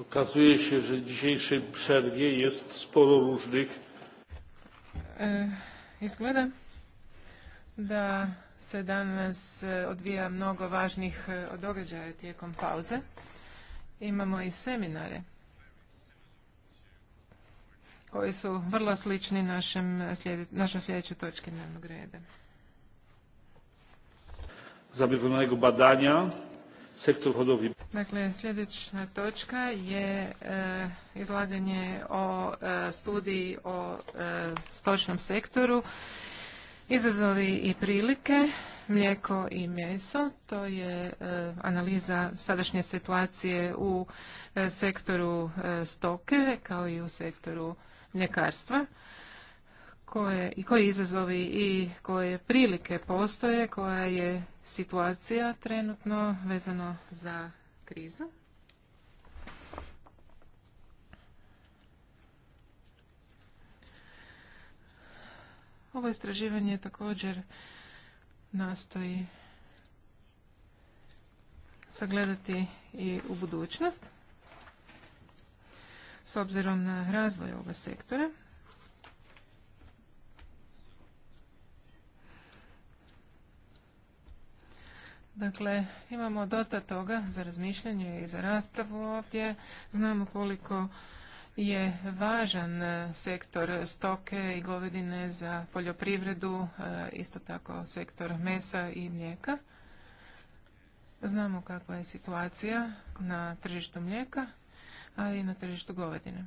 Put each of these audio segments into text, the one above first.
Okazuje się, że w dzisiejszej przerwie jest sporo różnych. E, izgleda da se danas e, odvija mnogo važnih e, događaja tijekom pauze. Imamo i seminare koji su vrlo slični našem slijede, našoj sljedećoj točki dnevnog reda. Zabivljenog badanja sektor Dakle, sljedeća točka je eh, izlaganje o eh, studiji o eh, stočnom sektoru. Izazovi i prilike, mlijeko i meso, to je analiza sadašnje situacije u sektoru stoke kao i u sektoru mljekarstva koje, i koji izazovi i koje prilike postoje, koja je situacija trenutno vezano za krizu. Ovo istraživanje također nastoji sagledati i u budućnost s obzirom na razvoj ovoga sektora. Dakle, imamo dosta toga za razmišljanje i za raspravu ovdje. Znamo koliko je važan e, sektor stoke i govedine za poljoprivredu, e, isto tako sektor mesa i mlijeka. Znamo kakva je situacija na tržištu mlijeka, ali i na tržištu govedine.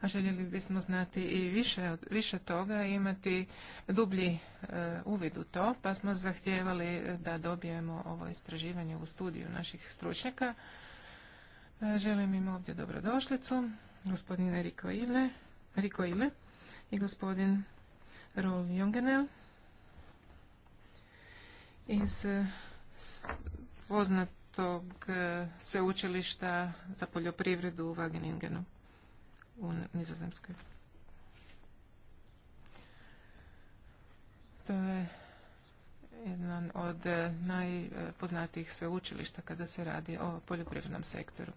a željeli bismo znati i više, više toga imati dublji e, uvid u to, pa smo zahtijevali e, da dobijemo ovo istraživanje u studiju naših stručnjaka. E, želim im ovdje dobrodošlicu, gospodine Riko Ile, i gospodin Rol Jungenel. iz poznatog sveučilišta za poljoprivredu u Wageningenu u Nizozemskoj. To je jedan od e, najpoznatijih sveučilišta kada se radi o poljoprivrednom sektoru.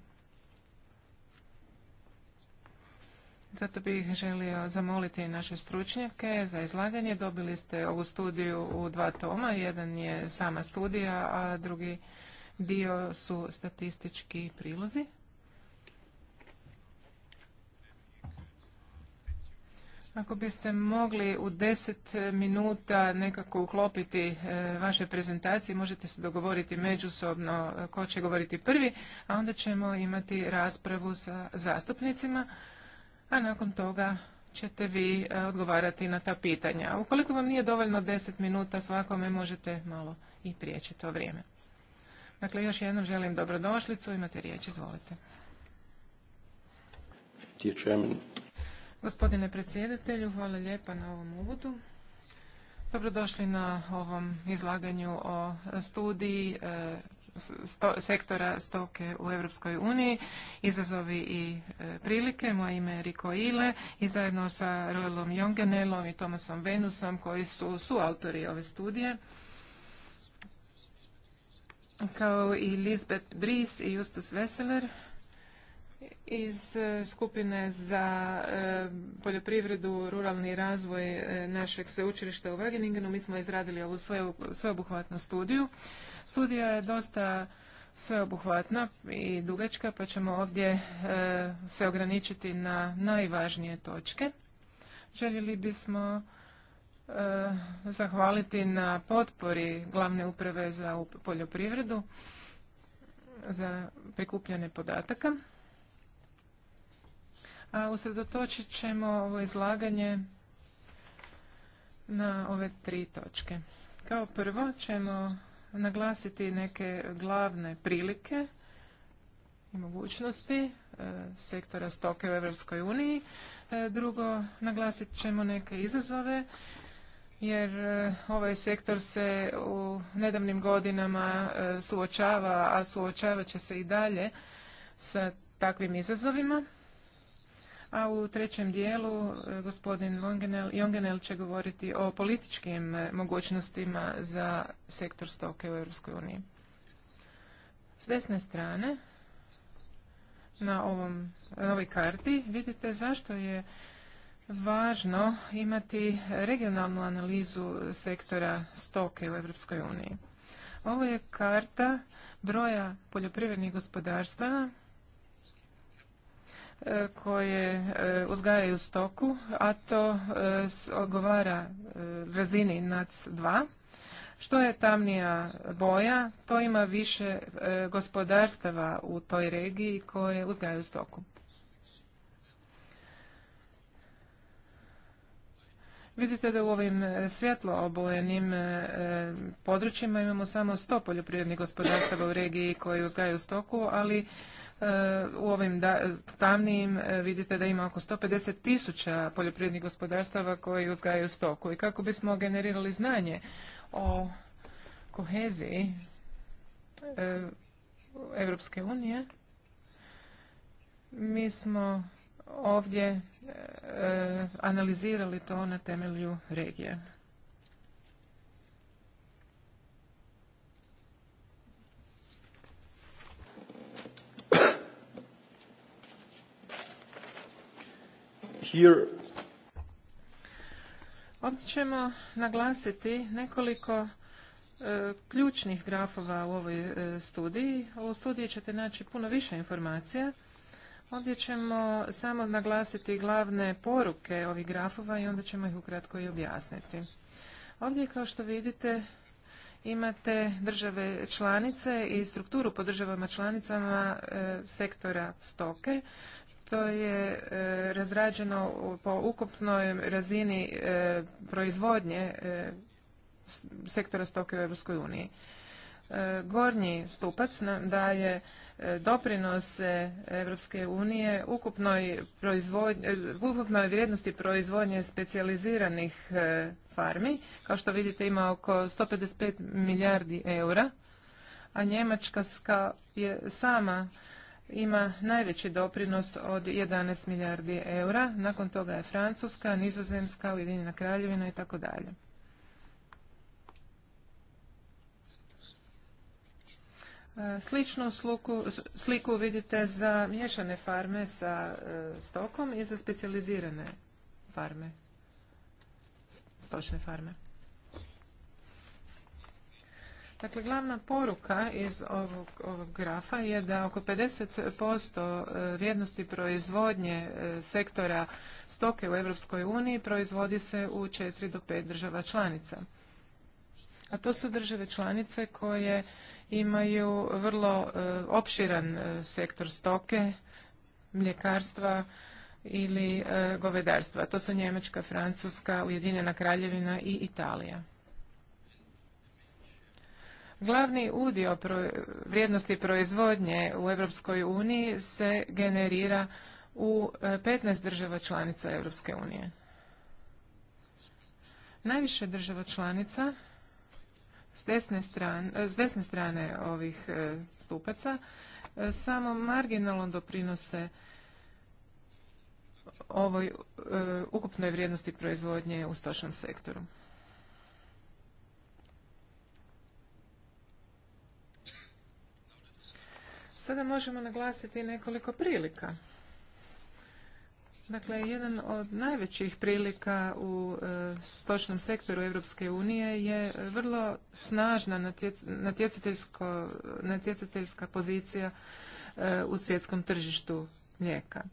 Zato bih želio zamoliti naše stručnjake za izlaganje. Dobili ste ovu studiju u dva toma. Jedan je sama studija, a drugi dio su statistički prilozi. Ako biste mogli u deset minuta nekako uklopiti e, vaše prezentacije, možete se dogovoriti međusobno e, ko će govoriti prvi, a onda ćemo imati raspravu sa zastupnicima, a nakon toga ćete vi e, odgovarati na ta pitanja. Ukoliko vam nije dovoljno deset minuta svakome, možete malo i prijeći to vrijeme. Dakle, još jednom želim dobrodošlicu, imate riječ, izvolite. Gospodine predsjedatelju, hvala lijepa na ovom uvodu. Dobrodošli na ovom izlaganju o studiji e, sektora stoke u Europskoj uniji, izazovi i e, prilike. Moje ime je Riko Ile i zajedno sa Roelom Jongenelom i Tomasom Venusom koji su suautori ove studije kao i Lisbeth Bries i Justus Veseler iz e, skupine za e, poljoprivredu, ruralni razvoj e, našeg sveučilišta u Wageningenu. Mi smo izradili ovu sveobuhvatnu studiju. Studija je dosta sveobuhvatna i dugačka, pa ćemo ovdje se ograničiti na najvažnije točke. Željeli bismo zahvaliti na potpori glavne uprave za poljoprivredu za prikupljene podataka a usredotočit ćemo ovo izlaganje na ove tri točke. Kao prvo ćemo naglasiti neke glavne prilike i mogućnosti e, sektora stoke u EU. uniji. E, drugo, naglasit ćemo neke izazove jer e, ovaj sektor se u nedavnim godinama suočava, a suočavat će se i dalje sa takvim izazovima a u trećem dijelu e, gospodin Jongenel će govoriti o političkim e, mogućnostima za sektor stoke u EU. S desne strane na, ovom, ovoj karti vidite zašto je važno imati regionalnu analizu sektora stoke u EU. Ovo je karta broja poljoprivrednih gospodarstava E, koje e, uzgajaju stoku, a to e, odgovara razini NAC2. Što je tamnija boja, to ima više gospodarstava u toj regiji koje uzgajaju stoku. Vidite da u ovim svjetlo obojenim područjima imamo samo 100 poljoprivrednih gospodarstava u regiji koje uzgajaju stoku, ali E, u ovim tamnim e, vidite da ima oko 150 tisuća poljoprivrednih gospodarstava koji uzgajaju stoku. I kako bismo generirali znanje o koheziji Europske unije, mi smo ovdje e, analizirali to na temelju regije. Ovdje ćemo naglasiti nekoliko e, ključnih grafova u ovoj e, studiji. U studiji ćete naći puno više informacija. Ovdje ćemo samo naglasiti glavne poruke ovih grafova i onda ćemo ih ukratko i objasniti. Ovdje kao što vidite imate države članice i strukturu po državama članicama e, sektora stoke to je e, razrađeno po ukupnoj razini e, proizvodnje e, sektora stoke u Europskoj uniji. Gornji stupac nam daje doprinos Europske unije ukupnoj, vrijednosti proizvodnje specijaliziranih farmi. Kao što vidite ima oko 155 milijardi eura, a Njemačka je sama ima najveći doprinos od 11 milijardi eura, nakon toga je Francuska, Nizozemska, Ujedinjena kraljevina i tako dalje. E, sličnu sliku vidite za miješane farme sa e, stokom i za specijalizirane farme, stočne farme. Dakle, glavna poruka iz ovog, ovog grafa je da oko 50% e, vrijednosti proizvodnje e, sektora stoke u Europskoj uniji proizvodi se u 4 do 5 država članica. A to su države članice koje imaju vrlo e, opširan sektor stoke, mljekarstva ili govedarstva. To su Njemačka, Francuska, Ujedinjena kraljevina i Italija. Glavni udio vrijednosti proizvodnje u Europskoj uniji se generira u 15 e, država članica Europske unije. Najviše država članica s desne strane, s desne strane ovih e, stupaca e, samo marginalno doprinose ovoj ukupnoj vrijednosti proizvodnje u stočnom sektoru. Sada možemo naglasiti nekoliko prilika. Dakle, jedan od najvećih prilika u e, stočnom sektoru Europske unije je vrlo snažna natjecateljska pozicija e, u svjetskom tržištu mlijeka.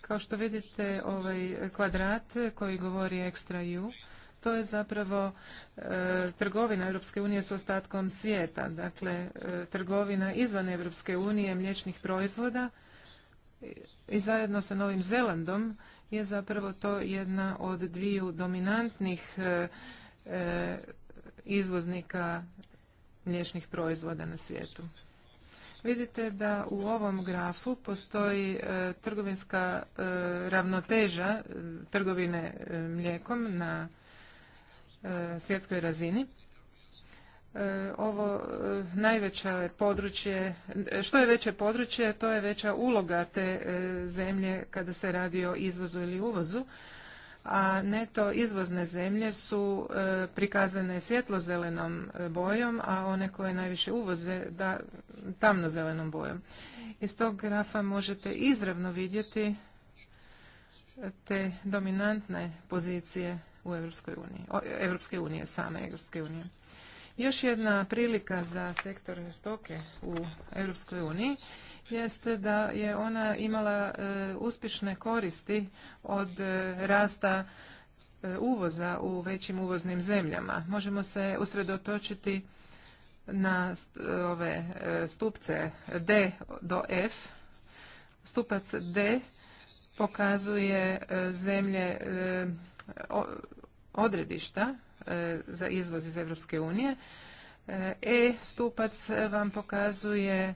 Kao što vidite, ovaj kvadrat koji govori ekstra ju to je zapravo e, trgovina Europske unije s ostatkom svijeta, dakle e, trgovina izvan Europske unije mliječnih proizvoda i zajedno sa Novim Zelandom je zapravo to jedna od dviju dominantnih e, izvoznika mliječnih proizvoda na svijetu. Vidite da u ovom grafu postoji trgovinska ravnoteža trgovine mlijekom na E, svjetskoj razini. E, ovo e, najveće područje, što je veće područje, to je veća uloga te zemlje kada se radi o izvozu ili uvozu, a neto izvozne zemlje su prikazane svjetlozelenom bojom, a one koje najviše uvoze da, tamnozelenom bojom. Iz tog grafa možete izravno vidjeti te dominantne pozicije u Europskoj uniji, Europske unije, same Europske unije. Još jedna prilika za sektorne stoke u Europskoj uniji jeste da je ona imala e, uspješne koristi od e, rasta e, uvoza u većim uvoznim zemljama. Možemo se usredotočiti na ove stupce D do F. Stupac D pokazuje zemlje odredišta e, za izvoz iz Europske unije. E, e-stupac vam pokazuje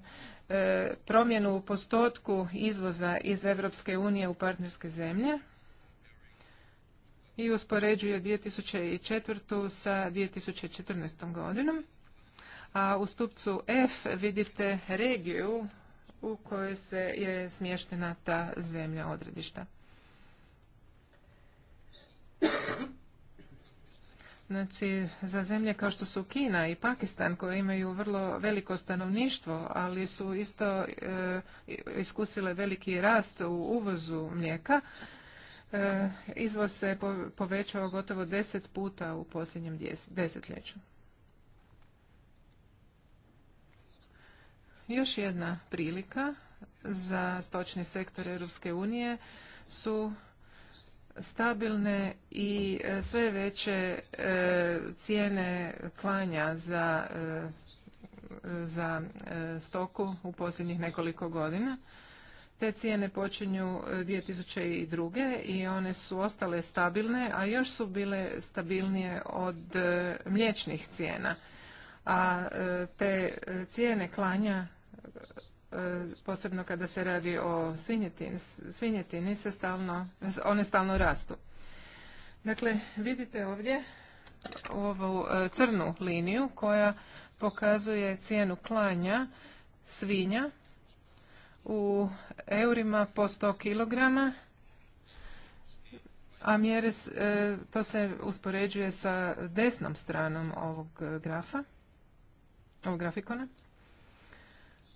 e, promjenu u postotku izvoza iz Europske unije u partnerske zemlje i uspoređuje 2004. sa 2014. godinom. A u stupcu F vidite regiju u kojoj se je smještena ta zemlja odredišta. Znači, za zemlje kao što su Kina i Pakistan koje imaju vrlo veliko stanovništvo, ali su isto e, iskusile veliki rast u uvozu mlijeka, e, izvoz se povećao gotovo deset puta u posljednjem desetljeću. Još jedna prilika za stočni sektor Europske unije su stabilne i e, sve veće e, cijene klanja za, e, stoku u posljednjih nekoliko godina. Te cijene počinju 2002. i one su ostale stabilne, a još su bile stabilnije od mliječnih cijena. A te cijene klanja E, posebno kada se radi o svinjetini, se one stalno rastu. Dakle, vidite ovdje ovu e, crnu liniju koja pokazuje cijenu klanja svinja u eurima po 100 kg a mjere, e, to se uspoređuje sa desnom stranom ovog grafa, ovog grafikona.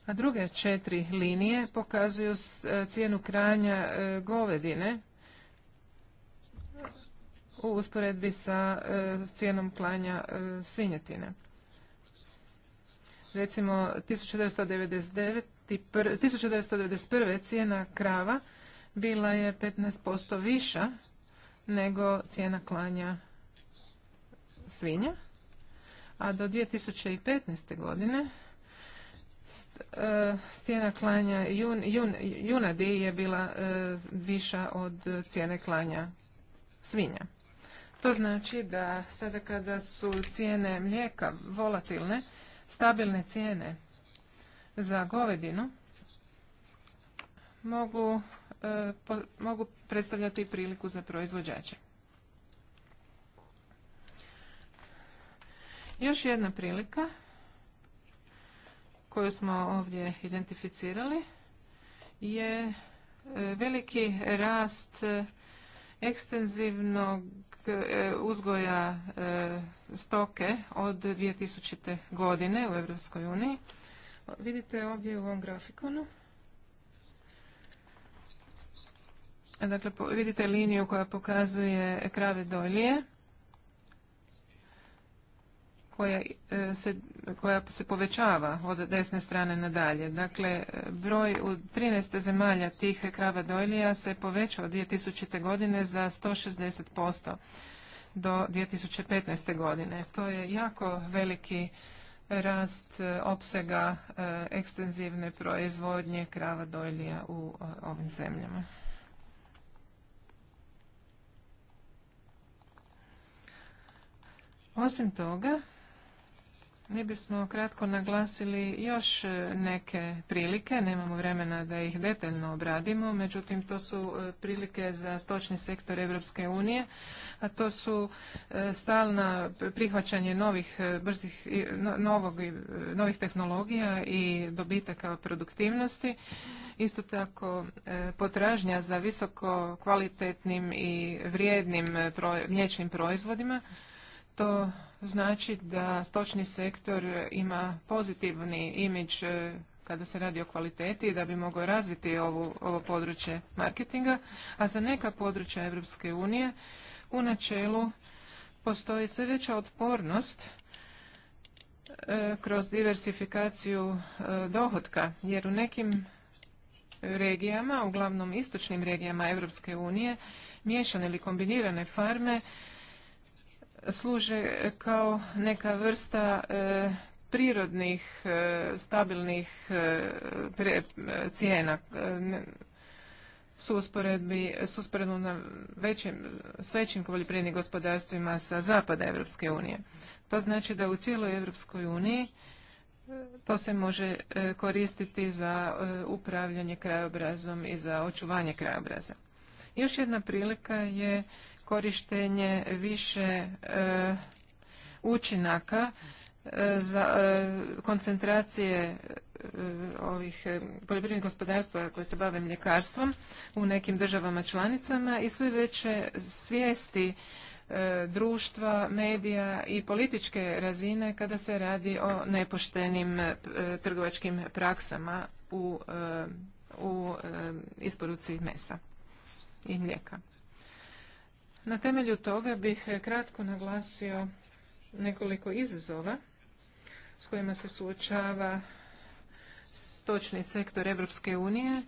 A druge četiri linije pokazuju e, cijenu kranja e, govedine u usporedbi sa e, cijenom klanja svinjetine. Recimo, 1991. cijena krava bila je 15% viša nego cijena klanja svinja, a do 2015. godine E, cijena klanja junadi je bila e, viša od cijene klanja svinja. To znači da sada kada su cijene mlijeka volatilne, stabilne cijene za govedinu mogu, e, mogu predstavljati priliku za proizvođače. Još jedna prilika koju smo ovdje identificirali je e, veliki rast ekstenzivnog e, uzgoja e, stoke od 2000. godine u Europskoj uniji. Vidite ovdje u ovom grafikonu. Dakle, vidite liniju koja pokazuje krave dolje koja e, se, koja se povećava od desne strane nadalje. Dakle, broj u 13 zemalja tih krava dojlija se povećao 2000. godine za 160% do 2015. godine. To je jako veliki rast e, opsega e, ekstenzivne proizvodnje krava dojlija u ovim zemljama. Osim toga, mi bismo kratko naglasili još e, neke prilike, nemamo vremena da ih detaljno obradimo, međutim to su e, prilike za stočni sektor Europske unije, a to su e, stalna prihvaćanje novih brzih novog, novih tehnologija i dobitaka produktivnosti. Isto tako potražnja za visoko kvalitetnim i vrijednim mliječnim proizvodima. To znači da stočni sektor ima pozitivni imidž e, kada se radi o kvaliteti i da bi mogao razviti ovu, ovo područje marketinga, a za neka područja Europske unije u načelu postoji sve veća otpornost e, kroz diversifikaciju e, dohotka, jer u nekim regijama, uglavnom istočnim regijama Europske unije, miješane ili kombinirane farme služe kao neka vrsta e, prirodnih e, stabilnih e, cijena s usporedno na većim, s većim poljoprivrednim gospodarstvima sa zapada Europske unije. To znači da u cijeloj Europskoj uniji to se može koristiti za upravljanje krajobrazom i za očuvanje krajobraza. Još jedna prilika je korištenje više e, učinaka e, za e, koncentracije ovih poljoprivrednih gospodarstva koje se bave mljekarstvom u nekim državama članicama i sve veće svijesti društva, medija i političke razine kada se radi o nepoštenim trgovačkim praksama u, u isporuci mesa i mlijeka. Na temelju toga bih kratko naglasio nekoliko izazova s kojima se suočava stočni sektor europske unije,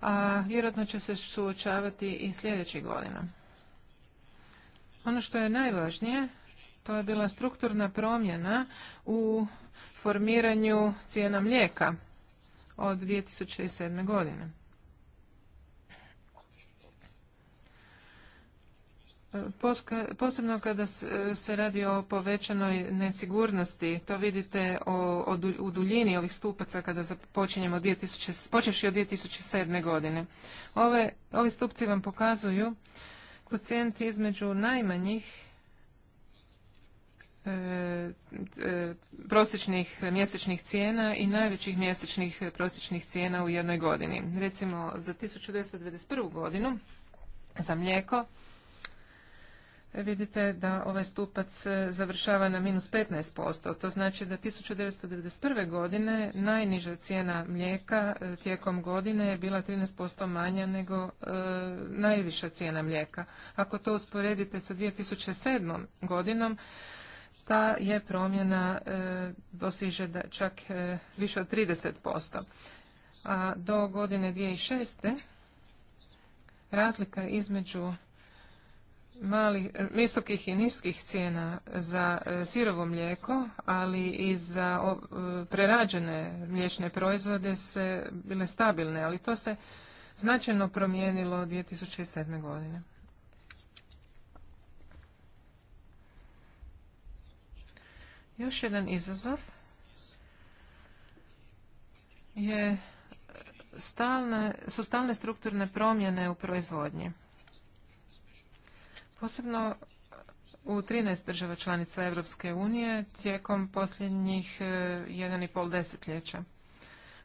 a vjerojatno će se suočavati i sljedećih godina. Ono što je najvažnije, to je bila strukturna promjena u formiranju cijena mlijeka od 2007. godine. posebno kada se radi o povećanoj nesigurnosti. To vidite o, u duljini ovih stupaca kada započinjemo 2000, počeši od 2007. godine. Ove, ovi stupci vam pokazuju kocijenti između najmanjih e, e, prosječnih mjesečnih cijena i najvećih mjesečnih prosječnih cijena u jednoj godini. Recimo za 1991. godinu za mlijeko vidite da ovaj stupac e, završava na minus 15%. To znači da 1991. godine najniža cijena mlijeka e, tijekom godine je bila 13% manja nego e, najviša cijena mlijeka. Ako to usporedite sa 2007. godinom, ta je promjena dosiže da čak više od 30%. A do godine 2006. razlika između malih, e, visokih i niskih cijena za e, sirovo mlijeko, ali i za e, prerađene mliječne proizvode se bile stabilne, ali to se značajno promijenilo 2007. godine. Još jedan izazov je stalne, su stalne strukturne promjene u proizvodnji. Posebno u 13 država članica Europske unije tijekom posljednjih 1,5 e, desetljeća.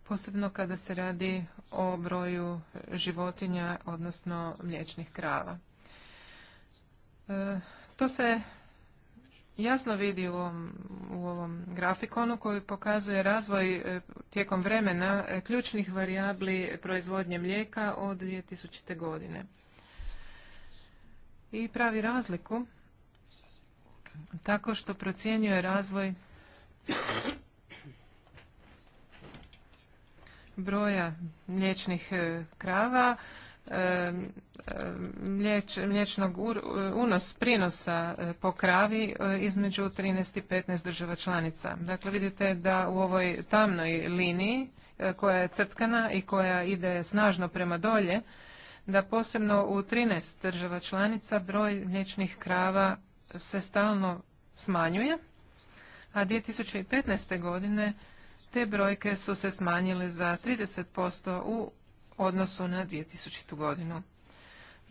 Posebno kada se radi o broju životinja, odnosno mliječnih krava. E, to se jasno vidi u ovom, u ovom grafikonu koji pokazuje razvoj e, tijekom vremena ključnih varijabli proizvodnje mlijeka od 2000. godine i pravi razliku tako što procjenjuje razvoj broja mliječnih e, krava, e, e, mliječ, mliječnog unos prinosa po kravi između 13 i 15 država članica. Dakle, vidite da u ovoj tamnoj liniji koja je crtkana i koja ide snažno prema dolje, da posebno u 13 država članica broj mliječnih krava se stalno smanjuje, a 2015. godine te brojke su se smanjile za 30% u odnosu na 2000. godinu.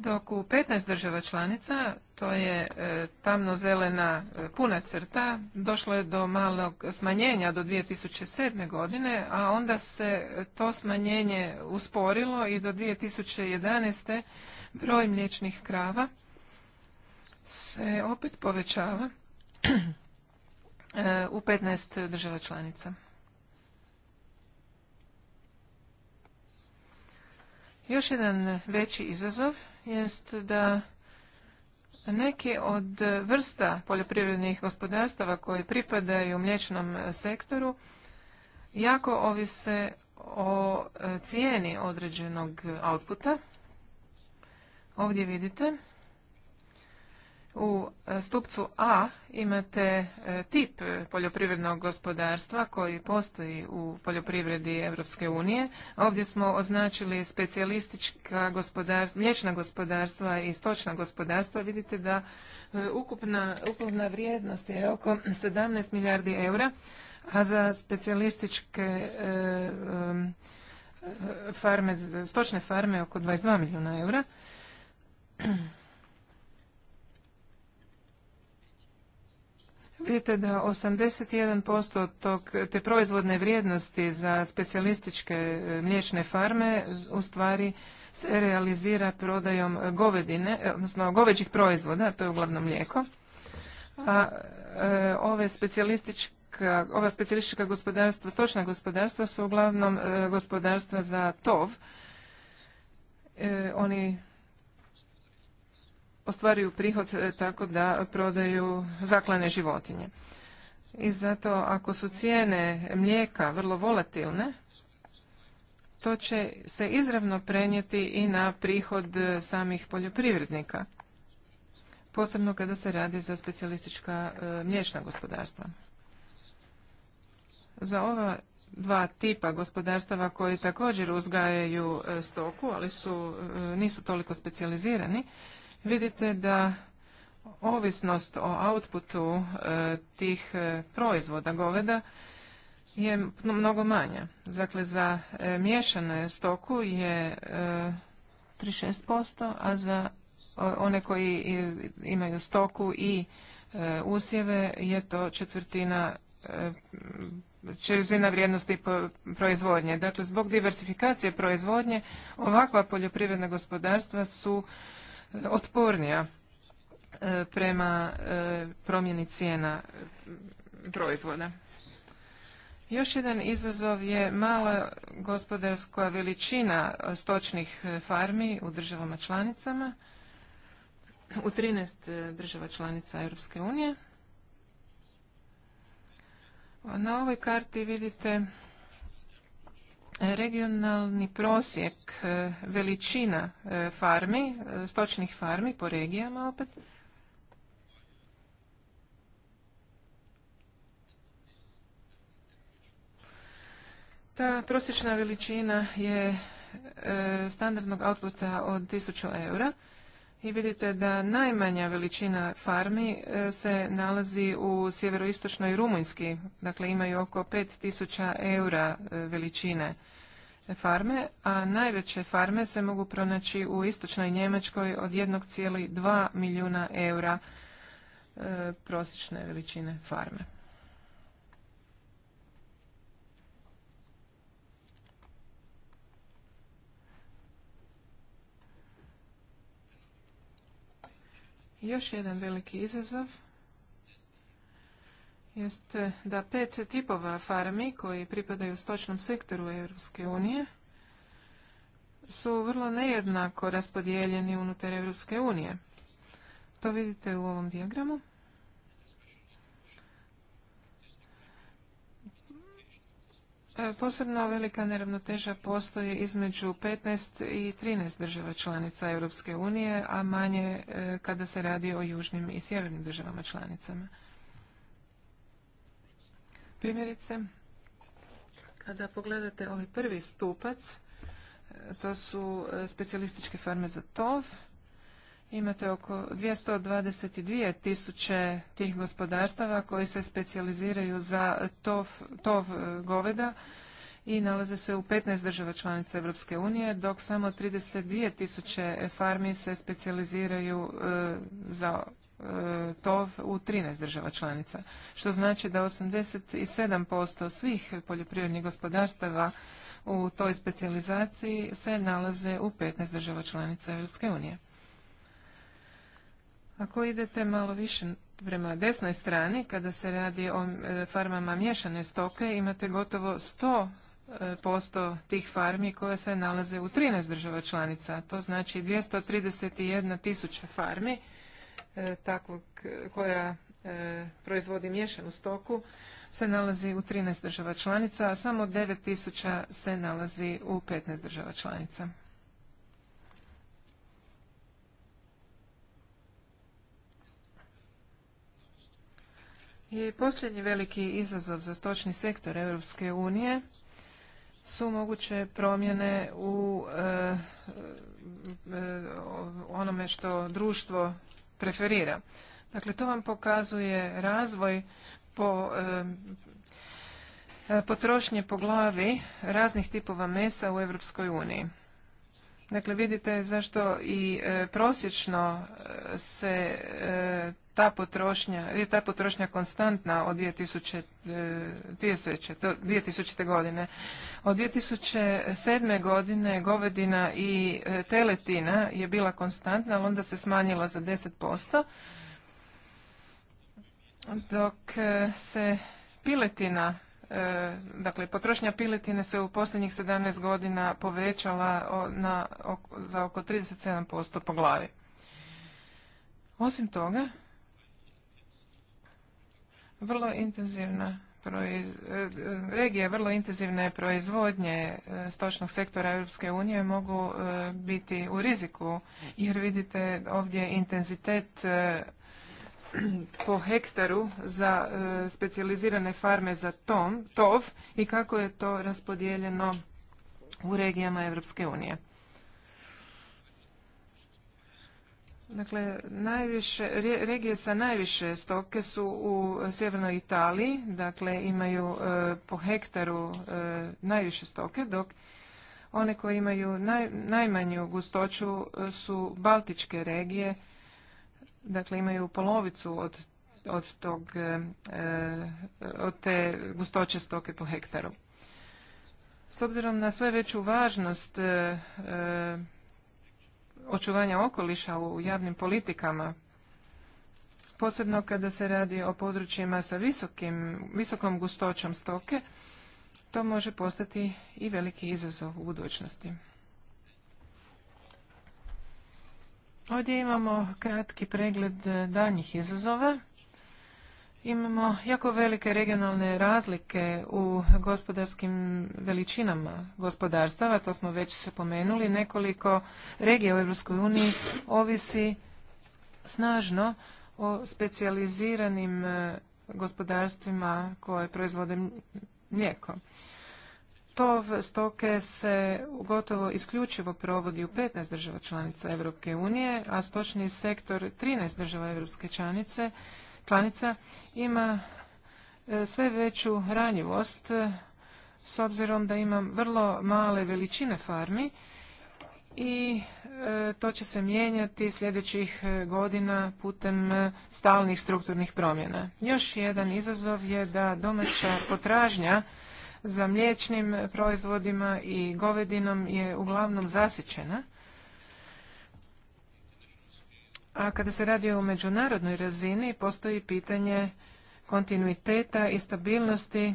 Dok u 15 država članica, to je e, tamno-zelena e, puna crta, došlo je do malog smanjenja do 2007. godine, a onda se to smanjenje usporilo i do 2011. broj mliječnih krava se opet povećava e, u 15 država članica. Još jedan veći izazov jest da neke od vrsta poljoprivrednih gospodarstava koji pripadaju mliječnom sektoru jako ovise o e, cijeni određenog outputa. Ovdje vidite u e, stupcu A imate e, tip poljoprivrednog gospodarstva koji postoji u poljoprivredi Europske unije. Ovdje smo označili specijalistička gospodarstva, mliječna gospodarstva i stočna gospodarstva. Vidite da e, ukupna, ukupna vrijednost je oko 17 milijardi eura, a za specijalističke farme, stočne farme oko 22 milijuna eura. Vidite da 81% tog, te proizvodne vrijednosti za specijalističke e, mliječne farme u stvari se realizira prodajom govedine, e, odnosno goveđih proizvoda, to je uglavnom mlijeko. A e, ove ova specijalistička gospodarstva, stočna gospodarstva su uglavnom gospodarstva za tov. oni ostvaruju prihod e, tako da prodaju zaklane životinje. I zato ako su cijene mlijeka vrlo volatilne, to će se izravno prenijeti i na prihod e, samih poljoprivrednika, posebno kada se radi za specijalistička e, mliječna gospodarstva. Za ova dva tipa gospodarstava koji također uzgajaju stoku, ali su, nisu toliko specijalizirani, vidite da ovisnost o outputu e, tih e, proizvoda goveda je mnogo manja. Dakle, za e, stoku je 36%, e, a za one koji imaju stoku i usjeve je to četvrtina čezina vrijednosti proizvodnje. Dakle, zbog diversifikacije proizvodnje ovakva poljoprivredna gospodarstva su otpornija e, prema e, promjeni cijena proizvoda. Još jedan izazov je mala gospodarska veličina stočnih farmi u državama članicama, u 13 e, država članica Europske unije. Na ovoj karti vidite regionalni prosjek e, veličina e, farmi, e, stočnih farmi po regijama opet. Ta prosječna veličina je standardnog outputa od 1000 eura i vidite da najmanja veličina farmi e, se nalazi u sjeveroistočnoj Rumunjski, dakle imaju oko 5000 eura e, veličine farme, a najveće farme se mogu pronaći u istočnoj Njemačkoj od 1,2 milijuna eura e, prosječne veličine farme. Još jedan veliki izazov jeste da pet tipova farmi koji pripadaju stočnom sektoru Europske unije su vrlo nejednako raspodijeljeni unutar Europske unije. To vidite u ovom dijagramu. E, Posebno velika neravnoteža postoji između 15 i 13 država članica Europske unije, a manje e, kada se radi o južnim i sjevernim državama članicama. Primjerice, kada pogledate ovaj prvi stupac, e, to su specijalističke farme za tov, Imate oko 222 tisuće tih gospodarstava koji se specijaliziraju za tov, tov e, goveda i nalaze se u 15 država članica Europske unije, dok samo 32 tisuće farmi se specijaliziraju e, za to e, tov u 13 država članica, što znači da 87% svih poljoprivrednih gospodarstava u toj specijalizaciji se nalaze u 15 država članica Europske unije. Ako idete malo više prema desnoj strani, kada se radi o e, farmama mješane stoke, imate gotovo 100% e, tih farmi koje se nalaze u 13 država članica. To znači 231 tisuća farmi e, takvog, koja proizvodi mješanu stoku se nalazi u 13 država članica, a samo tisuća se nalazi u 15 država članica. I posljednji veliki izazov za stočni sektor Europske unije su moguće promjene u e, e, onome što društvo preferira. Dakle, to vam pokazuje razvoj po e, potrošnje po glavi raznih tipova mesa u Europskoj uniji. Dakle, vidite zašto i prosječno se ta potrošnja, je ta potrošnja konstantna od 2000, 2000, e, godine. Od 2007. godine govedina i e, teletina je bila konstantna, ali onda se smanjila za 10%, dok e, se piletina dakle potrošnja piletine se u posljednjih 17 godina povećala na, za oko 37% po glavi. Osim toga, vrlo intenzivna e, regije vrlo intenzivne proizvodnje e, stočnog sektora Europske unije mogu e, biti u riziku jer vidite ovdje intenzitet po hektaru za specijalizirane farme za tom, tov i kako je to raspodijeljeno u regijama Europske unije. Dakle, najviše, regije sa najviše stoke su u sjevernoj Italiji, dakle imaju e, po hektaru e, najviše stoke, dok one koje imaju najmanju gustoću e, su baltičke regije, dakle imaju polovicu od, od, tog, od te gustoće stoke po hektaru. S obzirom na sve veću važnost očuvanja okoliša u javnim politikama, posebno kada se radi o područjima sa visokim, visokom gustoćom stoke, to može postati i veliki izazov u budućnosti. Ovdje imamo kratki pregled danjih izazova. Imamo jako velike regionalne razlike u gospodarskim veličinama gospodarstava, to smo već spomenuli. Nekoliko regija u EU ovisi snažno o specijaliziranim e, gospodarstvima koje proizvode mlijeko. Tov stoke se gotovo isključivo provodi u 15 država članica EU, unije, a stočni sektor 13 država Europske članice, članica ima e, sve veću ranjivost e, s obzirom da ima vrlo male veličine farmi i e, to će se mijenjati sljedećih godina putem stalnih strukturnih promjena. Još jedan izazov je da domaća potražnja za mliječnim proizvodima i govedinom je uglavnom zasićena a kada se radi o međunarodnoj razini, postoji pitanje kontinuiteta i stabilnosti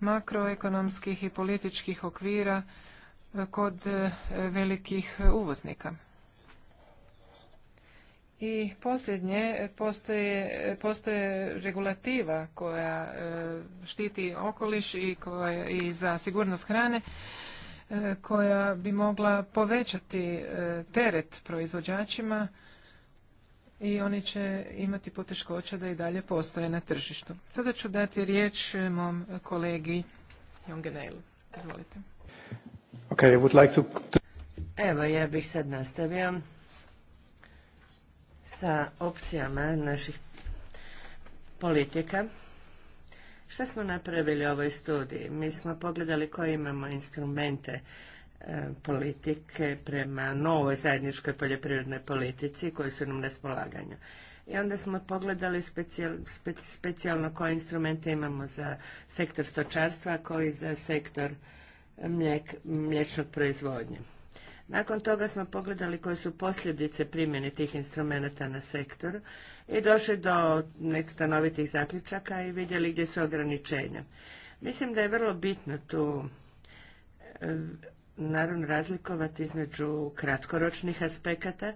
makroekonomskih i političkih okvira e, kod e, velikih e, uvoznika. I posljednje, postoje, regulativa koja štiti okoliš i, koja, i za sigurnost hrane koja bi mogla povećati teret proizvođačima i oni će imati poteškoća da i dalje postoje na tržištu. Sada ću dati riječ eh, mom kolegi Jongenelu. Izvolite. Okay, would like to... Evo, ja bih sad nastavio sa opcijama naših politika. Šta smo napravili u ovoj studiji? Mi smo pogledali koje imamo instrumente E, politike prema novoj zajedničkoj poljoprivrednoj politici koji su nam na raspolaganju. I onda smo pogledali specijalno koje instrumente imamo za sektor stočarstva, koji za sektor mlječnog mliječnog proizvodnje. Nakon toga smo pogledali koje su posljedice primjene tih instrumenta na sektor i došli do stanovitih zaključaka i vidjeli gdje su ograničenja. Mislim da je vrlo bitno tu e, naravno razlikovati između kratkoročnih aspekata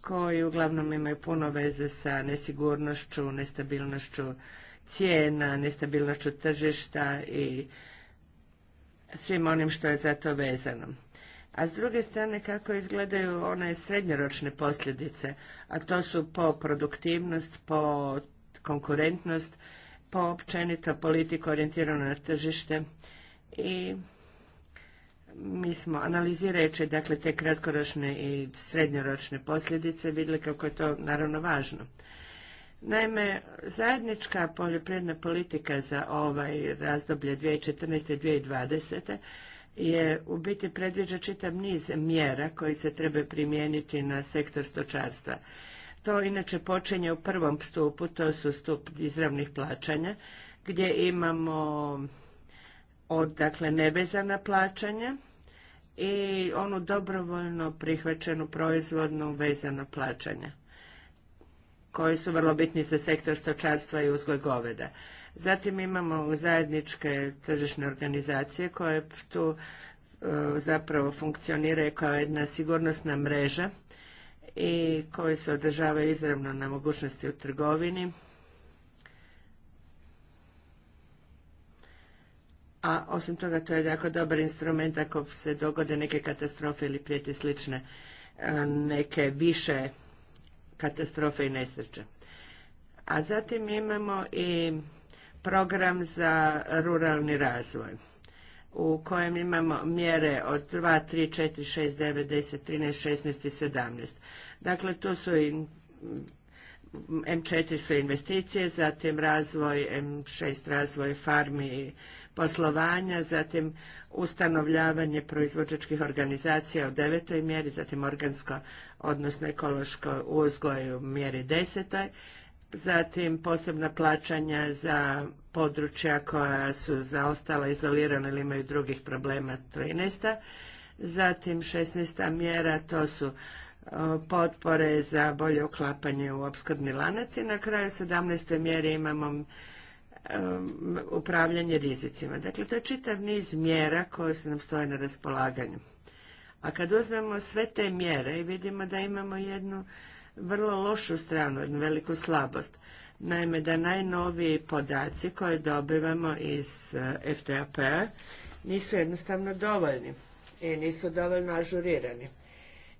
koji uglavnom imaju puno veze sa nesigurnošću, nestabilnošću cijena, nestabilnošću tržišta i svim onim što je za to vezano. A s druge strane kako izgledaju one srednjoročne posljedice, a to su po produktivnost, po konkurentnost, po općenito politiku orijentiranu na tržište i mi smo analizirajući dakle te kratkoročne i srednjoročne posljedice vidjeli kako je to naravno važno. Naime, zajednička poljoprivredna politika za ovaj razdoblje 2014. i 2020. je u biti predviđa čitav niz mjera koji se treba primijeniti na sektor stočarstva. To inače počinje u prvom stupu, to su stup izravnih plaćanja, gdje imamo od dakle nevezana plaćanja i onu dobrovoljno prihvaćenu proizvodnu vezano plaćanja koji su vrlo bitni za sektor stočarstva i uzgoj goveda. Zatim imamo zajedničke tržišne organizacije koje tu e, zapravo funkcioniraju kao jedna sigurnosna mreža i koji se održava izravno na mogućnosti u trgovini a osim toga to je jako dobar instrument ako se dogode neke katastrofe ili prijeti slične e, neke više katastrofe i nesreće. A zatim imamo i program za ruralni razvoj u kojem imamo mjere od 2, 3, 4, 6, 9, 10, 13, 16 i 17. Dakle, tu su i M4 su investicije, zatim razvoj, M6 razvoj farmi i poslovanja, zatim ustanovljavanje proizvođačkih organizacija u devetoj mjeri, zatim organsko, odnosno ekološko uzgoj u mjeri desetoj, zatim posebna plaćanja za područja koja su zaostala, izolirana ili imaju drugih problema 13. Zatim 16. mjera, to su potpore za bolje uklapanje u opskrbni lanac i na kraju 17. mjeri imamo upravljanje rizicima. Dakle, to je čitav niz mjera koje se nam stoje na raspolaganju. A kad uzmemo sve te mjere i vidimo da imamo jednu vrlo lošu stranu, jednu veliku slabost. Naime, da najnoviji podaci koje dobivamo iz e, FTAP-a nisu jednostavno dovoljni i nisu dovoljno ažurirani.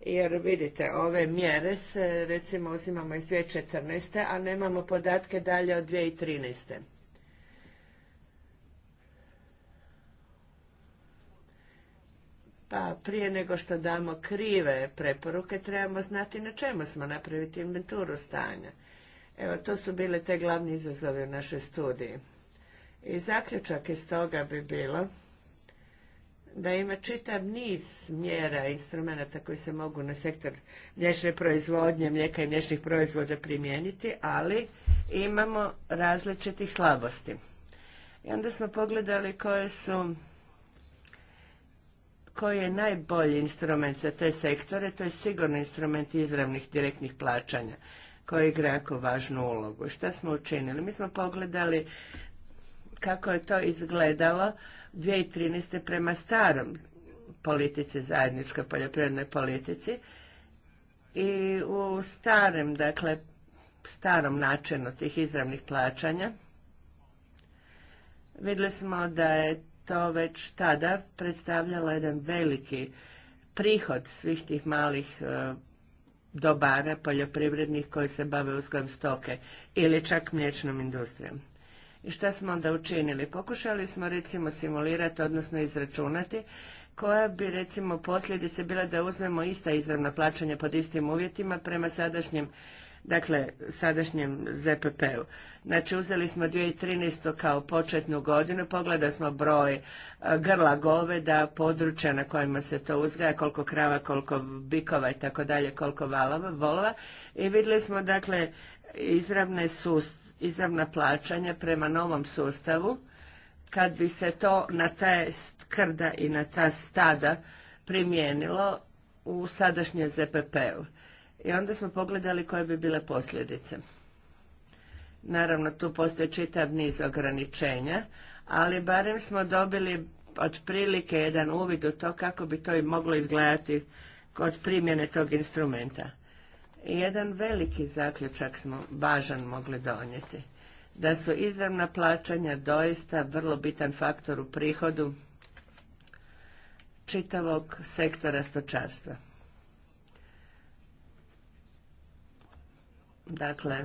Jer vidite, ove mjere se recimo uzimamo iz 2014. a nemamo podatke dalje od 2013. prije nego što damo krive preporuke, trebamo znati na čemu smo napraviti inventuru stanja. Evo, to su bile te glavni izazove u našoj studiji. I zaključak iz toga bi bilo da ima čitav niz mjera i instrumenta koji se mogu na sektor mliječne proizvodnje, mlijeka i mliječnih proizvoda primijeniti, ali imamo različitih slabosti. I onda smo pogledali koje su koji je najbolji instrument za te sektore, to je sigurno instrument izravnih direktnih plaćanja koji igra jako važnu ulogu. Šta smo učinili? Mi smo pogledali kako je to izgledalo 2013. prema starom politici, zajedničkoj poljoprivrednoj politici i u starom dakle, starom načinu tih izravnih plaćanja vidjeli smo da je to već tada predstavljalo jedan veliki prihod svih tih malih e, dobara poljoprivrednih koji se bave uzgojem stoke ili čak mliječnom industrijom. I šta smo onda učinili? Pokušali smo recimo simulirati, odnosno izračunati koja bi recimo posljedice bila da uzmemo ista izravna plaćanja pod istim uvjetima prema sadašnjim dakle sadašnjem ZPP-u. Znači uzeli smo 2013. kao početnu godinu, pogledali smo broj e, grla goveda, područja na kojima se to uzgaja, koliko krava, koliko bikova i tako dalje, koliko valova, volova i vidjeli smo dakle izravne sust, izravna plaćanja prema novom sustavu kad bi se to na ta krda i na ta stada primijenilo u sadašnjem ZPP-u. I onda smo pogledali koje bi bile posljedice. Naravno, tu postoji čitav niz ograničenja, ali barem smo dobili otprilike jedan uvid u to kako bi to i moglo izgledati kod primjene tog instrumenta. I jedan veliki zaključak smo važan mogli donijeti, da su izravna plaćanja doista vrlo bitan faktor u prihodu čitavog sektora stočarstva. Dakle,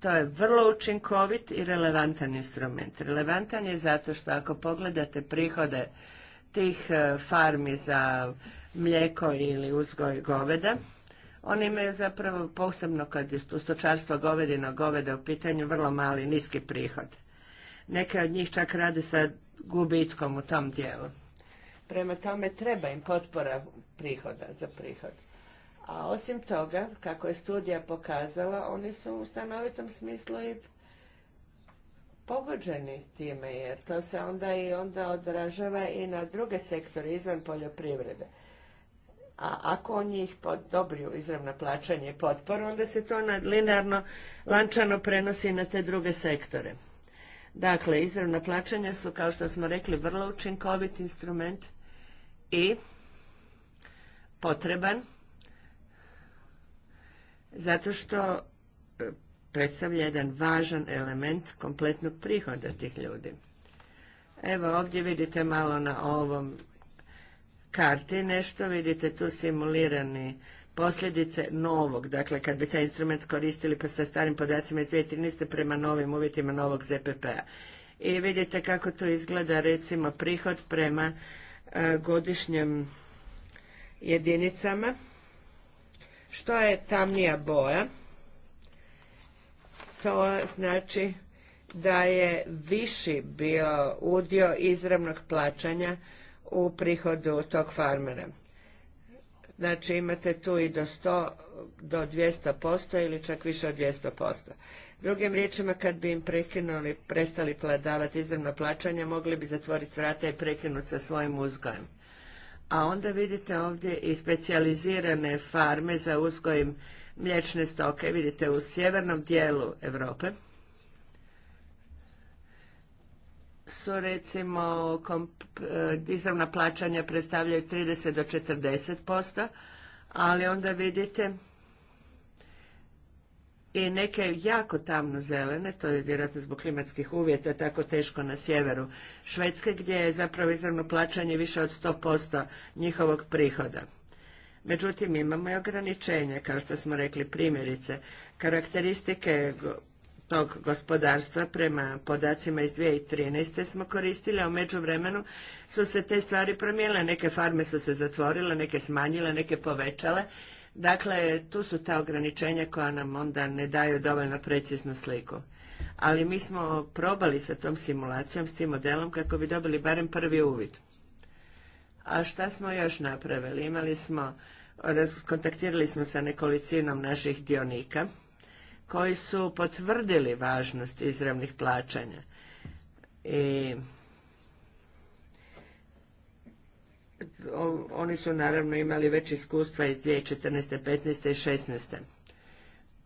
to je vrlo učinkovit i relevantan instrument. Relevantan je zato što ako pogledate prihode tih e, farmi za mlijeko ili uzgoj goveda, oni imaju zapravo posebno kad je stočarstvo govedino goveda u pitanju vrlo mali, niski prihod. Neke od njih čak rade sa gubitkom u tom dijelu. Prema tome treba im potpora prihoda za prihod. A osim toga, kako je studija pokazala, oni su u stanovitom smislu i pogođeni time, jer to se onda i onda odražava i na druge sektore izvan poljoprivrede. A ako oni ih podobriju izravno plaćanje i potporu, onda se to linearno, lančano prenosi na te druge sektore. Dakle, izravna plaćanja su, kao što smo rekli, vrlo učinkovit instrument i potreban zato što e, predstavlja jedan važan element kompletnog prihoda tih ljudi. Evo ovdje vidite malo na ovom karti nešto, vidite tu simulirani posljedice novog, dakle kad bi taj instrument koristili pa sa starim podacima iz 2013. prema novim uvjetima novog ZPP-a. I vidite kako to izgleda recimo prihod prema e, godišnjem godišnjim jedinicama što je tamnija boja? To znači da je viši bio udio izravnog plaćanja u prihodu tog farmera. Znači imate tu i do 100, do 200% ili čak više od 200%. Drugim riječima, kad bi im prekinuli, prestali davati izravna plaćanja, mogli bi zatvoriti vrata i prekinuti sa svojim uzgojem a onda vidite ovdje i specijalizirane farme za uzgoj mliječne stoke. Vidite u sjevernom dijelu Europe su recimo eh, izravna plaćanja predstavljaju 30 do 40%, ali onda vidite i neke jako tamno zelene, to je vjerojatno zbog klimatskih uvjeta tako teško na sjeveru Švedske, gdje je zapravo izravno plaćanje više od 100% njihovog prihoda. Međutim, imamo i ograničenja, kao što smo rekli, primjerice, karakteristike tog gospodarstva prema podacima iz 2013. smo koristili, a u međuvremenu su se te stvari promijenile. Neke farme su se zatvorile, neke smanjile, neke povećale Dakle, tu su ta ograničenja koja nam onda ne daju dovoljno preciznu sliku. Ali mi smo probali sa tom simulacijom, s tim modelom, kako bi dobili barem prvi uvid. A šta smo još napravili? Imali smo, kontaktirali smo sa nekolicinom naših dionika, koji su potvrdili važnost izravnih plaćanja. I oni su naravno imali već iskustva iz 2014. 15. i 16.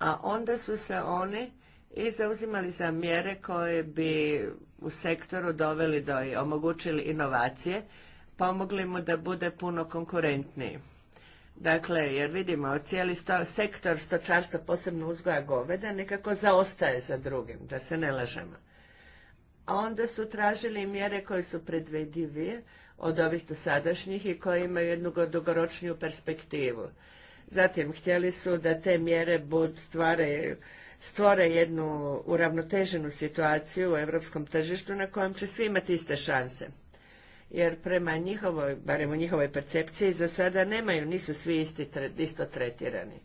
A onda su se oni i zauzimali za mjere koje bi u sektoru doveli do i omogućili inovacije, pomogli mu da bude puno konkurentniji. Dakle, jer vidimo, cijeli sto, sektor stočarstva, posebno uzgoja goveda, nekako zaostaje za drugim, da se ne lažemo. A onda su tražili mjere koje su predvedivije, od ovih dosadašnjih i koji imaju jednu dugoročniju perspektivu. Zatim, htjeli su da te mjere stvore jednu uravnoteženu situaciju u europskom tržištu na kojem će svi imati iste šanse. Jer prema njihovoj, barem u njihovoj percepciji, za sada nemaju, nisu svi isto tretirani.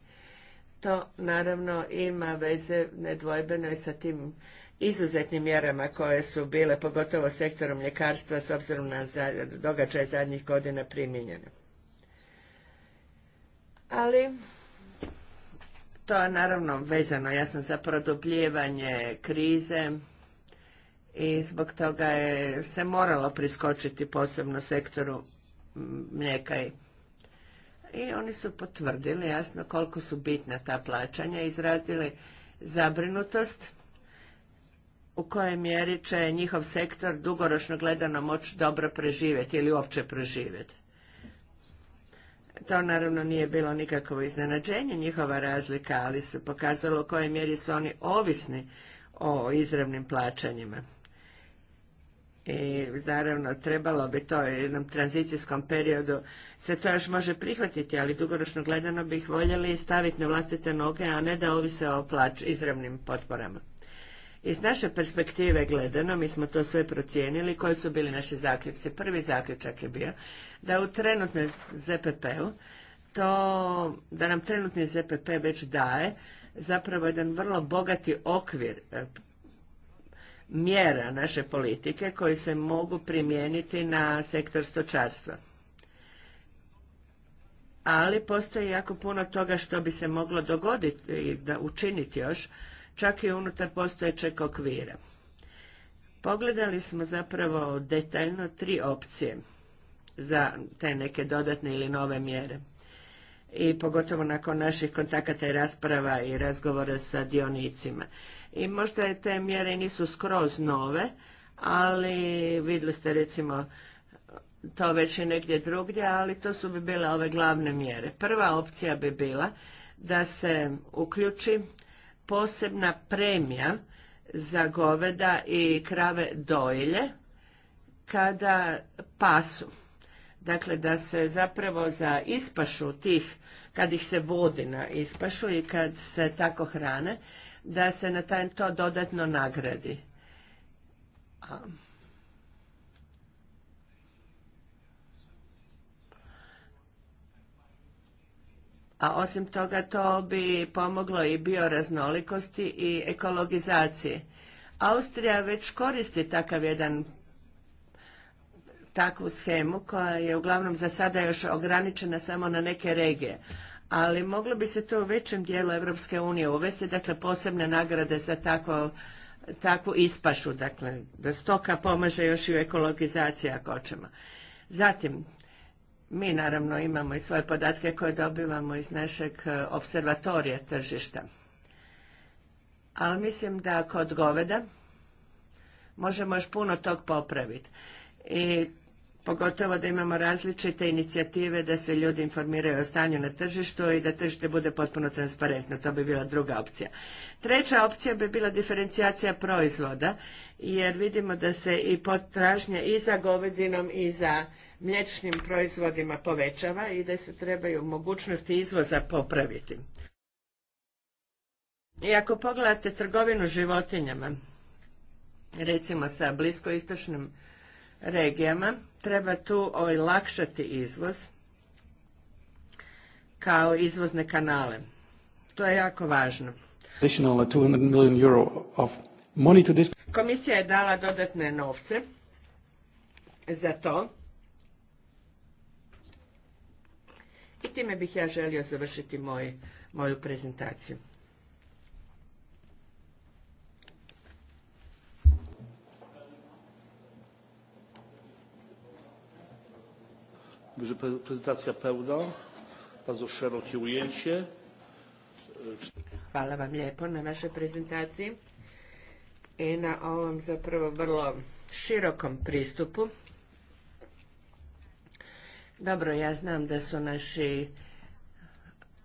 To naravno ima veze nedvojbeno i sa tim izuzetnim mjerama koje su bile, pogotovo sektorom mljekarstva, s obzirom na događaj zadnjih godina primijenjene. Ali, to je naravno vezano jasno za produbljivanje krize i zbog toga je se moralo priskočiti posebno sektoru mlijeka i i oni su potvrdili jasno koliko su bitna ta plaćanja, izradili zabrinutost u kojoj mjeri će njihov sektor dugoročno gledano moći dobro preživjeti ili uopće preživjeti. To naravno nije bilo nikakvo iznenađenje njihova razlika, ali se pokazalo u kojoj mjeri su oni ovisni o izravnim plaćanjima. I naravno trebalo bi to u jednom tranzicijskom periodu se to još može prihvatiti, ali dugoročno gledano bi ih voljeli staviti na vlastite noge, a ne da ovise o izravnim potporama. Iz naše perspektive gledano, mi smo to sve procijenili, koji su bili naši zaključci. Prvi zaključak je bio da u trenutnoj ZPP-u, da nam trenutni ZPP već daje zapravo jedan vrlo bogati okvir e, mjera naše politike koji se mogu primijeniti na sektor stočarstva. Ali postoji jako puno toga što bi se moglo dogoditi i da učiniti još čak i unutar postojećeg okvira. Pogledali smo zapravo detaljno tri opcije za te neke dodatne ili nove mjere. I pogotovo nakon naših kontakata i rasprava i razgovora sa dionicima. I možda te mjere nisu skroz nove, ali vidjeli ste recimo to već i negdje drugdje, ali to su bi bile ove glavne mjere. Prva opcija bi bila da se uključi posebna premija za goveda i krave dojilje kada pasu. Dakle, da se zapravo za ispašu tih, kad ih se vodi na ispašu i kad se tako hrane, da se na taj to dodatno nagradi. a osim toga to bi pomoglo i bioraznolikosti i ekologizaciji. Austrija već koristi takav jedan takvu schemu koja je uglavnom za sada još ograničena samo na neke regije. Ali moglo bi se to u većem dijelu Europske unije uvesti, dakle posebne nagrade za takvu ispašu, dakle da stoka pomaže još i u ekologizaciji ako hoćemo. Zatim, mi naravno imamo i svoje podatke koje dobivamo iz našeg e, observatorija tržišta. Ali mislim da kod goveda možemo još puno tog popraviti. I pogotovo da imamo različite inicijative da se ljudi informiraju o stanju na tržištu i da tržište bude potpuno transparentno. To bi bila druga opcija. Treća opcija bi bila diferencijacija proizvoda, jer vidimo da se i potražnja i za govedinom i za mliječnim proizvodima povećava i da se trebaju mogućnosti izvoza popraviti. I ako pogledate trgovinu životinjama, recimo sa bliskoistočnim regijama, treba tu olakšati izvoz kao izvozne kanale. To je jako važno. Komisija je dala dodatne novce za to I time bih ja želio završiti moju prezentaciju. prezentacija pełna, bardzo ujęcie. Hvala vam lijepo na vašoj prezentaciji i na ovom zapravo vrlo širokom pristupu dobro, ja znam da su naši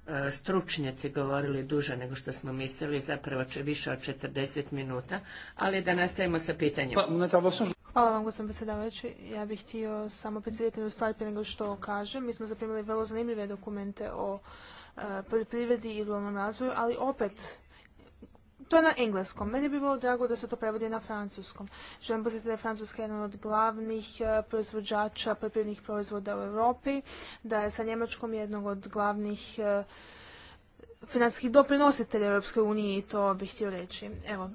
e, stručnjaci govorili duže nego što smo mislili, zapravo će više od 40 minuta, ali da nastavimo sa pitanjem. Pa, Hvala vam, gospodin predsjedavajući. Ja bih htio samo predsjedati jednu nego što kažem. Mi smo zaprimili vrlo zanimljive dokumente o e, poljoprivredi i ruralnom razvoju, ali opet to je na engleskom. Meni bi bilo drago da se to prevodi na francuskom. Želim pozitivno da je Francuska jedan od glavnih e, proizvođača poljoprivrednih proizvoda u Europi, da je sa Njemačkom jednog od glavnih e, financijskih doprinositelja Europske unije. i to bih htio reći. Evo,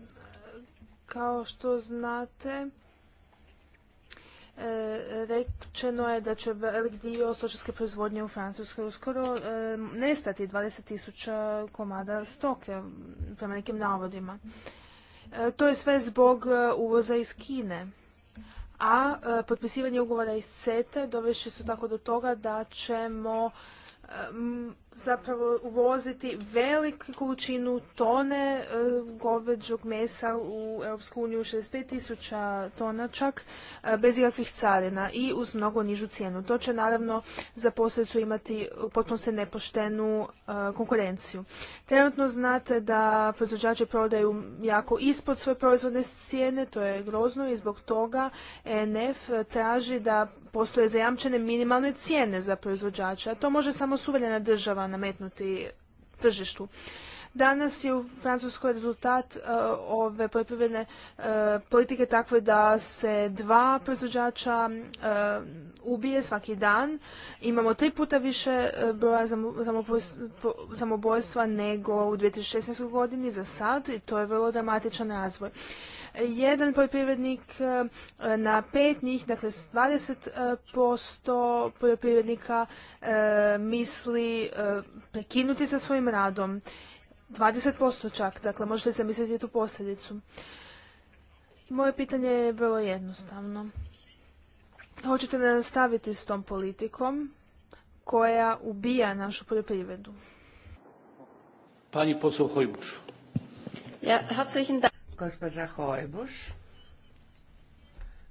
kao što znate, E, rečeno je da će velik dio stočarske proizvodnje u Francuskoj uskoro e, nestati 20.000 komada stoke, prema nekim navodima. E, to je sve zbog uvoza iz Kine. A potpisivanje ugovora iz CETE dovešće su tako do toga da ćemo zapravo uvoziti veliku količinu tone goveđog mesa u Europsku uniju, 65 tisuća tona čak, bez ikakvih carina i uz mnogo nižu cijenu. To će naravno za posljedicu imati potpuno se nepoštenu konkurenciju. Trenutno znate da proizvođači prodaju jako ispod svoje proizvodne cijene, to je grozno i zbog toga ENF traži da postoje zajamčene minimalne cijene za proizvođača, a to može samo suverena država nametnuti tržištu. Danas je u Francuskoj rezultat e, ove poljoprivredne e, politike takve da se dva proizvođača e, ubije svaki dan. Imamo tri puta više broja samobojstva nego u 2016. godini za sad i to je vrlo dramatičan razvoj jedan poljoprivrednik e, na pet njih, dakle 20% e, poljoprivrednika e, misli prekinuti sa svojim radom. 20% čak, dakle možete zamisliti tu posljedicu. Moje pitanje je vrlo jednostavno. Hoćete li nastaviti s tom politikom koja ubija našu poljoprivredu? Pani posao Hojbuš. Ja, Gospođa Hojbuš,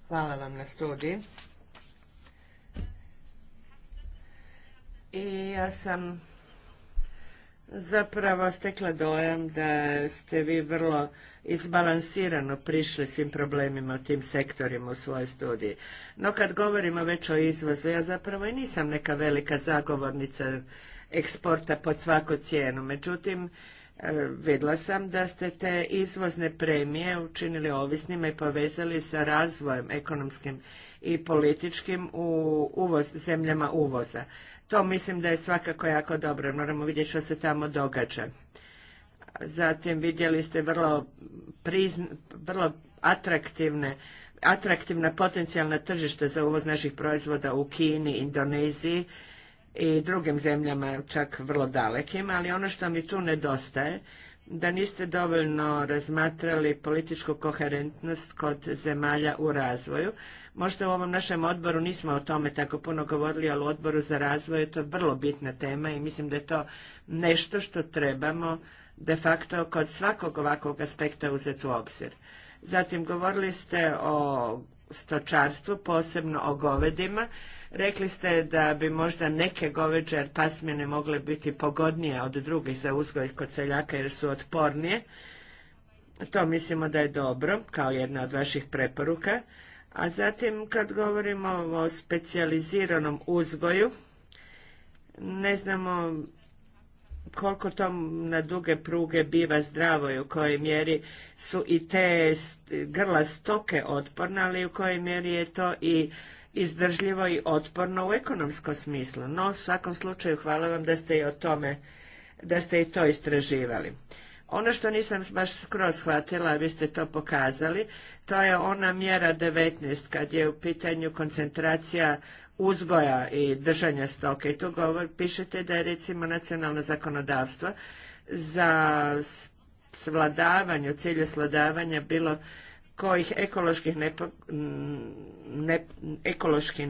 hvala vam na studiji. I ja sam zapravo stekla dojam da ste vi vrlo izbalansirano prišli svim problemima u tim sektorima u svojoj studiji. No kad govorimo već o izvozu, ja zapravo i nisam neka velika zagovornica eksporta pod svaku cijenu. Međutim, E, vidla sam da ste te izvozne premije učinili ovisnima i povezali sa razvojem ekonomskim i političkim u uvoz, zemljama uvoza. To mislim da je svakako jako dobro. Moramo vidjeti što se tamo događa. Zatim vidjeli ste vrlo, vrlo atraktivne atraktivna potencijalna tržišta za uvoz naših proizvoda u Kini, Indoneziji i drugim zemljama, čak vrlo dalekim, ali ono što mi tu nedostaje, da niste dovoljno razmatrali političku koherentnost kod zemalja u razvoju. Možda u ovom našem odboru nismo o tome tako puno govorili, ali u odboru za razvoj je to vrlo bitna tema i mislim da je to nešto što trebamo de facto kod svakog ovakvog aspekta uzeti u obzir. Zatim govorili ste o stočarstvu, posebno o govedima, Rekli ste da bi možda neke goveđe pasmine mogle biti pogodnije od drugih za uzgoj kod seljaka jer su otpornije. To mislimo da je dobro, kao jedna od vaših preporuka. A zatim kad govorimo o specijaliziranom uzgoju, ne znamo koliko to na duge pruge biva zdravo i u kojoj mjeri su i te grla stoke otporne, ali u kojoj mjeri je to i izdržljivo i otporno u ekonomskom smislu. No, u svakom slučaju hvala vam da ste i o tome, da ste i to istraživali. Ono što nisam baš skroz shvatila, a vi ste to pokazali, to je ona mjera 19 kad je u pitanju koncentracija uzgoja i držanja stoke. I tu govor, pišete da je recimo nacionalno zakonodavstvo za u cilju svladavanja bilo kojih ekoloških ne, ekološki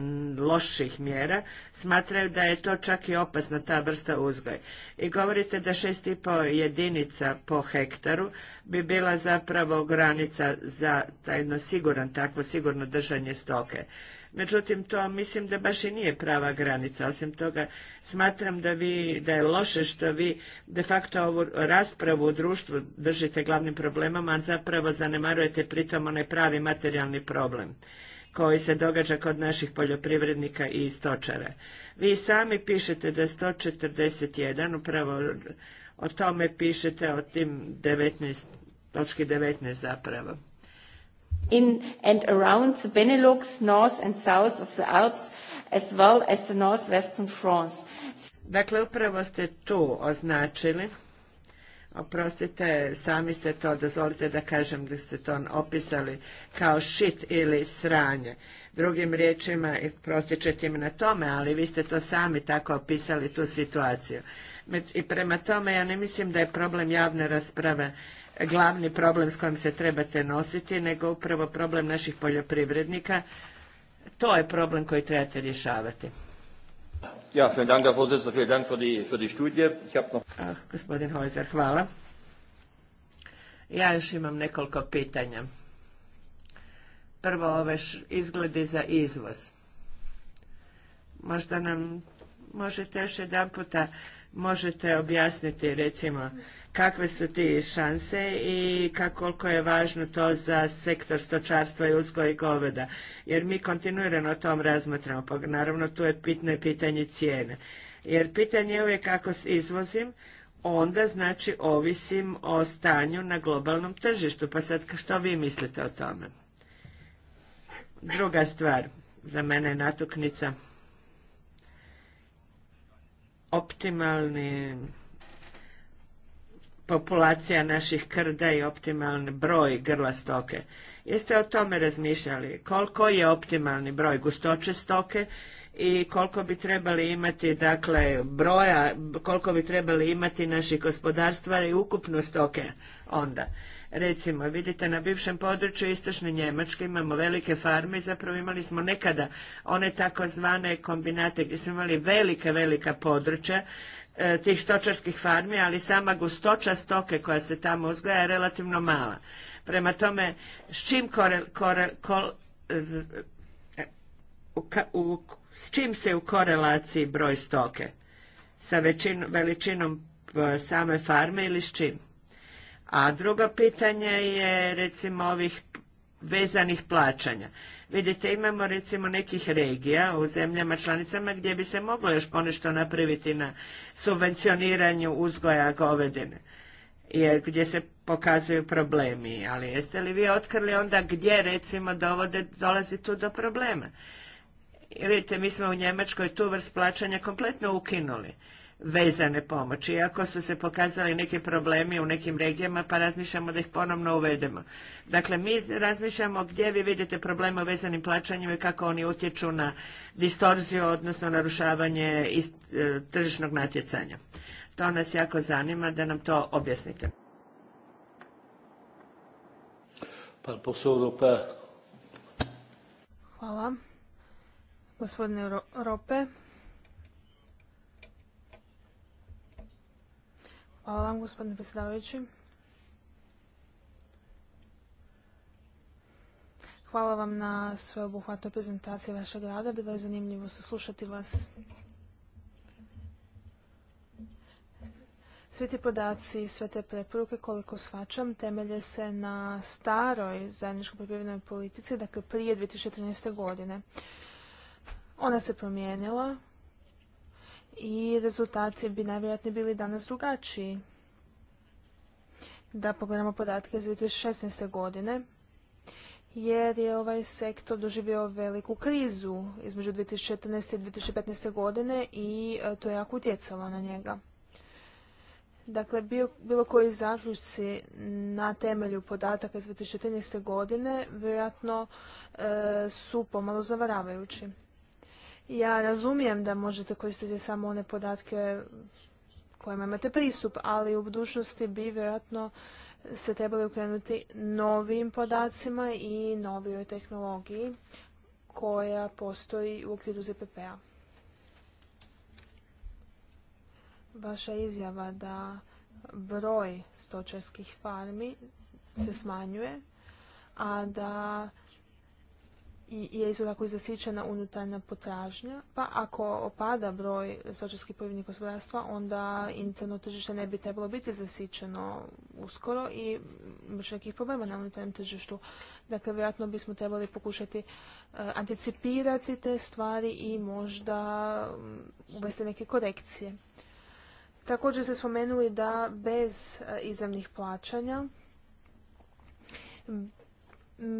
loših mjera smatraju da je to čak i opasna ta vrsta uzgoj. I govorite da 6,5 jedinica po hektaru bi bila zapravo granica za tajno siguran, takvo sigurno držanje stoke. Međutim, to mislim da baš i nije prava granica. Osim toga, smatram da, vi, da je loše što vi de facto ovu raspravu u društvu držite glavnim problemom, a zapravo zanemarujete pritom onaj pravi materijalni problem koji se događa kod naših poljoprivrednika i stočara. Vi sami pišete da je 141, upravo o tome pišete, o tim 19, točki 19 zapravo in and around the Benelux, north and south of the Alps, as well as the northwestern France. Dakle, upravo ste tu označili, oprostite, sami ste to, dozvolite da kažem da ste to opisali kao šit ili sranje. Drugim riječima, ćete im na tome, ali vi ste to sami tako opisali tu situaciju. I prema tome, ja ne mislim da je problem javne rasprave glavni problem s kojim se trebate nositi, nego upravo problem naših poljoprivrednika. To je problem koji trebate rješavati. Ja, Vorsitzender, vielen Dank für die, für die Studie. Ich noch... Ah, gospodin Hojzer, hvala. Ja još imam nekoliko pitanja. Prvo ove izglede za izvoz. Možda nam možete još jedan puta možete objasniti recimo kakve su ti šanse i koliko je važno to za sektor stočarstva i uzgoj goveda. Jer mi kontinuirano o tom razmatramo. Pa naravno tu je pitno i pitanje cijene. Jer pitanje je uvijek se izvozim, onda znači ovisim o stanju na globalnom tržištu. Pa sad što vi mislite o tome? Druga stvar, za mene je natuknica optimalni populacija naših krda i optimalni broj grla stoke. Jeste o tome razmišljali? Koliko je optimalni broj gustoće stoke i koliko bi trebali imati, dakle, broja, koliko bi trebali imati naših gospodarstva i ukupno stoke onda? Recimo, vidite, na bivšem području istočne Njemačke imamo velike farme i zapravo imali smo nekada one takozvane kombinate gdje smo imali velike, velika područja e, tih stočarskih farmi, ali sama gustoća stoke koja se tamo uzgaja je relativno mala. Prema tome, s čim e, u, s čim se u korelaciji broj stoke? Sa veličinom e, same farme ili s čim? A drugo pitanje je recimo ovih vezanih plaćanja. Vidite, imamo recimo nekih regija u zemljama članicama gdje bi se moglo još ponešto napraviti na subvencioniranju uzgoja govedine, jer gdje se pokazuju problemi. Ali jeste li vi otkrili onda gdje recimo dovode, dolazi tu do problema? vidite, mi smo u Njemačkoj tu vrst plaćanja kompletno ukinuli vezane pomoći. Iako su se pokazali neki problemi u nekim regijama, pa razmišljamo da ih ponovno uvedemo. Dakle, mi razmišljamo gdje vi vidite probleme u vezanim plaćanjima i kako oni utječu na distorziju, odnosno narušavanje e, tržišnog natjecanja. To nas jako zanima da nam to objasnite. Hvala. Gospodine Rope, Hvala vam, gospodine predsjedavajući. Hvala vam na sveobuhvatnoj prezentaciji vašeg rada. Bilo je zanimljivo saslušati vas. Svi ti podaci i sve te preporuke, koliko svačam, temelje se na staroj zajedničkoj poljoprivrednoj politici, dakle prije 2014. godine. Ona se promijenila i rezultati bi najvjerojatnije bili danas drugačiji. Da pogledamo podatke iz 2016. godine, jer je ovaj sektor doživio veliku krizu između 2014. i 2015. godine i e, to je jako utjecalo na njega. Dakle, bilo koji zaključci na temelju podataka iz 2014. godine vjerojatno e, su pomalo zavaravajući. Ja razumijem da možete koristiti samo one podatke kojima imate pristup, ali u budućnosti bi vjerojatno se trebali ukrenuti novim podacima i novijoj tehnologiji koja postoji u okviru ZPP-a. Vaša izjava da broj stočarskih farmi se smanjuje, a da je isto tako zasićena unutarnja potražnja, pa ako opada broj stočarskih poljoprivrednih gospodarstva, onda interno tržište ne bi trebalo biti zasićeno uskoro i baš nekih problema na unutarnjem tržištu. Dakle, vjerojatno bismo trebali pokušati e, anticipirati te stvari i možda mm, uvesti neke korekcije. Također ste spomenuli da bez e, izravnih plaćanja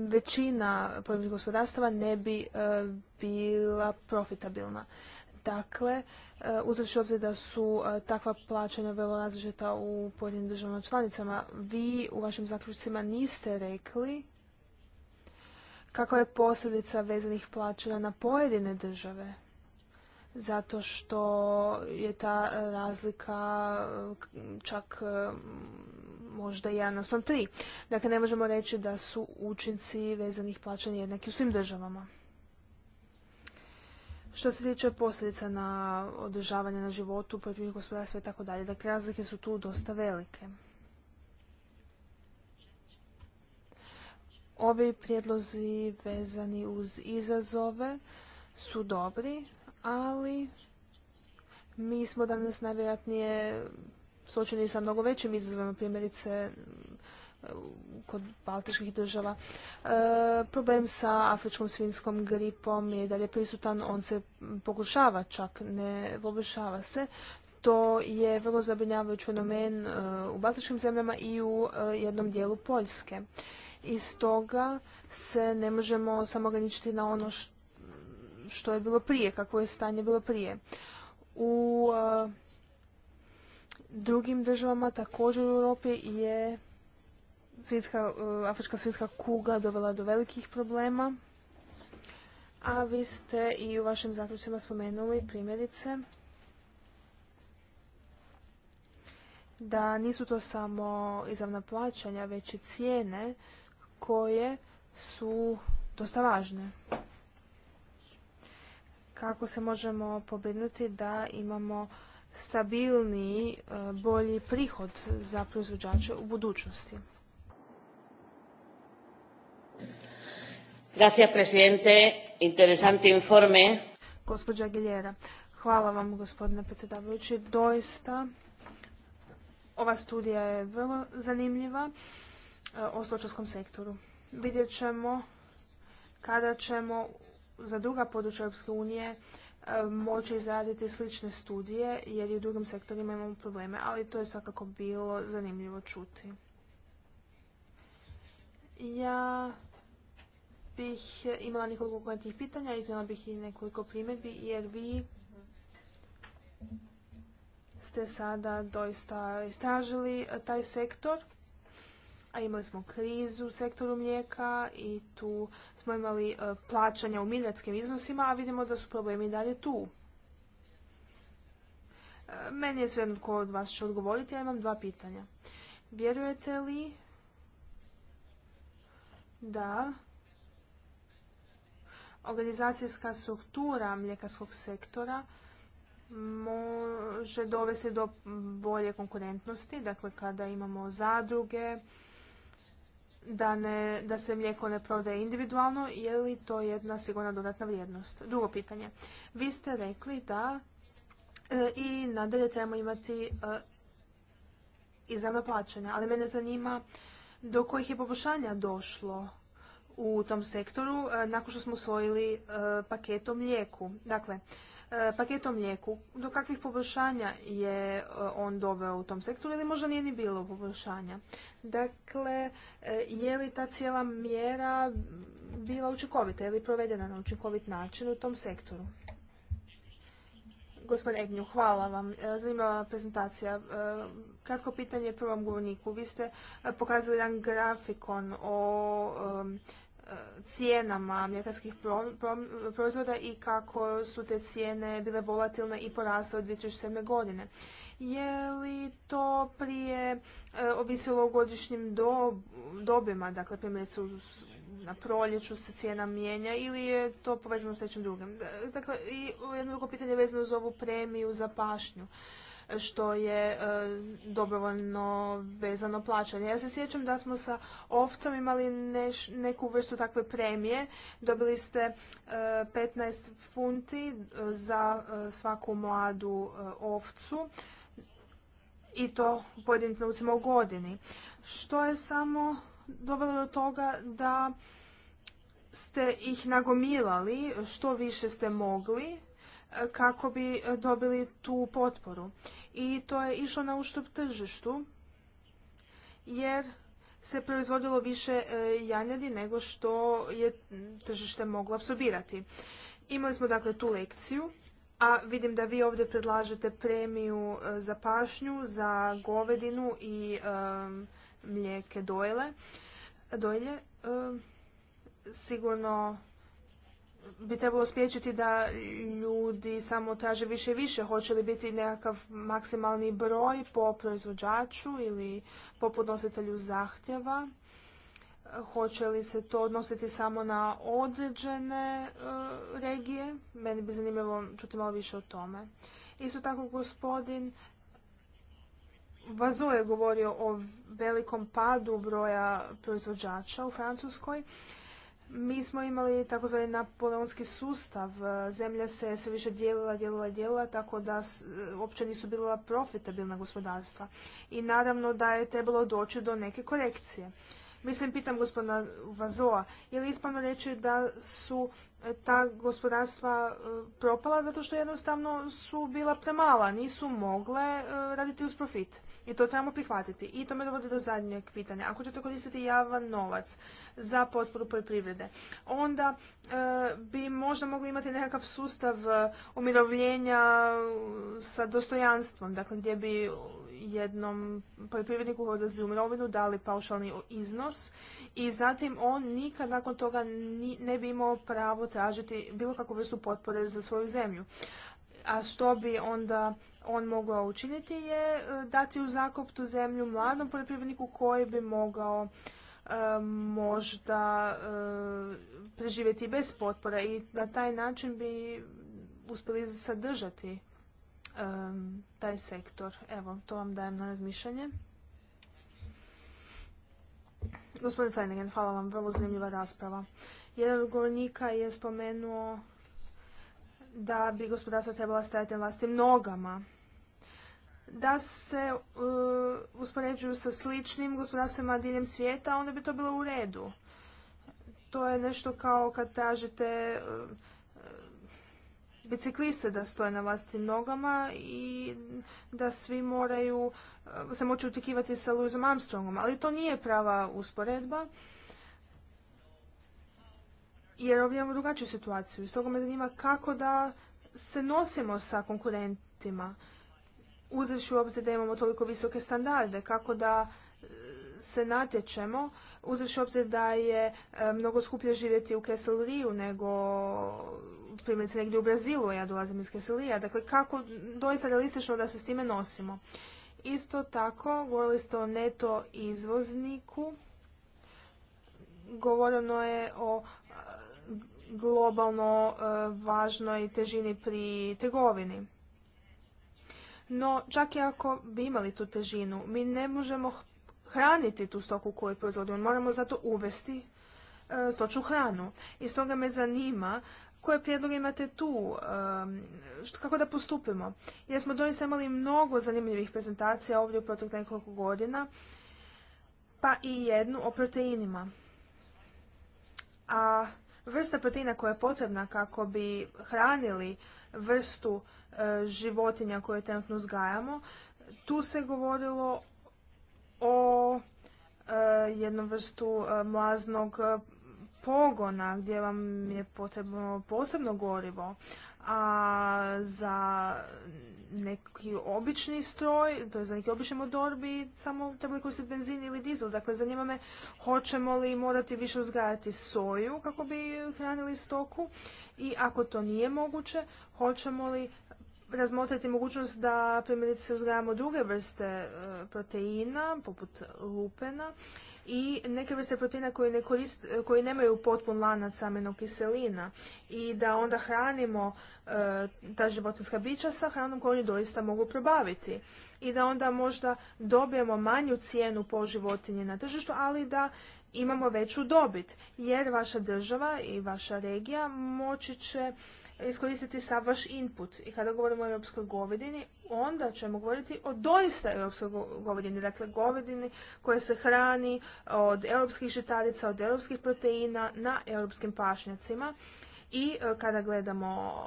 većina poljoprivrednih gospodarstava ne bi e, bila profitabilna. Dakle, e, uzreći obzir da su e, takva plaćanja vrlo različita u pojedinim državama članicama, vi u vašim zaključcima niste rekli kakva je posljedica vezanih plaćanja na pojedine države zato što je ta razlika čak možda jedan naspram tri. Dakle, ne možemo reći da su učinci vezanih plaćanja jednaki u svim državama. Što se tiče posljedica na održavanje na životu, poljoprivrednih gospodarstva i tako dalje, dakle razlike su tu dosta velike. Ovi prijedlozi vezani uz izazove su dobri, ali mi smo danas najvjerojatnije suočeni sa mnogo većim izazovima, primjerice kod baltičkih država. E, problem sa afričkom svinskom gripom je dalje prisutan, on se pokušava čak, ne poboljšava se. To je vrlo zabrinjavajući fenomen e, u baltičkim zemljama i u e, jednom dijelu Poljske. I stoga se ne možemo samo ograničiti na ono što je bilo prije, kako je stanje bilo prije. U drugim državama također u Europi je svjetska, e, afrička svjetska kuga dovela do velikih problema. A vi ste i u vašim zaključcima spomenuli primjerice da nisu to samo izravna plaćanja, već i cijene koje su dosta važne. Kako se možemo pobrinuti da imamo stabilniji, e, bolji prihod za proizvođače u budućnosti. Gracias, presidente. Interesante informe. Gospođa Aguilera, hvala vam, gospodine predsjedavajući. Doista, ova studija je vrlo zanimljiva e, o stočarskom sektoru. Vidjet ćemo kada ćemo za druga područja Europske unije moći izraditi slične studije jer i u drugim sektorima imamo probleme, ali to je svakako bilo zanimljivo čuti. Ja bih imala nekoliko konkretnih pitanja, iznijela bih i nekoliko primjedbi jer vi ste sada doista istražili taj sektor a imali smo krizu u sektoru mlijeka i tu smo imali e, plaćanja u milijardskim iznosima, a vidimo da su problemi dalje tu. E, meni je sve tko od vas će odgovoriti, ja imam dva pitanja. Vjerujete li da organizacijska struktura mljekarskog sektora može dovesti do bolje konkurentnosti, dakle kada imamo zadruge, da, ne, da se mlijeko ne prodaje individualno, je li to jedna sigurna dodatna vrijednost? Drugo pitanje. Vi ste rekli da e, i nadalje trebamo imati e, izravna plaćanja, ali mene zanima do kojih je poboljšanja došlo u tom sektoru e, nakon što smo usvojili e, paket o mlijeku. Dakle, E, paket o mlijeku, do kakvih poboljšanja je e, on doveo u tom sektoru ili možda nije ni bilo poboljšanja. Dakle, e, je li ta cijela mjera bila učinkovita, ili provedena na učinkovit način u tom sektoru? Gospodin Egnju, hvala vam. Zanimljiva prezentacija. Kratko pitanje prvom govorniku. Vi ste pokazali jedan grafikon o cijenama mljekarskih proizvoda i kako su te cijene bile volatilne i porasle od 2007. godine. Je li to prije e, ovisilo o godišnjim dobima, dakle primjerice na proljeću se cijena mijenja ili je to povezano s nečim drugim? E, dakle, i jedno drugo pitanje je vezano uz ovu premiju za pašnju što je e, dobrovoljno vezano plaćanje. Ja se sjećam da smo sa ovcom imali neku vrstu takve premije. Dobili ste 15 e, funti e, za svaku mladu ovcu i to u pojedinim u godini. Što je samo dovelo do toga da ste ih nagomilali što više ste mogli kako bi e, dobili tu potporu. I to je išlo na uštup tržištu jer se proizvodilo više e, janjadi nego što je tržište moglo apsorbirati. Imali smo dakle tu lekciju, a vidim da vi ovdje predlažete premiju e, za pašnju, za govedinu i mlijeke dojle. Dojlje, sigurno bi trebalo spriječiti da ljudi samo traže više i više. Hoće li biti nekakav maksimalni broj po proizvođaču ili po podnositelju zahtjeva? Hoće li se to odnositi samo na određene e, regije? Meni bi zanimljivo čuti malo više o tome. Isto tako gospodin Vazo je govorio o velikom padu broja proizvođača u Francuskoj mi smo imali takozvani napoleonski sustav. E, Zemlja se sve više dijelila, dijelila, dijelila, tako da e, uopće nisu bila profitabilna gospodarstva. I naravno da je trebalo doći do neke korekcije. Mislim, pitam gospodina Vazoa, je li ispano reći da su e, ta gospodarstva propala zato što jednostavno su bila premala, nisu mogle raditi uz profit? i to trebamo prihvatiti. I to me dovodi do zadnjeg pitanja. Ako ćete koristiti javan novac za potporu poljoprivrede, onda e, bi možda mogli imati nekakav sustav e, umirovljenja e, sa dostojanstvom, dakle gdje bi jednom poljoprivredniku koji odlazi u mirovinu dali paušalni iznos i zatim on nikad nakon toga ne bi imao pravo tražiti bilo kakvu vrstu potpore za svoju zemlju a što bi onda on mogao učiniti je e, dati u zakup tu zemlju mladom poljoprivredniku koji bi mogao e, možda e, preživjeti bez potpora i na taj način bi uspjeli sadržati taj sektor. Evo, to vam dajem na razmišljanje. Gospodin Flanagan, hvala vam, vrlo zanimljiva rasprava. Jedan od govornika je spomenuo da bi gospodarstvo trebala stajati na vlastnim nogama da se uh, uspoređuju sa sličnim gospodarstvima diljem svijeta, onda bi to bilo u redu. To je nešto kao kad tražite uh, bicikliste da stoje na vlastnim nogama i da svi moraju uh, se moći utikivati sa Louisom Armstrongom, ali to nije prava usporedba jer imamo drugačiju situaciju. Stoga me zanima kako da se nosimo sa konkurentima, uzevši u obzir da imamo toliko visoke standarde, kako da e, se natječemo, uzevši u obzir da je e, mnogo skuplje živjeti u Keselriju nego primjerice negdje u Brazilu, ja dolazim iz Kesselija, dakle kako doista realistično da se s time nosimo. Isto tako, govorili ste o neto izvozniku, govoreno je o globalno e, važnoj težini pri trgovini. No, čak i ako bi imali tu težinu, mi ne možemo hraniti tu stoku koju proizvodimo. Moramo zato uvesti e, stočnu hranu. I stoga me zanima koje prijedloge imate tu, e, kako da postupimo. Jer smo doista imali mnogo zanimljivih prezentacija ovdje u proteklih nekoliko godina, pa i jednu o proteinima. A Vrsta proteina koja je potrebna kako bi hranili vrstu e, životinja koje trenutno uzgajamo, tu se govorilo o e, jednom vrstu e, mlaznog pogona gdje vam je potrebno posebno gorivo, a za neki obični stroj, to je za neki obični motor bi samo trebali koristiti benzin ili dizel. Dakle, zanima me hoćemo li morati više uzgajati soju kako bi hranili stoku i ako to nije moguće, hoćemo li razmotriti mogućnost da primjerice uzgajamo druge vrste e, proteina poput lupena i neke vrste proteina koji, ne koji nemaju potpun lanac aminokiselina i da onda hranimo e, ta životinska bića sa hranom koju oni doista mogu probaviti i da onda možda dobijemo manju cijenu po životinji na tržištu, ali da imamo veću dobit jer vaša država i vaša regija moći će iskoristiti sav vaš input. I kada govorimo o europskoj govedini, onda ćemo govoriti o doista europskoj govedini, dakle govedini koja se hrani od europskih žitarica, od europskih proteina na europskim pašnjacima. I e, kada gledamo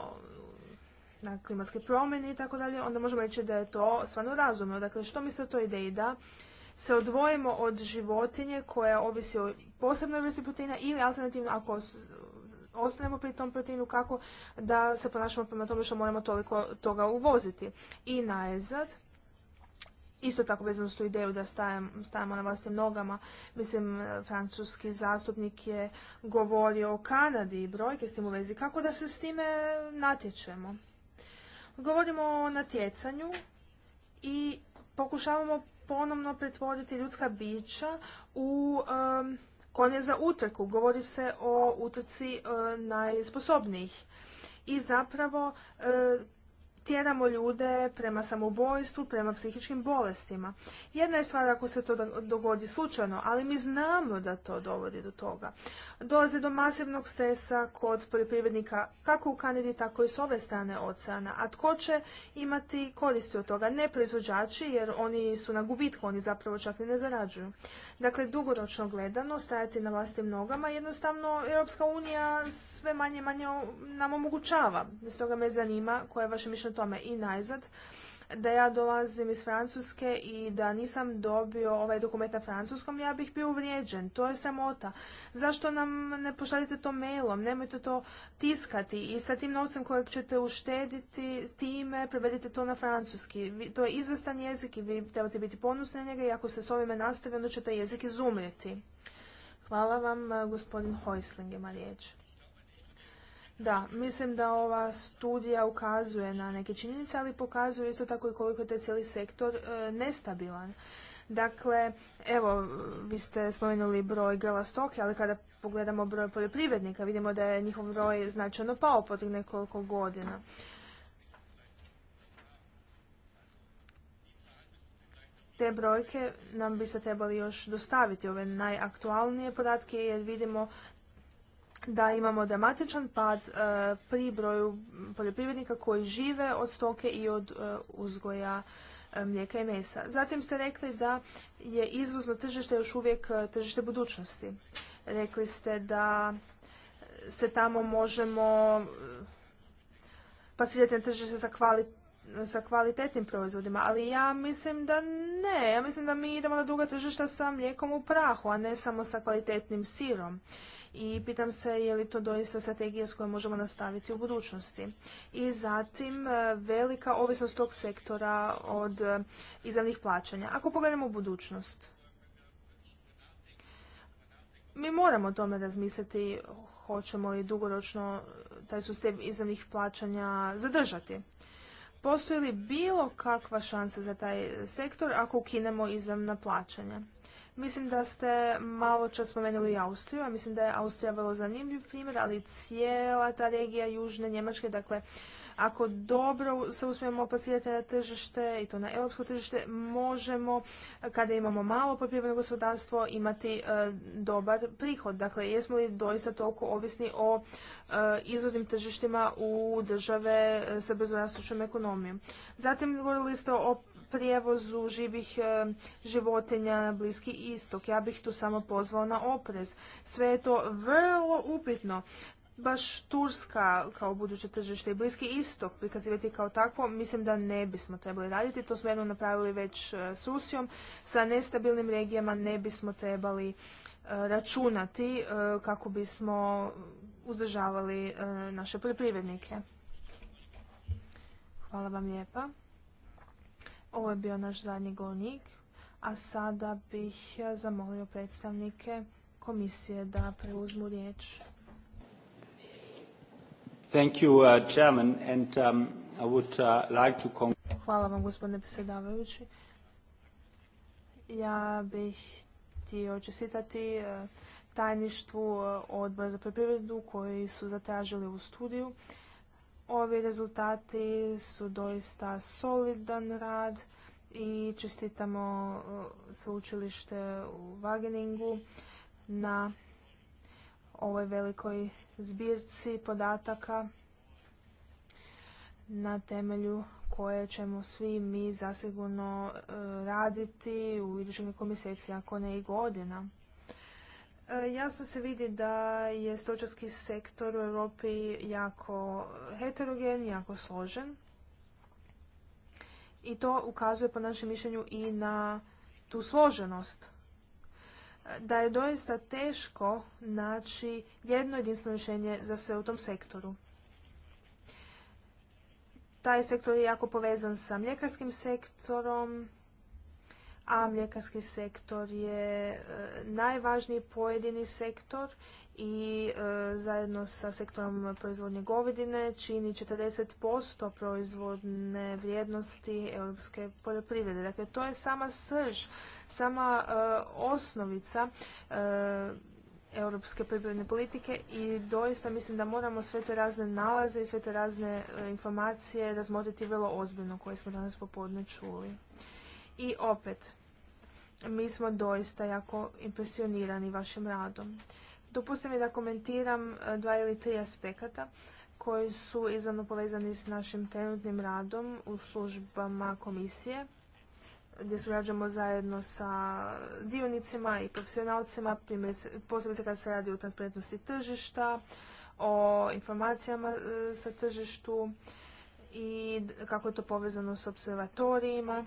na klimatske promjene i tako dalje, onda možemo reći da je to stvarno razumno. Dakle, što mislite o toj ideji da se odvojimo od životinje koja ovisi o posebnoj vrsti proteina ili alternativno ako Ostanemo pri tom proteinu, kako da se ponašamo prema tome što moramo toliko toga uvoziti. I najzad, isto tako vezano s tu ideju da stajemo na vlastnim nogama, mislim, francuski zastupnik je govorio o Kanadi i brojke s tim u vezi, kako da se s time natječemo. Govorimo o natjecanju i pokušavamo ponovno pretvoriti ljudska bića u konje za utrku, govori se o utrci e, najsposobnijih. I zapravo e, tjeramo ljude prema samoubojstvu, prema psihičkim bolestima. Jedna je stvar ako se to dogodi slučajno, ali mi znamo da to dovodi do toga. Dolaze do masivnog stresa kod poljoprivrednika kako u Kanadi, tako i s ove strane oceana. A tko će imati koristi od toga? Ne proizvođači, jer oni su na gubitku, oni zapravo čak i ne zarađuju. Dakle, dugoročno gledano, stajati na vlastim nogama, jednostavno Europska unija sve manje manje nam omogućava. Stoga me zanima koje je vaše mišljenje o tome. I najzad, da ja dolazim iz Francuske i da nisam dobio ovaj dokument na francuskom, ja bih bio uvrijeđen. To je samota. Zašto nam ne pošaljite to mailom? Nemojte to tiskati i sa tim novcem kojeg ćete uštediti time prevedite to na francuski. to je izvestan jezik i vi trebate biti ponosni na njega i ako se s ovime nastavi, onda će jezik izumrijeti. Hvala vam, gospodin Hojsling ima riječ. Da, mislim da ova studija ukazuje na neke činjenice, ali pokazuje isto tako i koliko je taj cijeli sektor e, nestabilan. Dakle, evo, vi ste spomenuli broj grla stoke, ali kada pogledamo broj poljoprivrednika, vidimo da je njihov broj značajno pao tih nekoliko godina. Te brojke nam bi se trebali još dostaviti, ove najaktualnije podatke, jer vidimo da imamo dramatičan pad e, pri broju poljoprivrednika koji žive od stoke i od e, uzgoja e, mlijeka i mesa. Zatim ste rekli da je izvozno tržište još uvijek tržište budućnosti. Rekli ste da se tamo možemo pasirati na tržište sa kvalitetnim sa kvalitetnim proizvodima, ali ja mislim da ne. Ja mislim da mi idemo na druga tržišta sa mlijekom u prahu, a ne samo sa kvalitetnim sirom i pitam se je li to doista strategija s kojom možemo nastaviti u budućnosti. I zatim e, velika ovisnost tog sektora od e, izravnih plaćanja. Ako pogledamo budućnost, mi moramo o tome razmisliti hoćemo li dugoročno taj sustav izravnih plaćanja zadržati. Postoji li bilo kakva šansa za taj sektor ako ukinemo izravna plaćanja? Mislim da ste malo čas spomenuli Austriju, a mislim da je Austrija vrlo zanimljiv primjer, ali cijela ta regija Južne Njemačke, dakle, ako dobro se uspijemo opacirati na tržište i to na europsko tržište, možemo, kada imamo malo poljoprivredno gospodarstvo, imati e, dobar prihod. Dakle, jesmo li doista toliko ovisni o e, izvoznim tržištima u države e, sa brzorastućom ekonomijom. Zatim govorili ste o prijevozu živih e, životinja na Bliski istok. Ja bih tu samo pozvao na oprez. Sve je to vrlo upitno. Baš Turska kao buduće tržište i Bliski istok prikazivati kao takvo, mislim da ne bismo trebali raditi. To smo jednom napravili već e, s Rusijom. Sa nestabilnim regijama ne bismo trebali e, računati kako bismo uzdržavali naše poljoprivrednike. Hvala vam lijepa. Ovo je bio naš zadnji govornik, a sada bih zamolio predstavnike komisije da preuzmu riječ. Thank you, Hvala vam, gospodine predsjedavajući. Ja bih htio čestitati uh, tajništvu uh, odbora za poljoprivredu koji su zatražili u studiju Ovi rezultati su doista solidan rad i čestitamo sveučilište u Wageningu na ovoj velikoj zbirci podataka na temelju koje ćemo svi mi zasigurno e, raditi u idućih nekoliko mjeseci, ako ne i godina. E, jasno se vidi da je stočarski sektor u Europi jako heterogen, jako složen. I to ukazuje po našem mišljenju i na tu složenost. E, da je doista teško naći jedno jedinstveno rješenje za sve u tom sektoru. Taj sektor je jako povezan sa mljekarskim sektorom, a mljekarski sektor je e, najvažniji pojedini sektor i e, zajedno sa sektorom proizvodnje govedine čini 40% proizvodne vrijednosti europske poljoprivrede. Dakle, to je sama srž, sama e, osnovica europske poljoprivredne politike i doista mislim da moramo sve te razne nalaze i sve te razne informacije razmotriti vrlo ozbiljno koje smo danas popodne čuli. I opet, mi smo doista jako impresionirani vašim radom. Dopustite mi da komentiram e, dva ili tri aspekata koji su izravno povezani s našim trenutnim radom u službama komisije gdje surađujemo zajedno sa dionicima i profesionalcima, posebice kad se radi o transparentnosti tržišta, o informacijama e, sa tržištu i kako je to povezano s observatorijima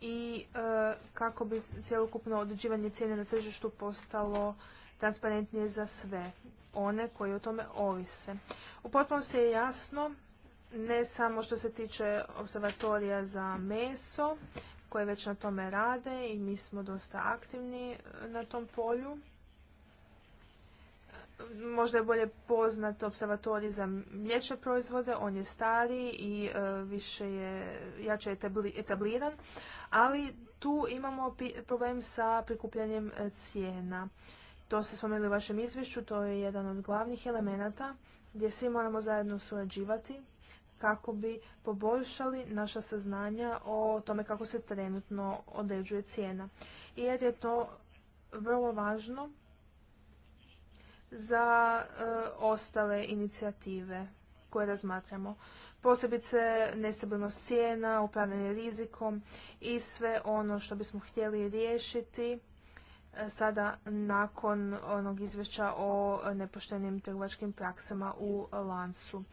i e, kako bi cjelokupno određivanje cijene na tržištu postalo transparentnije za sve one koji o tome ovise. U potpunosti je jasno, ne samo što se tiče observatorija za meso, koje već na tome rade i mi smo dosta aktivni e, na tom polju. Možda je bolje poznat observatorij za mliječne proizvode, on je stariji i e, više je, jače je etabliran, ali tu imamo problem sa prikupljanjem e, cijena. To ste spomenuli u vašem izvješću, to je jedan od glavnih elemenata gdje svi moramo zajedno surađivati kako bi poboljšali naša saznanja o tome kako se trenutno određuje cijena. Jer je to vrlo važno za e, ostale inicijative koje razmatramo posebice nestabilnost cijena, upravljanje rizikom i sve ono što bismo htjeli riješiti e, sada nakon onog izvješća o nepoštenim trgovačkim praksama u lancu.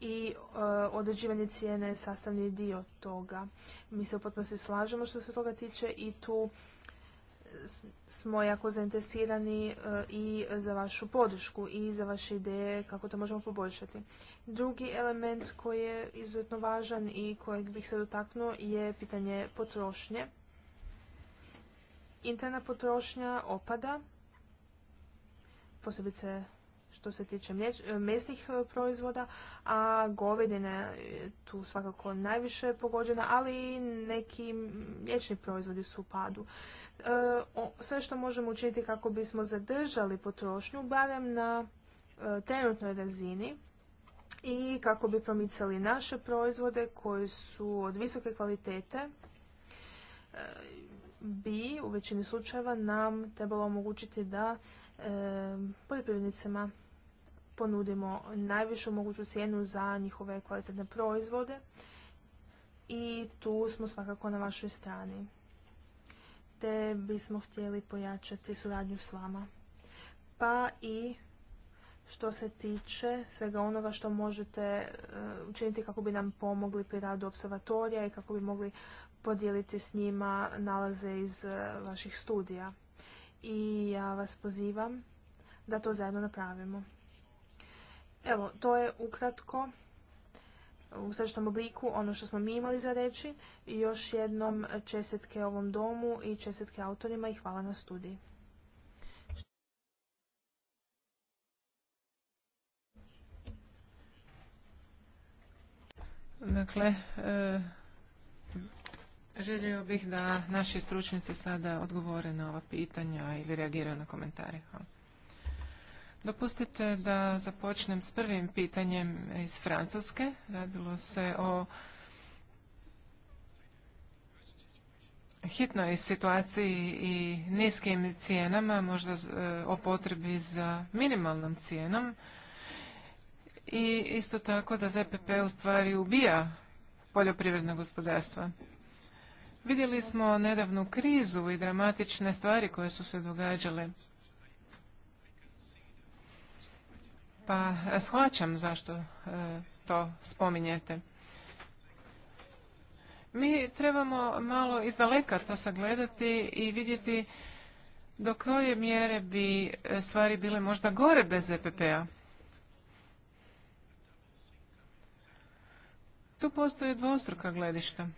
I e, određivanje cijene je sastavni dio toga. Mi se u potpunosti slažemo što se toga tiče i tu smo jako zainteresirani e, i za vašu podršku i za vaše ideje kako to možemo poboljšati. Drugi element koji je izuzetno važan i kojeg bih se dotaknuo je pitanje potrošnje. Interna potrošnja opada, posebice što se tiče e, mesnih e, proizvoda, a govedina tu svakako najviše pogođena, ali i neki mliječni proizvodi su u padu. E, sve što možemo učiniti kako bismo zadržali potrošnju, barem na trenutnoj razini, i kako bi promicali naše proizvode koji su od visoke kvalitete, bi u većini slučajeva nam trebalo omogućiti da e, ponudimo najvišu moguću cijenu za njihove kvalitetne proizvode i tu smo svakako na vašoj strani. Te bismo htjeli pojačati suradnju s vama. Pa i što se tiče svega onoga što možete e, učiniti kako bi nam pomogli pri radu observatorija i kako bi mogli podijeliti s njima nalaze iz e, vaših studija. I ja vas pozivam da to zajedno napravimo. Evo, to je ukratko u srčnom obliku ono što smo mi imali za reći. I još jednom čestitke ovom domu i čestitke autorima i hvala na studiji. Dakle, e, želio bih da naši stručnici sada odgovore na ova pitanja ili reagiraju na komentare. Hvala. Dopustite da započnem s prvim pitanjem iz Francuske. Radilo se o hitnoj situaciji i niskim cijenama, možda e, o potrebi za minimalnom cijenom. I isto tako da ZPP u stvari ubija poljoprivredno gospodarstva. Vidjeli smo nedavnu krizu i dramatične stvari koje su se događale. Pa e, shvaćam zašto e, to spominjete. Mi trebamo malo izdaleka to sagledati i vidjeti do koje mjere bi e, stvari bile možda gore bez EPP-a. Tu postoje dvostruka gledišta.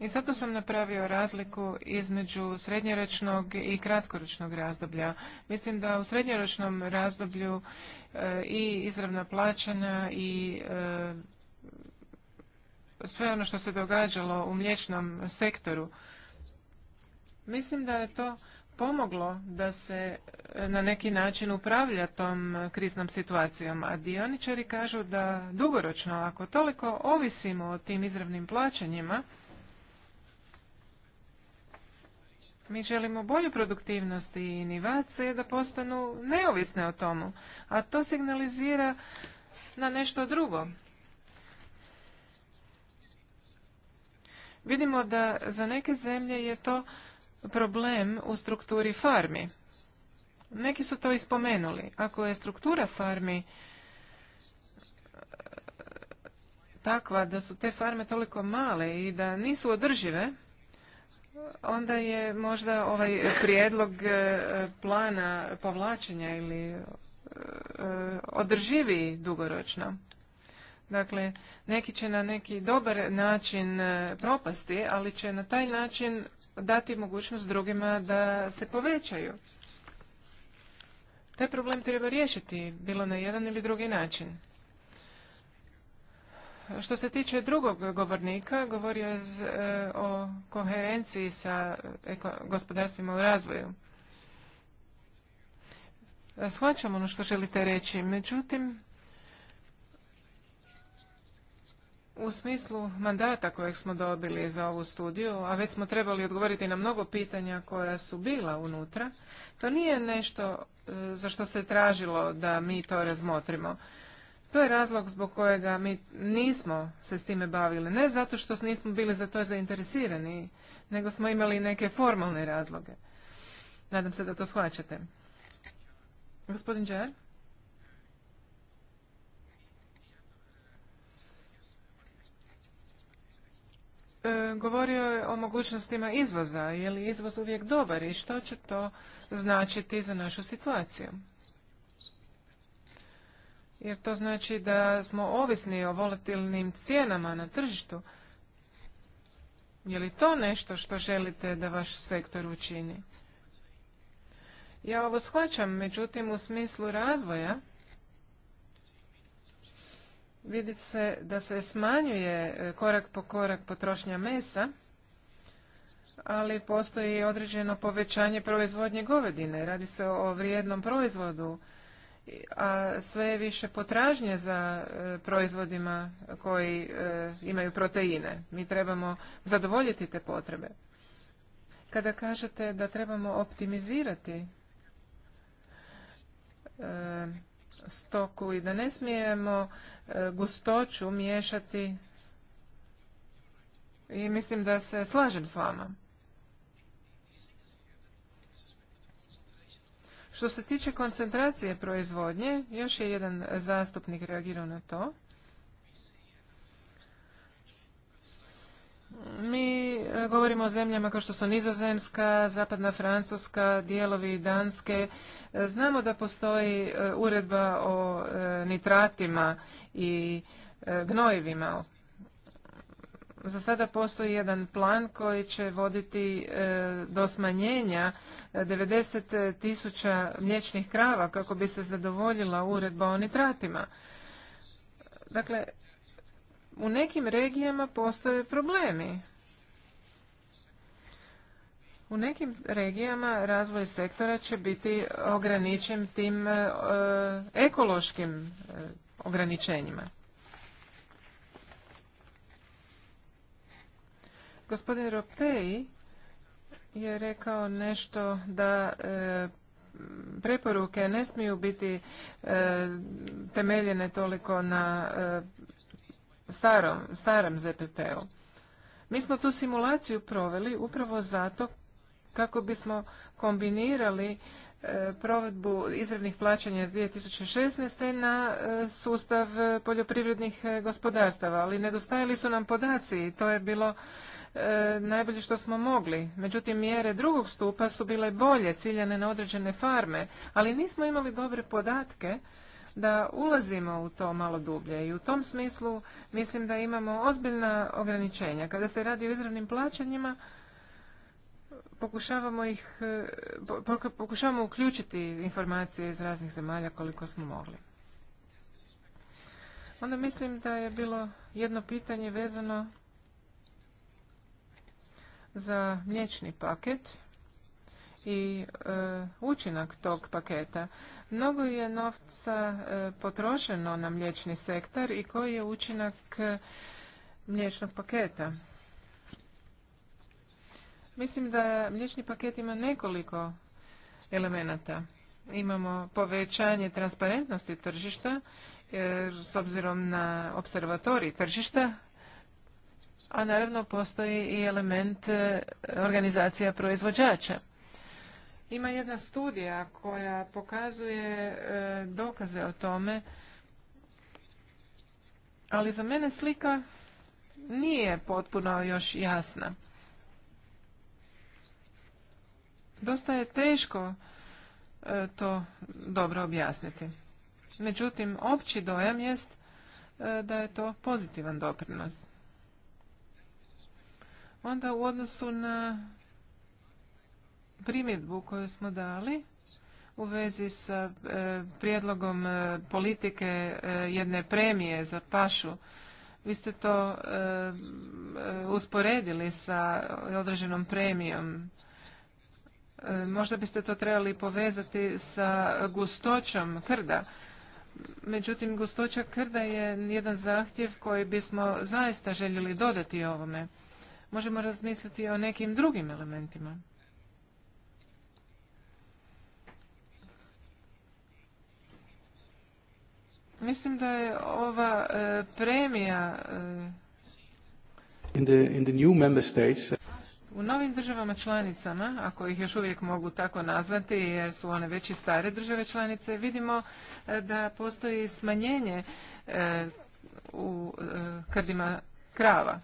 I zato sam napravio razliku između srednjoročnog i kratkoročnog razdoblja. Mislim da u srednjoročnom razdoblju e, i izravna plaćanja i e, sve ono što se događalo u mliječnom sektoru, mislim da je to pomoglo da se e, na neki način upravlja tom kriznom situacijom, a dioničari kažu da dugoročno, ako toliko ovisimo o tim izravnim plaćanjima, Mi želimo bolju produktivnost i inovacije da postanu neovisne o tomu, a to signalizira na nešto drugo. Vidimo da za neke zemlje je to problem u strukturi farmi. Neki su to ispomenuli. Ako je struktura farmi e, takva da su te farme toliko male i da nisu održive, onda je možda ovaj prijedlog e, plana povlačenja ili e, održivi dugoročno. Dakle, neki će na neki dobar način e, propasti, ali će na taj način dati mogućnost drugima da se povećaju. Taj problem treba riješiti, bilo na jedan ili drugi način. Što se tiče drugog govornika, govorio je e, o koherenciji sa e, gospodarstvima u razvoju. E, shvaćam ono što želite reći, međutim, u smislu mandata kojeg smo dobili za ovu studiju, a već smo trebali odgovoriti na mnogo pitanja koja su bila unutra, to nije nešto za što se tražilo da mi to razmotrimo. To je razlog zbog kojega mi nismo se s time bavili. Ne zato što nismo bili za to zainteresirani, nego smo imali neke formalne razloge. Nadam se da to shvaćate. Gospodin Đer? E, govorio je o mogućnostima izvoza. Je li izvoz uvijek dobar i što će to značiti za našu situaciju? jer to znači da smo ovisni o volatilnim cijenama na tržištu. Je li to nešto što želite da vaš sektor učini? Ja ovo shvaćam, međutim u smislu razvoja vidi se da se smanjuje e, korak po korak potrošnja mesa, ali postoji određeno povećanje proizvodnje govedine. Radi se o vrijednom proizvodu a sve je više potražnje za e, proizvodima koji e, imaju proteine. Mi trebamo zadovoljiti te potrebe. Kada kažete da trebamo optimizirati e, stoku i da ne smijemo gustoću miješati i mislim da se slažem s vama. Što se tiče koncentracije proizvodnje, još je jedan zastupnik reagirao na to. Mi e, govorimo o zemljama kao što su Nizozemska, Zapadna Francuska, dijelovi Danske. E, znamo da postoji e, uredba o nitratima i gnojivima za sada postoji jedan plan koji će voditi e, do smanjenja 90 e, tisuća mliječnih krava kako bi se zadovoljila uredba o nitratima. Dakle, u nekim regijama postoje problemi. U nekim regijama razvoj sektora će biti ograničen tim e, ekološkim ograničenjima. Gospodin Ropej je rekao nešto da e, preporuke ne smiju biti e, temeljene toliko na e, starom, starom ZPP-u. Mi smo tu simulaciju proveli upravo zato kako bismo kombinirali provedbu izravnih plaćanja iz 2016. na sustav poljoprivrednih gospodarstava, ali nedostajali su nam podaci i to je bilo E, najbolje što smo mogli. Međutim, mjere drugog stupa su bile bolje, ciljane na određene farme, ali nismo imali dobre podatke da ulazimo u to malo dublje i u tom smislu mislim da imamo ozbiljna ograničenja. Kada se radi o izravnim plaćanjima, pokušavamo ih, e, pokušavamo uključiti informacije iz raznih zemalja koliko smo mogli. Onda mislim da je bilo jedno pitanje vezano za mliječni paket i e, učinak tog paketa. Mnogo je novca e, potrošeno na mliječni sektor i koji je učinak e, mliječnog paketa. Mislim da mliječni paket ima nekoliko elemenata. Imamo povećanje transparentnosti tržišta s obzirom na observatorij tržišta a naravno postoji i element e, organizacija proizvođača. Ima jedna studija koja pokazuje e, dokaze o tome, ali za mene slika nije potpuno još jasna. Dosta je teško e, to dobro objasniti. Međutim, opći dojam jest da je to pozitivan doprinost. Onda u odnosu na primjedbu koju smo dali u vezi sa e, prijedlogom e, politike e, jedne premije za pašu, vi ste to usporedili sa određenom premijom. Možda biste to trebali povezati sa gustoćom krda. Međutim, gustoća krda je jedan zahtjev koji bismo zaista željeli dodati ovome možemo razmisliti o nekim drugim elementima. Mislim da je ova e, premija e, in the, in the new uh, U novim državama članicama, ako ih još uvijek mogu tako nazvati jer su one već i stare države članice, vidimo e, da postoji smanjenje u krdima krava.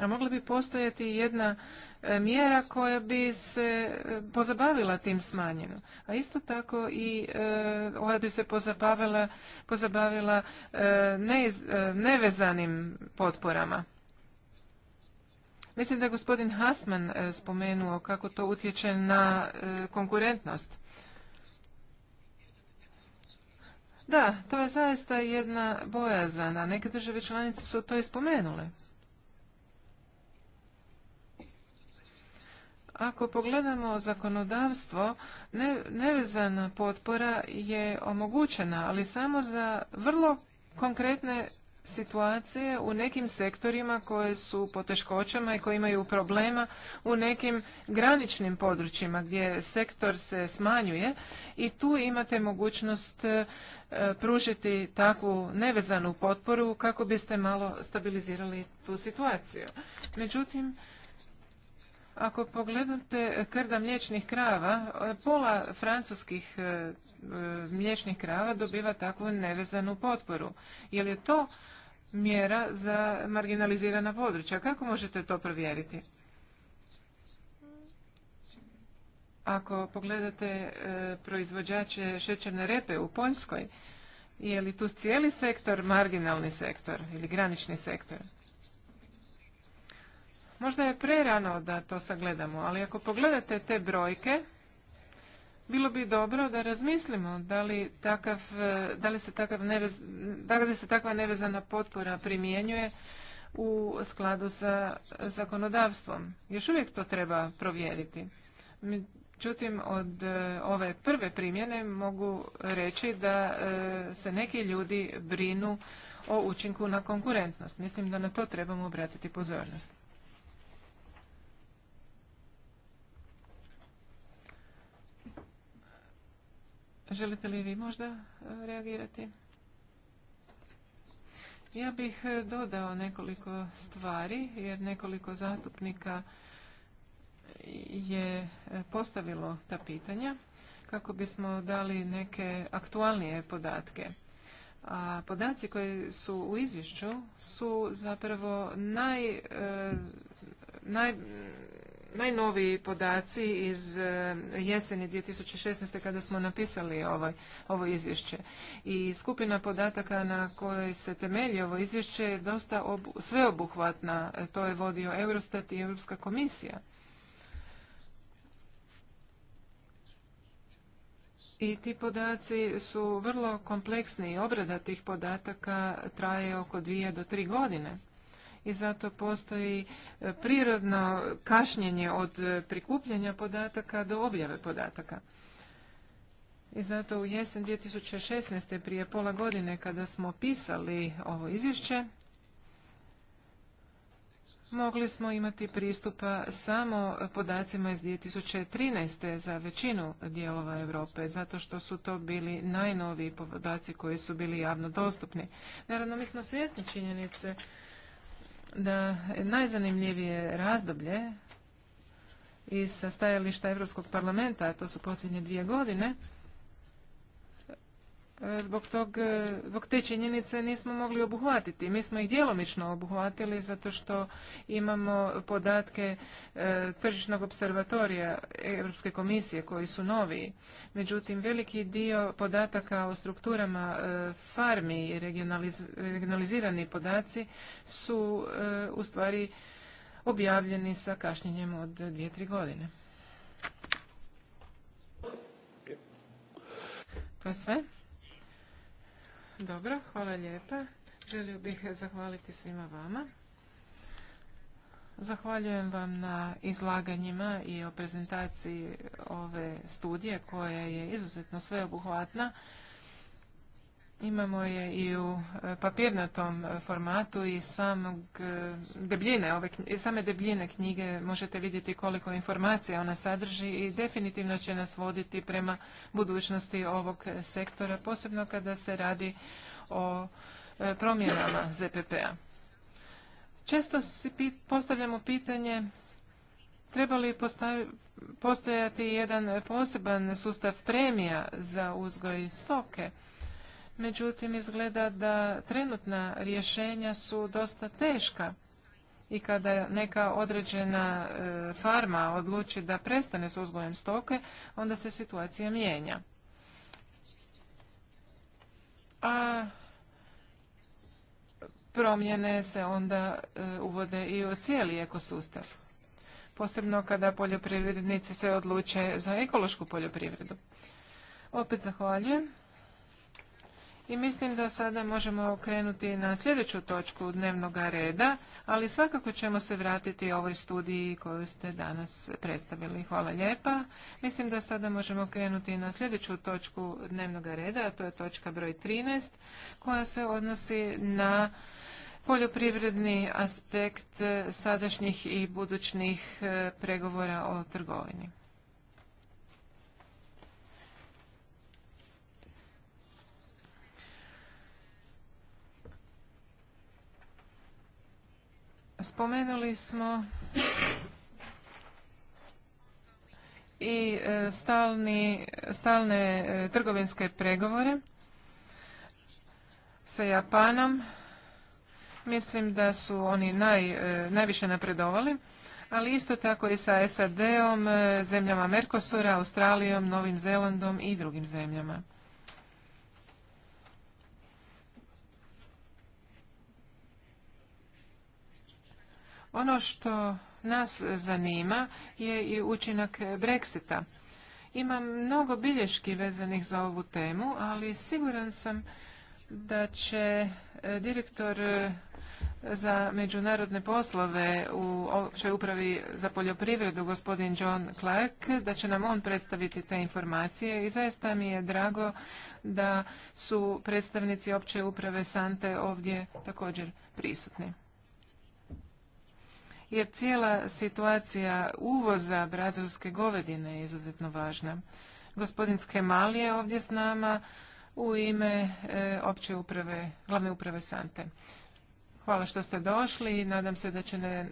A mogla bi postojati jedna e, mjera koja bi se e, pozabavila tim smanjenom. A isto tako i e, ova bi se pozabavila, pozabavila nevezanim potporama. Mislim da je gospodin Hasman spomenuo kako to utječe na konkurentnost. Da, to je zaista jedna bojazana. Neke države članice su to i spomenule. Ako pogledamo zakonodavstvo, nevezana potpora je omogućena, ali samo za vrlo konkretne situacije u nekim sektorima koje su po i koje imaju problema u nekim graničnim područjima gdje sektor se smanjuje i tu imate mogućnost e, pružiti takvu nevezanu potporu kako biste malo stabilizirali tu situaciju. Međutim, ako pogledate krda mliječnih krava, pola francuskih e, e, mliječnih krava dobiva takvu nevezanu potporu. Je li to mjera za marginalizirana područja? Kako možete to provjeriti? Ako pogledate e, proizvođače šećerne repe u Poljskoj, je li tu cijeli sektor marginalni sektor ili granični sektor? Možda je prerano da to sagledamo, ali ako pogledate te brojke, bilo bi dobro da razmislimo da li, takav, e, da li se, takav nevez, da li se takva nevezana potpora primjenjuje u skladu sa zakonodavstvom. Još uvijek to treba provjeriti. Međutim, od e, ove prve primjene mogu reći da e, se neki ljudi brinu o učinku na konkurentnost. Mislim da na to trebamo obratiti pozornost. Želite li vi možda e, reagirati? Ja bih e, dodao nekoliko stvari, jer nekoliko zastupnika je e, postavilo ta pitanja kako bismo dali neke aktualnije podatke. A podaci koji su u izvješću su zapravo naj, naj najnoviji podaci iz e, jeseni 2016. kada smo napisali ovaj, ovo, izvješće. I skupina podataka na kojoj se temelji ovo izvješće je dosta sveobuhvatna. E, to je vodio Eurostat i Europska komisija. I ti podaci su vrlo kompleksni i obrada tih podataka traje oko dvije do tri godine i zato postoji e, prirodno kašnjenje od e, prikupljanja podataka do objave podataka. I zato u jesen 2016. prije pola godine kada smo pisali ovo izvješće, mogli smo imati pristupa samo podacima iz 2013. za većinu dijelova Europe, zato što su to bili najnoviji podaci koji su bili javno dostupni. Naravno, mi smo svjesni činjenice da najzanimljivije razdoblje iz stajališta Europskog parlamenta, a to su posljednje dvije godine, E, zbog, tog, e, zbog te činjenice nismo mogli obuhvatiti. Mi smo ih djelomično obuhvatili zato što imamo podatke e, tržišnog observatorija Europske komisije koji su novi. Međutim, veliki dio podataka o strukturama farmi i regionalizirani podaci su u stvari objavljeni sa kašnjenjem od dvije, tri godine. To je sve. Dobro, hvala lijepa. Želio bih zahvaliti svima vama. Zahvaljujem vam na izlaganjima i o prezentaciji ove studije koja je izuzetno sveobuhvatna Imamo je i u e, papirnatom e, formatu i samog e, debljine, ove, i same debljine knjige možete vidjeti koliko informacija ona sadrži i definitivno će nas voditi prema budućnosti ovog sektora, posebno kada se radi o promjenama ZPP-a. Često si postavljamo pitanje treba li postojati jedan poseban sustav premija za uzgoj stoke međutim izgleda da trenutna rješenja su dosta teška i kada neka određena e, farma odluči da prestane s uzgojem stoke, onda se situacija mijenja. A promjene se onda e, uvode i u cijeli ekosustav. Posebno kada poljoprivrednici se odluče za ekološku poljoprivredu. Opet zahvaljujem. I mislim da sada možemo krenuti na sljedeću točku dnevnog reda, ali svakako ćemo se vratiti ovoj studiji koju ste danas predstavili. Hvala lijepa. Mislim da sada možemo krenuti na sljedeću točku dnevnog reda, a to je točka broj 13, koja se odnosi na poljoprivredni aspekt sadašnjih i budućnih e, pregovora o trgovini. Spomenuli smo i e, stalni, stalne e, trgovinske pregovore sa Japanom. Mislim da su oni naj, e, najviše napredovali, ali isto tako i sa SAD-om, zemljama Mercosura, Australijom, Novim Zelandom i drugim zemljama. Ono što nas zanima je i učinak Brexita. Imam mnogo bilješki vezanih za ovu temu, ali siguran sam da će e, direktor e, za međunarodne poslove u općoj upravi za poljoprivredu gospodin John Clark, da će nam on predstaviti te informacije i zaista mi je drago da su predstavnici opće uprave Sante ovdje također prisutni jer cijela situacija uvoza brazilske govedine je izuzetno važna. Gospodin Skemal je ovdje s nama u ime e, opće uprave, glavne uprave Sante. Hvala što ste došli i nadam se da,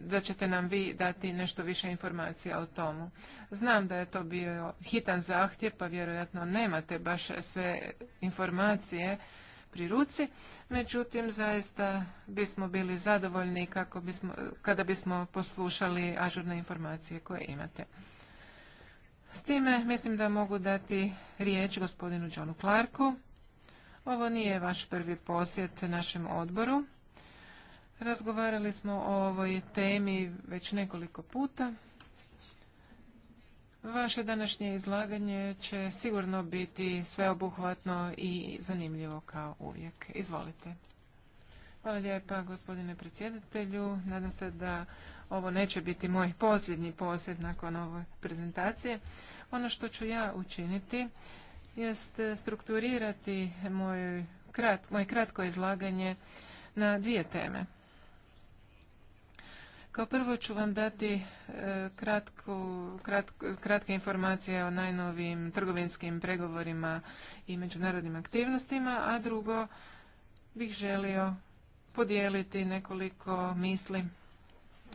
da ćete nam vi dati nešto više informacija o tomu. Znam da je to bio hitan zahtjev, pa vjerojatno nemate baš sve informacije pri ruci. Međutim, zaista bismo bili zadovoljni kako bismo, kada bismo poslušali ažurne informacije koje imate. S time mislim da mogu dati riječ gospodinu Johnu Clarku. Ovo nije vaš prvi posjet našem odboru. Razgovarali smo o ovoj temi već nekoliko puta. Vaše današnje izlaganje će sigurno biti sveobuhvatno i zanimljivo kao uvijek. Izvolite. Hvala lijepa gospodine predsjedatelju. Nadam se da ovo neće biti moj posljednji posjed nakon ove prezentacije. Ono što ću ja učiniti jest strukturirati moj, moje kratko izlaganje na dvije teme. Kao prvo ću vam dati e, kratke informacije o najnovijim trgovinskim pregovorima i međunarodnim aktivnostima, a drugo bih želio podijeliti nekoliko misli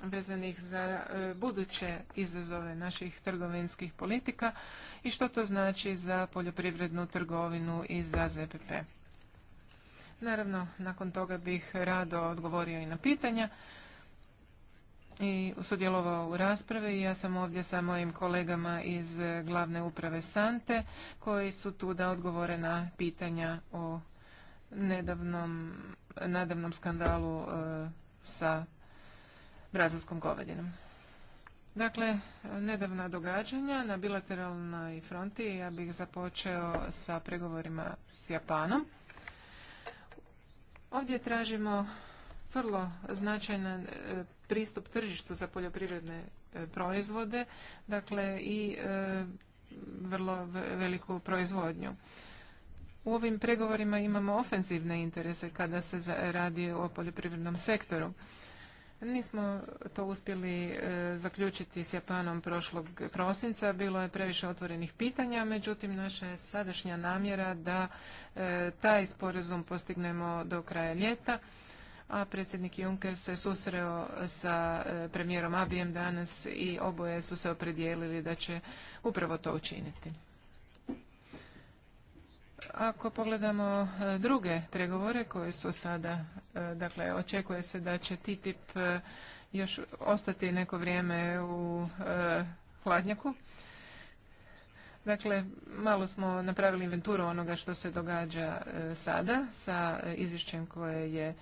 vezanih za e, buduće izazove naših trgovinskih politika i što to znači za poljoprivrednu trgovinu i za ZPP. Naravno, nakon toga bih rado odgovorio i na pitanja, i sudjelovao u raspravi. Ja sam ovdje sa mojim kolegama iz glavne uprave Sante koji su tu da odgovore na pitanja o nedavnom, nadavnom skandalu e, sa brazilskom govedinom. Dakle, nedavna događanja na bilateralnoj fronti, ja bih započeo sa pregovorima s Japanom. Ovdje tražimo vrlo značajne e, pristup tržištu za poljoprivredne e, proizvode, dakle i e, vrlo veliku proizvodnju. U ovim pregovorima imamo ofenzivne interese kada se radi o poljoprivrednom sektoru. Nismo to uspjeli e, zaključiti s Japanom prošlog prosinca, bilo je previše otvorenih pitanja, međutim naša je sadašnja namjera da taj sporazum postignemo do kraja ljeta a predsjednik Juncker se susreo sa e, premijerom Abijem danas i oboje su se opredijelili da će upravo to učiniti. Ako pogledamo e, druge pregovore koje su sada, e, dakle očekuje se da će TTIP još ostati neko vrijeme u hladnjaku. Dakle, malo smo napravili inventuru onoga što se događa sada sa izvješćem koje je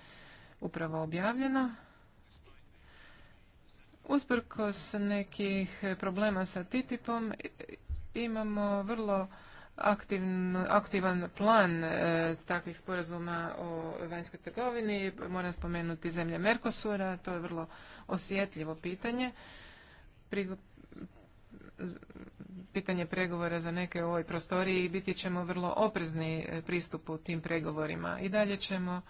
upravo objavljeno. Usprkos nekih problema sa TTIP-om imamo vrlo aktivan plan e, takvih sporazuma o vanjskoj trgovini. Moram spomenuti zemlje Merkosura, to je vrlo osjetljivo pitanje. pitanje pregovora za neke u ovoj prostoriji i biti ćemo vrlo oprezni e, pristupu tim pregovorima. I dalje ćemo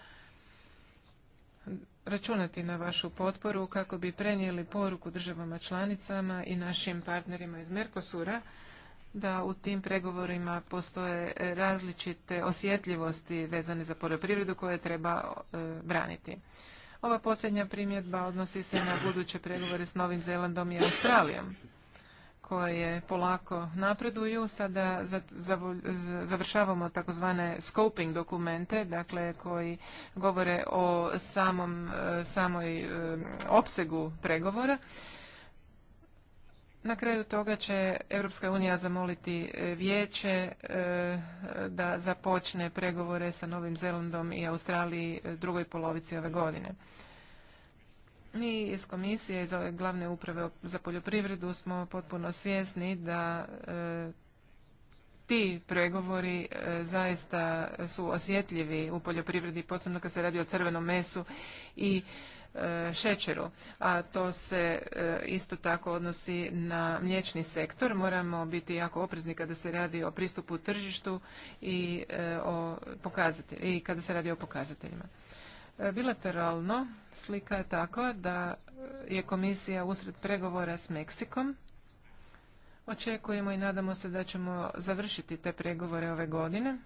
računati na vašu potporu kako bi prenijeli poruku državama članicama i našim partnerima iz Mercosura da u tim pregovorima postoje različite osjetljivosti vezane za poljoprivredu koje treba e, braniti. Ova posljednja primjedba odnosi se na buduće pregovore s Novim Zelandom i Australijom koje polako napreduju. Sada završavamo takozvane scoping dokumente, dakle koji govore o samom e, samoj e, opsegu pregovora. Na kraju toga će Europska unija zamoliti e, vijeće da započne pregovore sa Novim Zelandom i Australiji drugoj polovici ove godine. Mi iz komisije, iz ove glavne uprave za poljoprivredu smo potpuno svjesni da e, ti pregovori e, zaista su osjetljivi u poljoprivredi, posebno kad se radi o crvenom mesu i e, šećeru, a to se isto tako odnosi na mliječni sektor. Moramo biti jako oprezni kada se radi o pristupu tržištu i, o i kada se radi o pokazateljima. E, bilateralno slika je tako da je komisija usred pregovora s Meksikom. Očekujemo i nadamo se da ćemo završiti te pregovore ove godine.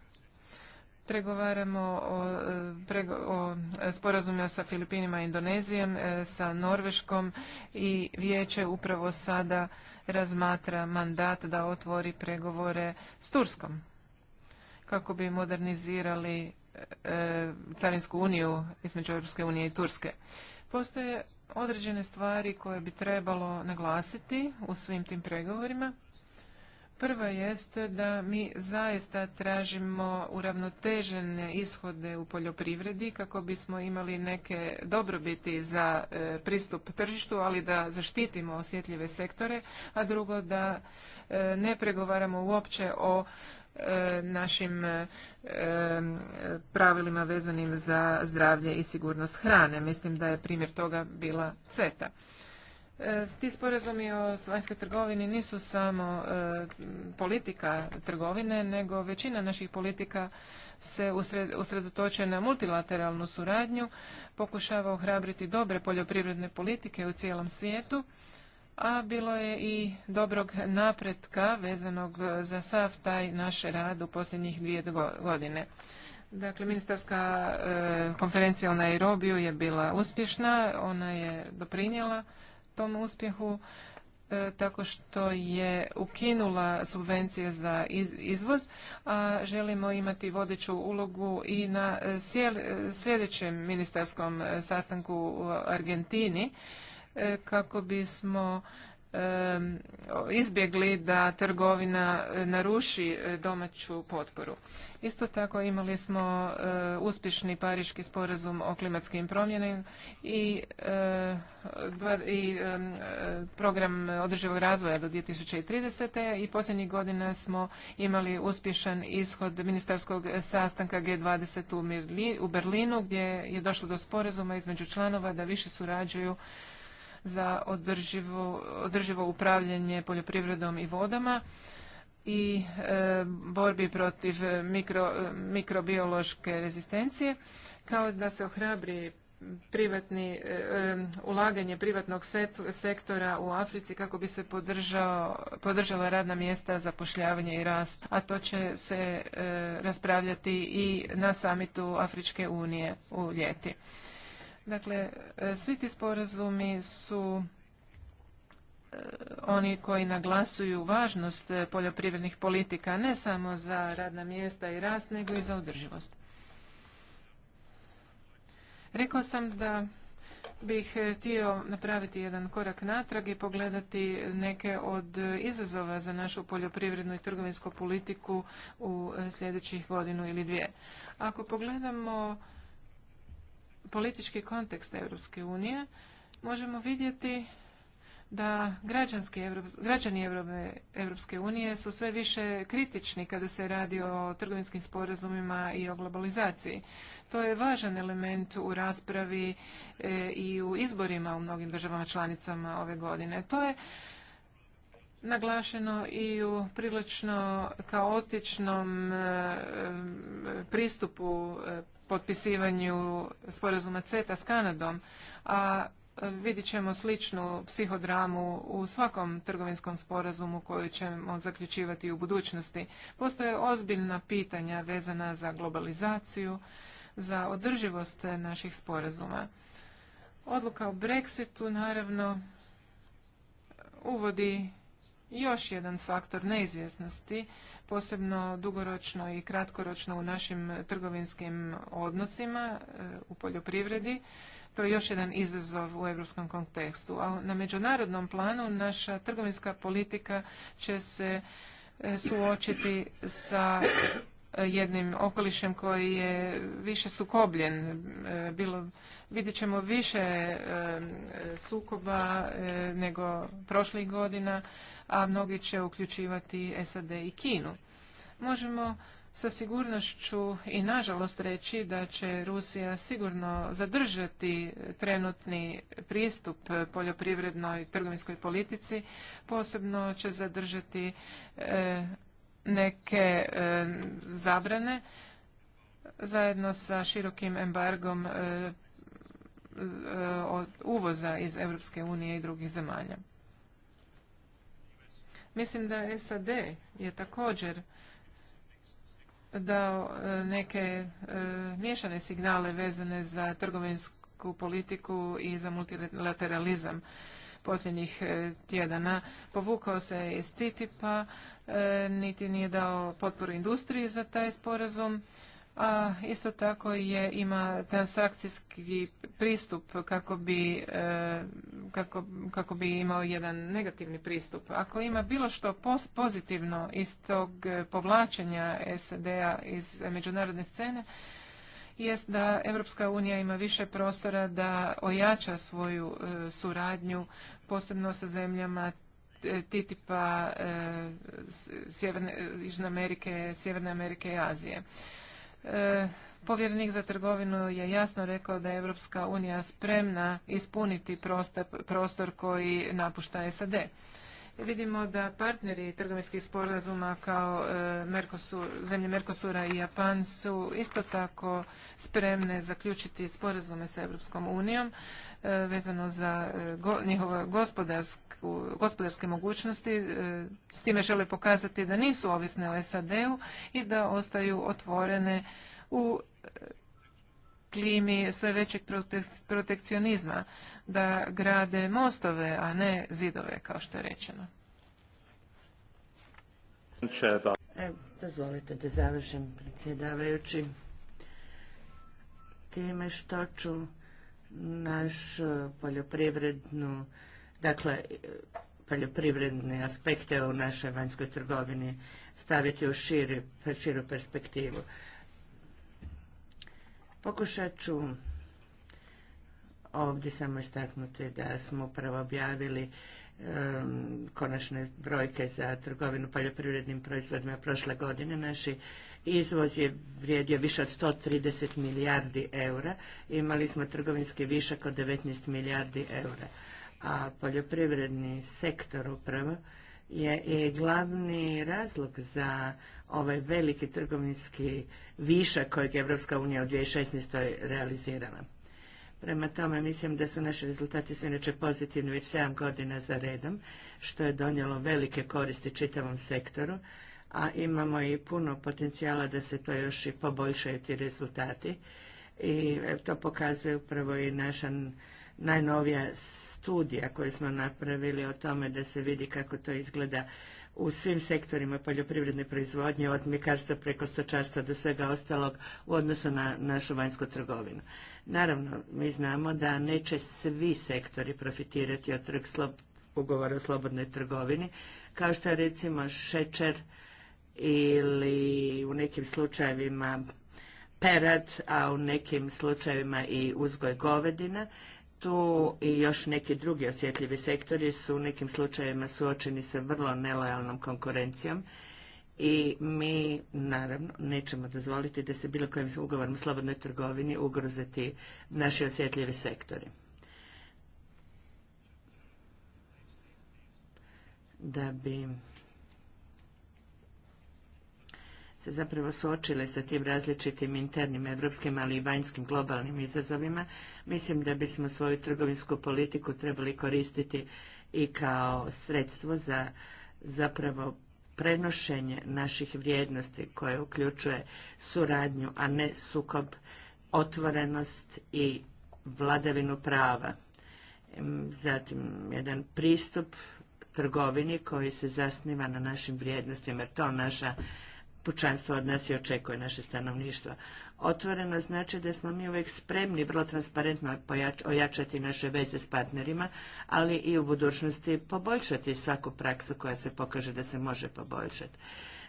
Pregovaramo o, e, prego, sa Filipinima i Indonezijom, e, sa Norveškom i vijeće upravo sada razmatra mandat da otvori pregovore s Turskom kako bi modernizirali E, carinsku uniju između Europske unije i Turske. Postoje određene stvari koje bi trebalo naglasiti u svim tim pregovorima. Prva jest da mi zaista tražimo uravnotežene ishode u poljoprivredi kako bismo imali neke dobrobiti za e, pristup tržištu, ali da zaštitimo osjetljive sektore, a drugo da e, ne pregovaramo uopće o E, našim e, pravilima vezanim za zdravlje i sigurnost hrane. Mislim da je primjer toga bila CETA. E, ti sporazumi o vanjskoj trgovini nisu samo politika trgovine, nego većina naših politika se usredotoče na multilateralnu suradnju, pokušava ohrabriti dobre poljoprivredne politike u cijelom svijetu a bilo je i dobrog napretka vezanog za sav taj naš rad u posljednjih dvije godine. Dakle, ministarska e, konferencija u Nairobiju je bila uspješna, ona je doprinijela tom uspjehu e, tako što je ukinula subvencije za izvoz, a želimo imati vodeću ulogu i na e, sljedećem ministarskom sastanku u Argentini E, kako bismo e, izbjegli da trgovina e, naruši domaću potporu. Isto tako imali smo uspješni pariški sporazum o klimatskim promjenama i, i program održivog razvoja do 2030. i posljednjih godina smo imali uspješan ishod ministarskog sastanka G20 u Berlinu gdje je došlo do sporazuma između članova da više surađuju za održivo, održivo upravljanje poljoprivredom i vodama i e, borbi protiv mikro, mikrobiološke rezistencije, kao da se ohrabri privatni e, e, ulaganje privatnog sektora u Africi kako bi se podržao, podržala radna mjesta za zapošljavanje i rast, a to će se raspravljati i na samitu Afričke unije u ljeti. Dakle, e, svi ti sporazumi su e, oni koji naglasuju važnost e, poljoprivrednih politika ne samo za radna mjesta i rast, nego i za održivost. Rekao sam da bih htio napraviti jedan korak natrag i pogledati neke od izazova za našu poljoprivrednu i trgovinsku politiku u sljedećih godinu ili dvije. Ako pogledamo politički kontekst Europske unije možemo vidjeti da građani Europske unije su sve više kritični kada se radi o trgovinskim sporazumima i o globalizaciji. To je važan element u raspravi e, i u izborima u mnogim državama članicama ove godine. To je naglašeno i u prilično kaotičnom e, pristupu e, potpisivanju sporazuma CETA s Kanadom, a e, vidjet ćemo sličnu psihodramu u svakom trgovinskom sporazumu koju ćemo zaključivati u budućnosti. Postoje ozbiljna pitanja vezana za globalizaciju, za održivost naših sporazuma. Odluka o Brexitu naravno uvodi još jedan faktor neizvjesnosti posebno dugoročno i kratkoročno u našim trgovinskim odnosima e, u poljoprivredi. To je još jedan izazov u europskom kontekstu. A na međunarodnom planu naša trgovinska politika će se e, suočiti sa e, jednim okolišem koji je više sukobljen. Bilo, vidjet ćemo više sukoba nego prošlih godina a mnogi će uključivati SAD i Kinu. Možemo sa sigurnošću i nažalost reći da će Rusija sigurno zadržati trenutni pristup poljoprivrednoj trgovinskoj politici, posebno će zadržati e, neke e, zabrane zajedno sa širokim embargom e, uvoza iz Europske unije i drugih zemalja. Mislim da SAD je također dao e, neke e, miješane signale vezane za trgovinsku politiku i za multilateralizam posljednjih e, tjedana. Povukao se iz TTIP-a, niti nije dao potporu industriji za taj sporazum a isto tako je ima transakcijski pristup kako bi, e, kako, kako bi imao jedan negativni pristup. Ako ima bilo što pozitivno iz tog e, povlačenja SAD-a iz međunarodne scene, jest da Europska unija ima više prostora da ojača svoju e, suradnju, posebno sa zemljama TTIP-a, Amerike, Sjeverne Amerike i Azije. E, povjerenik za trgovinu je jasno rekao da je Europska unija spremna ispuniti prostor koji napušta SAD. Vidimo da partneri trgovinskih sporazuma kao e, zemlje Mercosura i Japan su isto tako spremne zaključiti sporazume sa Europskom unijom E, vezano za e, njihove gospodarske mogućnosti. E, s time žele pokazati da nisu ovisne o SAD-u i da ostaju otvorene u klimi sve većeg protekcionizma, da grade mostove, a ne zidove, kao što je rečeno. dozvolite da završim predsjedavajući time što ću naš e, poljoprivrednu, dakle, e, poljoprivredne aspekte u našoj vanjskoj trgovini staviti u širi, širu perspektivu. Pokušat ću ovdje samo istaknuti da smo upravo objavili e, konačne brojke za trgovinu poljoprivrednim proizvodima prošle godine. Naši Izvoz je vrijedio više od 130 milijardi eura. Imali smo trgovinski višak od 19 milijardi eura. A poljoprivredni sektor upravo je i glavni razlog za ovaj veliki trgovinski višak kojeg je Evropska unija u 2016. realizirala. Prema tome mislim da su naši rezultati su inače pozitivni već 7 godina za redom, što je donijelo velike koristi čitavom sektoru a imamo i puno potencijala da se to još i poboljšaju ti rezultati. I to pokazuje upravo i naša najnovija studija koju smo napravili o tome da se vidi kako to izgleda u svim sektorima poljoprivredne proizvodnje, od mljekarstva preko stočarstva do svega ostalog u odnosu na našu vanjsku trgovinu. Naravno, mi znamo da neće svi sektori profitirati od ugovora o slobodnoj trgovini, kao što je recimo šećer, ili u nekim slučajevima perad, a u nekim slučajevima i uzgoj govedina. Tu i još neki drugi osjetljivi sektori su u nekim slučajevima suočeni sa vrlo nelojalnom konkurencijom i mi naravno nećemo dozvoliti da se bilo kojim ugovorom u slobodnoj trgovini ugroze naši osjetljivi sektori. Da bi se zapravo suočile sa tim različitim internim evropskim, ali i vanjskim globalnim izazovima, mislim da bismo svoju trgovinsku politiku trebali koristiti i kao sredstvo za zapravo prenošenje naših vrijednosti koje uključuje suradnju, a ne sukob, otvorenost i vladavinu prava. Zatim, jedan pristup trgovini koji se zasniva na našim vrijednostima, jer to naša pučanstvo od nas i očekuje naše stanovništvo. Otvoreno znači da smo mi uvijek spremni vrlo transparentno ojačati naše veze s partnerima, ali i u budućnosti poboljšati svaku praksu koja se pokaže da se može poboljšati.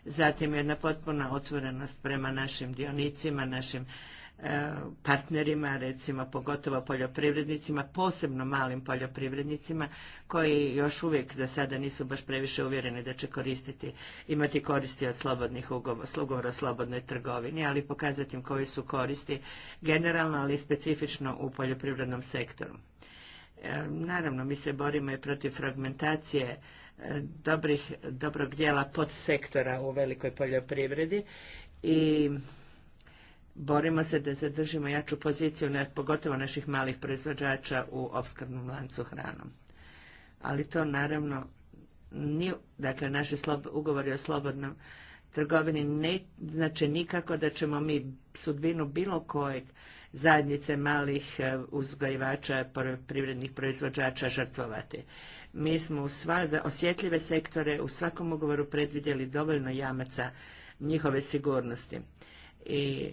Zatim jedna potpuna otvorenost prema našim dionicima, našim E, partnerima, recimo pogotovo poljoprivrednicima, posebno malim poljoprivrednicima koji još uvijek za sada nisu baš previše uvjereni da će koristiti, imati koristi od slobodnih ugovora, ugovora o slobodnoj trgovini, ali pokazati im koji su koristi generalno, ali specifično u poljoprivrednom sektoru. E, naravno, mi se borimo i protiv fragmentacije e, dobrih, dobrog dijela podsektora u velikoj poljoprivredi i borimo se da zadržimo jaču poziciju, pogotovo naših malih proizvođača u opskrbnom lancu hranom. Ali to naravno, dakle, naši ugovori o slobodnom trgovini ne znači nikako da ćemo mi sudbinu bilo kojeg zajednice malih e, uzgajivača, privrednih proizvođača žrtvovati. Mi smo u sva, za osjetljive sektore u svakom ugovoru predvidjeli dovoljno jamaca njihove sigurnosti. I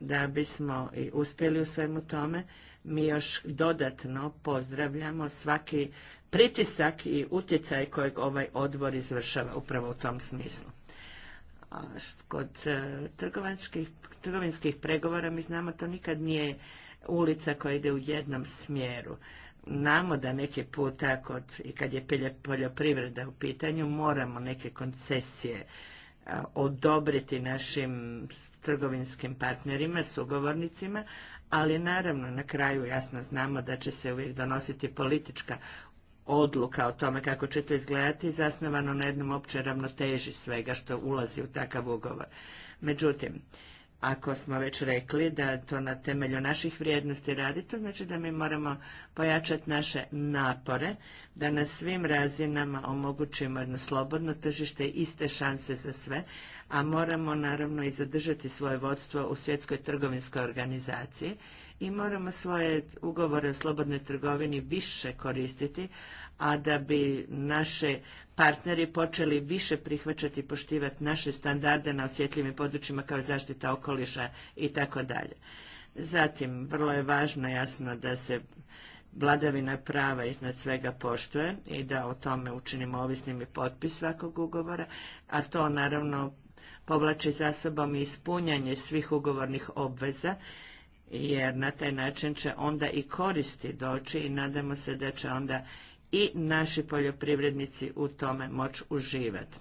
da bismo i uspjeli u svemu tome, mi još dodatno pozdravljamo svaki pritisak i utjecaj kojeg ovaj odbor izvršava upravo u tom smislu. kod e, trgovinskih pregovora mi znamo to nikad nije ulica koja ide u jednom smjeru. Namo da neki puta i kad je poljoprivreda u pitanju moramo neke koncesije odobriti našim trgovinskim partnerima, sugovornicima, ali naravno na kraju jasno znamo da će se uvijek donositi politička odluka o tome kako će to izgledati zasnovano na jednom opće ravnoteži svega što ulazi u takav ugovor. Međutim, ako smo već rekli da to na temelju naših vrijednosti radi, to znači da mi moramo pojačati naše napore da na svim razinama omogućimo jedno slobodno tržište, i iste šanse za sve, a moramo naravno i zadržati svoje vodstvo u svjetskoj trgovinskoj organizaciji i moramo svoje ugovore o slobodnoj trgovini više koristiti, a da bi naše partneri počeli više prihvaćati i poštivati naše standarde na osjetljivim područjima kao zaštita okoliša i tako dalje. Zatim, vrlo je važno jasno da se vladavina prava iznad svega poštuje i da o tome učinimo ovisnim i potpis svakog ugovora, a to naravno povlači za sobom i ispunjanje svih ugovornih obveza, jer na taj način će onda i koristi doći i nadamo se da će onda i naši poljoprivrednici u tome moći uživati.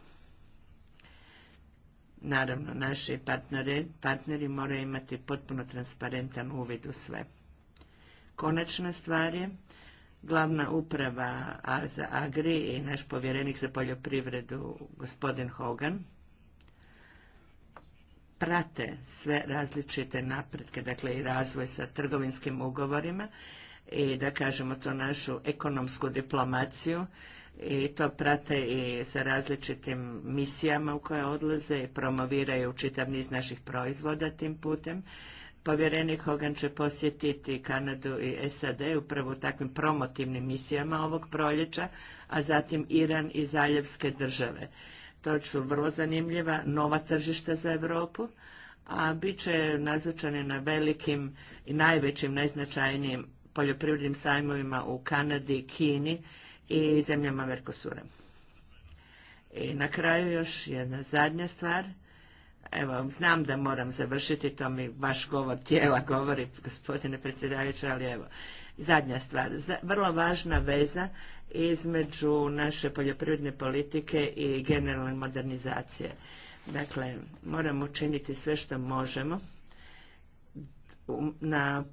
Naravno, naši partneri, partneri moraju imati potpuno transparentan uvid u sve. Konačna stvar je, glavna uprava za Agri i naš povjerenik za poljoprivredu, gospodin Hogan, prate sve različite napretke, dakle i razvoj sa trgovinskim ugovorima i da kažemo to našu ekonomsku diplomaciju i to prate i sa različitim misijama u koje odlaze i promoviraju čitav niz naših proizvoda tim putem. Povjerenik Hogan će posjetiti Kanadu i SAD upravo u takvim promotivnim misijama ovog proljeća, a zatim Iran i zaljevske države. To su vrlo zanimljiva nova tržišta za Europu, a bit će nazočani na velikim i najvećim najznačajnijim poljoprivrednim sajmovima u Kanadi, Kini i zemljama Merkosura. I na kraju još jedna zadnja stvar. Evo, znam da moram završiti, to mi vaš govor tijela govori, gospodine predsjedavajući, ali evo, zadnja stvar. Vrlo važna veza između naše poljoprivredne politike i generalne modernizacije. Dakle, moramo učiniti sve što možemo na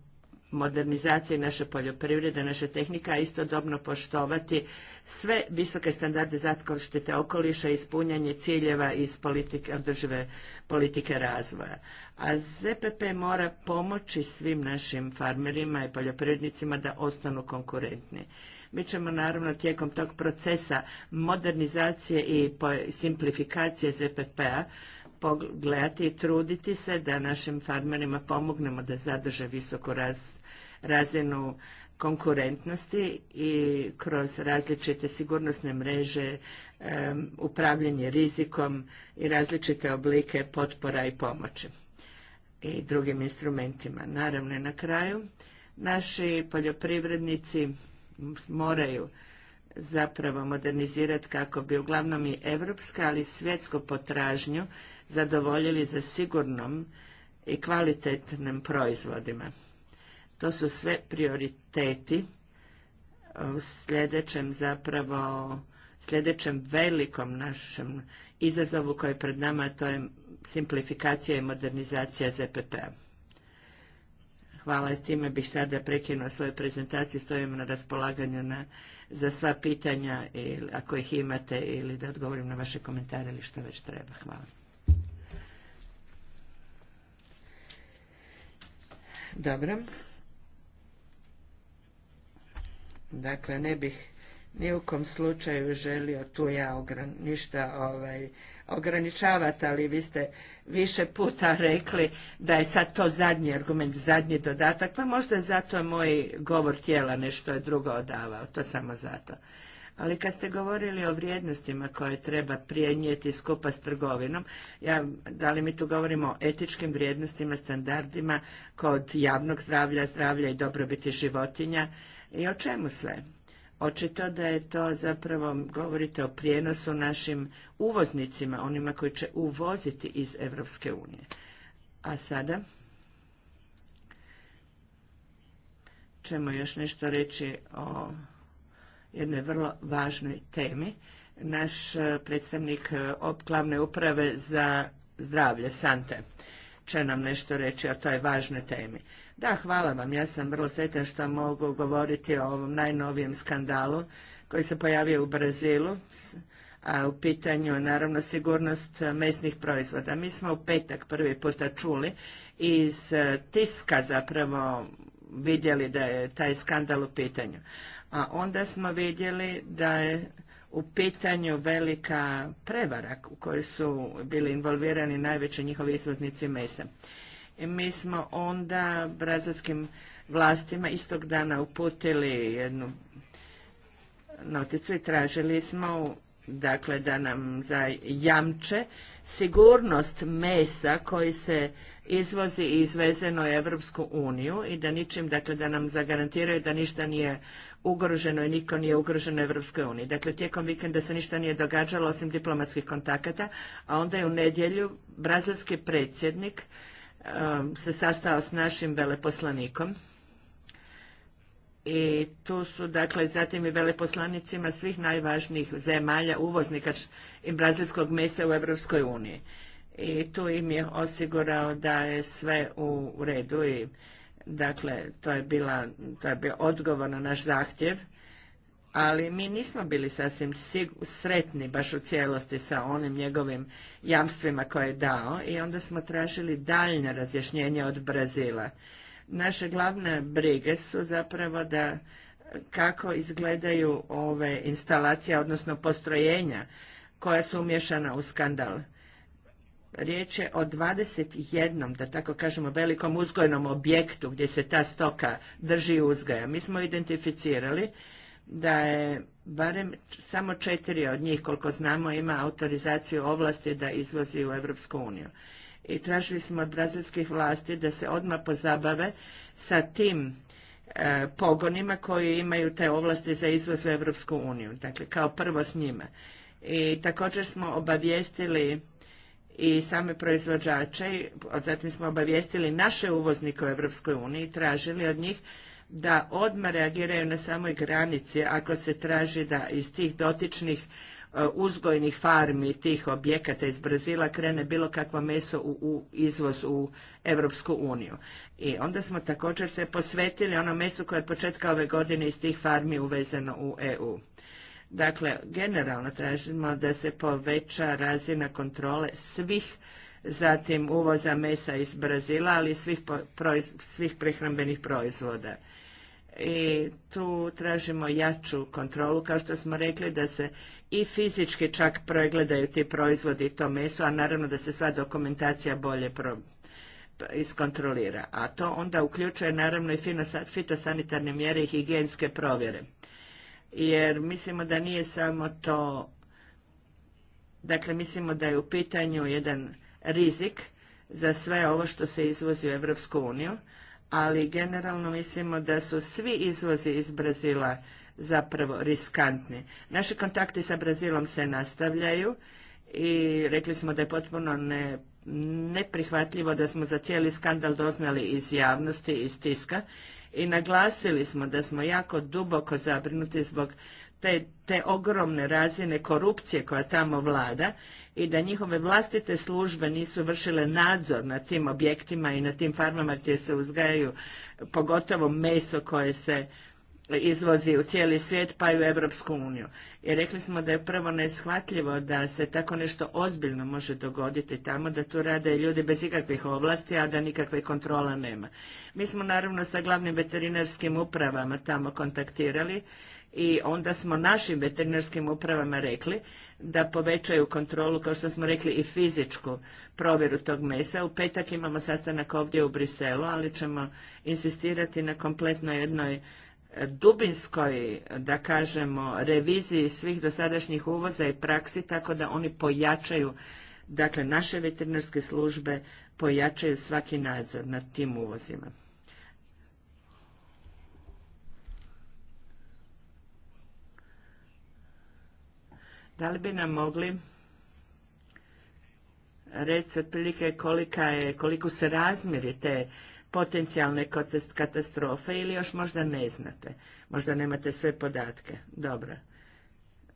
modernizaciji naše poljoprivrede, naše tehnika, a istodobno poštovati sve visoke standarde zaštite okoliša i ispunjanje ciljeva iz politike, održive politike razvoja. A ZPP mora pomoći svim našim farmerima i poljoprivrednicima da ostanu konkurentni. Mi ćemo naravno tijekom tog procesa modernizacije i simplifikacije ZPP-a pogledati i truditi se da našim farmerima pomognemo da zadrže visoku razinu konkurentnosti i kroz različite sigurnosne mreže, upravljanje rizikom i različite oblike potpora i pomoći i drugim instrumentima. Naravno, na kraju, naši poljoprivrednici moraju zapravo modernizirati kako bi uglavnom i evropska, ali i svjetsku potražnju zadovoljili za sigurnom i kvalitetnim proizvodima. To su sve prioriteti u sljedećem zapravo sljedećem velikom našem izazovu koji je pred nama, to je simplifikacija i modernizacija ZPP-a. Hvala, s time bih sada prekinuo svoju prezentaciju, stojim na raspolaganju na, za sva pitanja, ako ih imate, ili da odgovorim na vaše komentare ili što već treba. Hvala. Dobro. Dakle, ne bih ni u kom slučaju želio tu ja ništa ovaj, Ograničavate, ali vi ste više puta rekli da je sad to zadnji argument, zadnji dodatak, pa možda je zato moj govor tijela nešto je drugo odavao, to samo zato. Ali kad ste govorili o vrijednostima koje treba prijenijeti skupa s trgovinom, ja, da li mi tu govorimo o etičkim vrijednostima, standardima kod javnog zdravlja, zdravlja i dobrobiti životinja i o čemu sve? Očito da je to zapravo, govorite o prijenosu našim uvoznicima, onima koji će uvoziti iz Evropske unije. A sada ćemo još nešto reći o jednoj vrlo važnoj temi. Naš e, predstavnik e, glavne uprave za zdravlje, Sante, će nam nešto reći o toj važnoj temi. Da, hvala vam. Ja sam vrlo sretna što mogu govoriti o ovom najnovijem skandalu koji se pojavio u Brazilu, a u pitanju je naravno sigurnost mesnih proizvoda. Mi smo u petak prvi puta čuli iz e, tiska zapravo vidjeli da je taj skandal u pitanju. A onda smo vidjeli da je u pitanju velika prevara u kojoj su bili involvirani najveći njihovi izvoznici mesa mi smo onda brazilskim vlastima istog dana uputili jednu noticu i tražili smo dakle da nam jamče sigurnost mesa koji se izvozi i izvezeno u Evropsku uniju i da ničim, dakle da nam zagarantiraju da ništa nije ugroženo i niko nije ugroženo u Evropskoj uniji. Dakle, tijekom vikenda se ništa nije događalo osim diplomatskih kontakata, a onda je u nedjelju brazilski predsjednik Um, se sastao s našim veleposlanikom i tu su dakle zatim i veleposlanicima svih najvažnijih zemalja uvoznika i brazilskog mesa u Europskoj uniji. I tu im je osigurao da je sve u redu i dakle to je bila to je bio odgovor na naš zahtjev ali mi nismo bili sasvim sretni baš u cijelosti sa onim njegovim jamstvima koje je dao i onda smo tražili daljnje razjašnjenja od Brazila. Naše glavne brige su zapravo da kako izgledaju ove instalacije, odnosno postrojenja koja su umješana u skandal. Riječ je o 21, da tako kažemo, velikom uzgojnom objektu gdje se ta stoka drži i uzgaja. Mi smo identificirali da je barem samo četiri od njih, koliko znamo, ima autorizaciju ovlasti da izvozi u Europsku uniju. I tražili smo od brazilskih vlasti da se odmah pozabave sa tim e, pogonima koji imaju te ovlasti za izvoz u Europsku uniju. Dakle, kao prvo s njima. I također smo obavijestili i same proizvođače, zatim smo obavijestili naše uvoznike u Europskoj uniji, tražili od njih da odmah reagiraju na samoj granici ako se traži da iz tih dotičnih uh, uzgojnih farmi tih objekata iz Brazila krene bilo kakvo meso u, izvoz u Europsku uniju. I onda smo također se posvetili ono mesu koje je od početka ove godine iz tih farmi uvezeno u EU. Dakle, generalno tražimo da se poveća razina kontrole svih zatim uvoza mesa iz Brazila, ali i svih, svih prehrambenih proizvoda i tu tražimo jaču kontrolu, kao što smo rekli da se i fizički čak pregledaju ti proizvodi i to meso, a naravno da se sva dokumentacija bolje pro, iskontrolira. A to onda uključuje naravno i fitosanitarne mjere i higijenske provjere. Jer mislimo da nije samo to, dakle mislimo da je u pitanju jedan rizik za sve ovo što se izvozi u Europsku uniju, ali generalno mislimo da su svi izvozi iz Brazila zapravo riskantni. Naši kontakti sa Brazilom se nastavljaju i rekli smo da je potpuno ne, neprihvatljivo da smo za cijeli skandal doznali iz javnosti, iz tiska i naglasili smo da smo jako duboko zabrinuti zbog te, te ogromne razine korupcije koja tamo vlada i da njihove vlastite službe nisu vršile nadzor na tim objektima i na tim farmama gdje se uzgajaju pogotovo meso koje se izvozi u cijeli svijet pa i u Europsku uniju. I rekli smo da je prvo neshvatljivo da se tako nešto ozbiljno može dogoditi tamo, da tu rade ljudi bez ikakvih ovlasti, a da nikakve kontrola nema. Mi smo naravno sa glavnim veterinarskim upravama tamo kontaktirali i onda smo našim veterinarskim upravama rekli da povećaju kontrolu, kao što smo rekli, i fizičku provjeru tog mesa. U petak imamo sastanak ovdje u Briselu, ali ćemo insistirati na kompletno jednoj e, dubinskoj, da kažemo, reviziji svih dosadašnjih uvoza i praksi, tako da oni pojačaju, dakle, naše veterinarske službe pojačaju svaki nadzor nad tim uvozima. Da li bi nam mogli reći otprilike kolika je, koliko se razmjeri te potencijalne katastrofe ili još možda ne znate, možda nemate sve podatke. Dobro.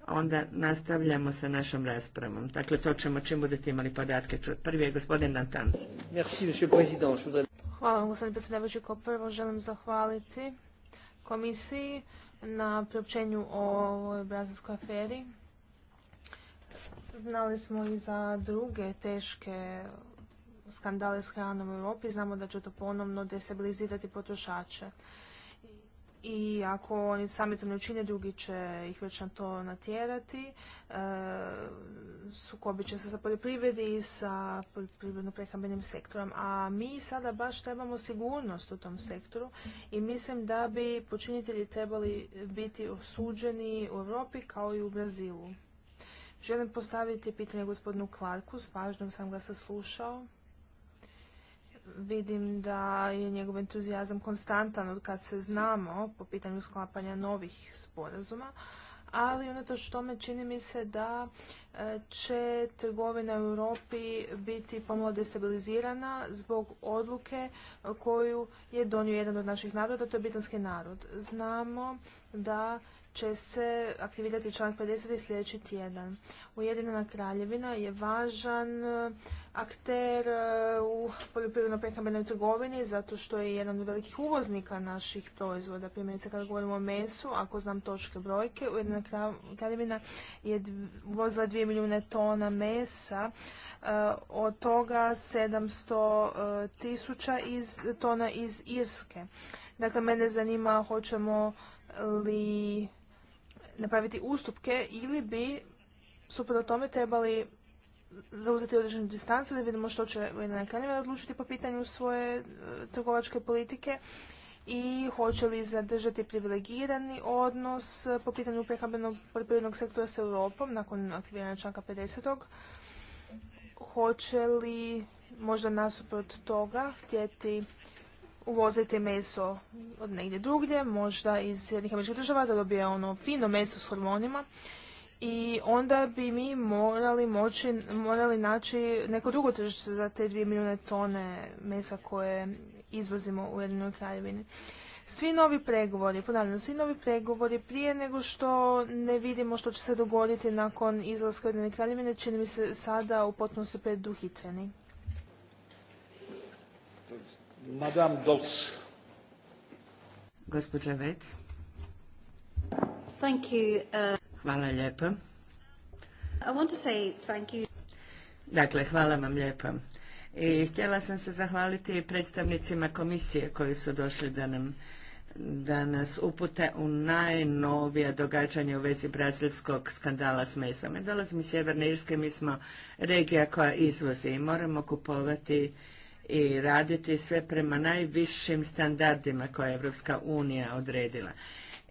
Onda nastavljamo sa našom raspravom. Dakle, to ćemo čim budete imali podatke čuti. Prvi je gospodin Dantan Hvala vam, gospodin predsjedavajući. Kao prvo želim zahvaliti komisiji na priopćenju o ovoj brazilskoj aferi. Znali smo i za druge teške skandale s hranom u Europi. Znamo da će to ponovno destabilizirati potrošače. I ako oni sami to ne učine, drugi će ih već na to natjerati. Sukobi e, sukobit će se sa poljoprivredi i sa poljoprivredno-prehrambenim sektorom. A mi sada baš trebamo sigurnost u tom sektoru i mislim da bi počinitelji trebali biti osuđeni u Europi kao i u Brazilu. Želim postaviti pitanje gospodinu Clarku, s pažnjom sam ga saslušao. Vidim da je njegov entuzijazam konstantan od kad se znamo po pitanju sklapanja novih sporazuma, ali unatoč tome čini mi se da e, će trgovina u Europi biti pomalo destabilizirana zbog odluke koju je donio jedan od naših naroda, to je britanski narod. Znamo da će se aktivirati članak 50. sljedeći tjedan. Ujedinjena kraljevina je važan e, akter e, u poljoprivredno prehrambenoj trgovini zato što je jedan od velikih uvoznika naših proizvoda. Primjerice kada govorimo o mesu, ako znam točke brojke, Ujedinjena kraljevina je uvozila 2 milijune tona mesa, e, od toga 700 tisuća iz, tona iz Irske. Dakle, mene zanima hoćemo li napraviti ustupke ili bi suprotno tome trebali zauzeti određenu distancu da vidimo što će na Kraljevina odlučiti po pitanju svoje e, trgovačke politike i hoće li zadržati privilegirani odnos e, po pitanju prehrambenog poljoprivrednog sektora s Europom nakon aktiviranja članka 50. Hoće li možda nasuprot toga htjeti Uvozite meso od negdje drugdje, možda iz jednih američkih država, da dobije ono fino meso s hormonima i onda bi mi morali moći, morali naći neko drugo tržište za te dvije milijune tone mesa koje izvozimo u Jednoj kraljevini. Svi novi pregovori, ponavljam, svi novi pregovori prije nego što ne vidimo što će se dogoditi nakon izlaska Ujedinjene kraljevine, čini mi se sada u potpunosti preduhitveni. Madame Dots. Gospođa Vec. Uh, hvala lijepa I want to say Dakle, hvala vam lijepa I htjela sam se zahvaliti predstavnicima komisije koji su došli da nam da nas upute u najnovija događanja u vezi brazilskog skandala s mesom. Ja dolazim iz Sjeverne Irske, mi smo regija koja izvozi i moramo kupovati i raditi sve prema najvišim standardima koje je Evropska unija odredila.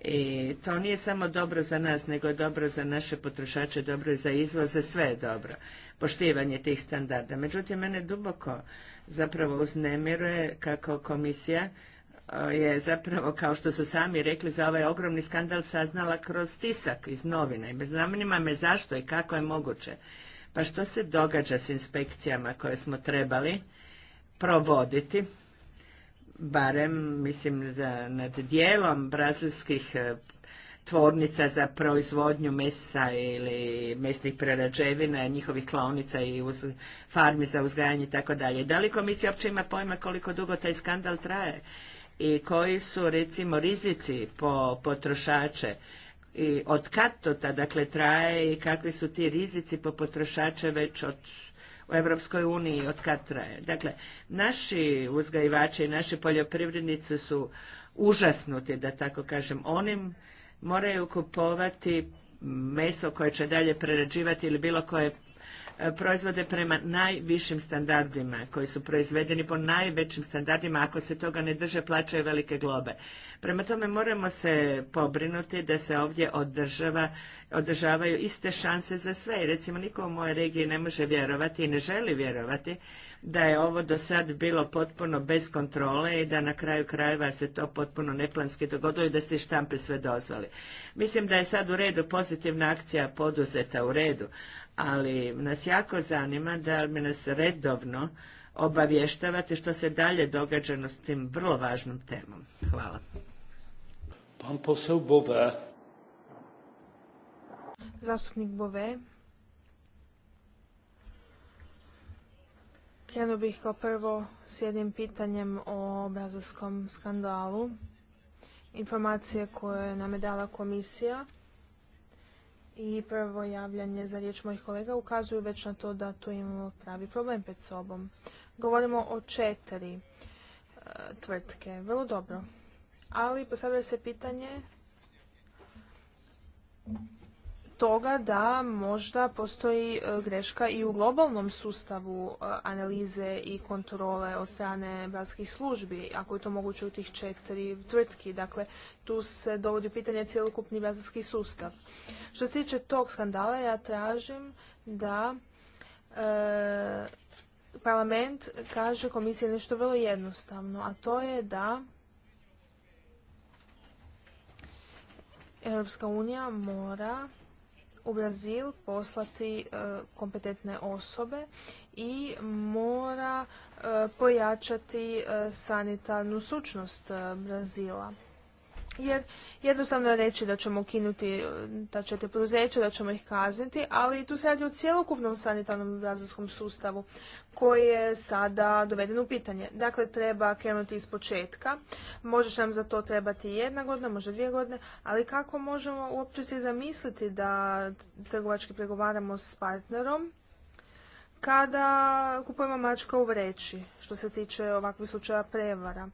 I to nije samo dobro za nas, nego je dobro za naše potrošače, dobro je za izvoze, sve je dobro, poštivanje tih standarda. Međutim, mene duboko zapravo uznemiruje kako komisija e, je zapravo, kao što su sami rekli, za ovaj ogromni skandal saznala kroz tisak iz novina. I zanima me zašto i kako je moguće. Pa što se događa s inspekcijama koje smo trebali provoditi, barem mislim nad dijelom brazilskih e, tvornica za proizvodnju mesa ili mesnih prerađevina, njihovih klaonica i uz, farmi za uzgajanje i tako dalje. Da li komisija uopće ima pojma koliko dugo taj skandal traje i koji su recimo rizici po potrošače i od kad to dakle traje i kakvi su ti rizici po potrošače već od u Europskoj uniji od kad traje. Dakle, naši uzgajivači i naši poljoprivrednici su užasnuti, da tako kažem, onim moraju kupovati meso koje će dalje prerađivati ili bilo koje E, proizvode prema najvišim standardima koji su proizvedeni po najvećim standardima. Ako se toga ne drže, plaćaju velike globe. Prema tome moramo se pobrinuti da se ovdje održava, održavaju iste šanse za sve. I recimo niko u mojoj regiji ne može vjerovati i ne želi vjerovati da je ovo do sad bilo potpuno bez kontrole i da na kraju krajeva se to potpuno neplanski dogodilo i da se štampe sve dozvali. Mislim da je sad u redu pozitivna akcija poduzeta u redu, ali nas jako zanima da li nas redovno obavještavate što se dalje događa s tim vrlo važnom temom. Hvala. Pan posel Bove. Zastupnik Bove. Krenuo bih kao prvo s jednim pitanjem o brazilskom skandalu. Informacije koje nam je dala komisija i prvo javljanje za riječ mojih kolega ukazuju već na to da tu imamo pravi problem pred sobom. Govorimo o četiri e, tvrtke. Vrlo dobro. Ali postavlja se pitanje toga da možda postoji e, greška i u globalnom sustavu e, analize i kontrole od strane bratskih službi, ako je to moguće u tih četiri tvrtki. Dakle, tu se dovodi pitanje cjelokupni bratski sustav. Što se tiče tog skandala, ja tražim da e, parlament kaže komisije nešto vrlo jednostavno, a to je da Europska unija mora u Brazil poslati e, kompetentne osobe i mora e, pojačati e, sanitarnu stručnost Brazila jer jednostavno je reći da ćemo ukinuti da ćete poduzeća, da ćemo ih kazniti, ali tu se radi o cjelokupnom sanitarnom razlijskom sustavu koji je sada doveden u pitanje. Dakle, treba krenuti iz početka. Može nam za to trebati jedna godina, može dvije godine, ali kako možemo uopće se zamisliti da trgovački pregovaramo s partnerom kada kupujemo mačka u vreći što se tiče ovakvih slučaja prevara.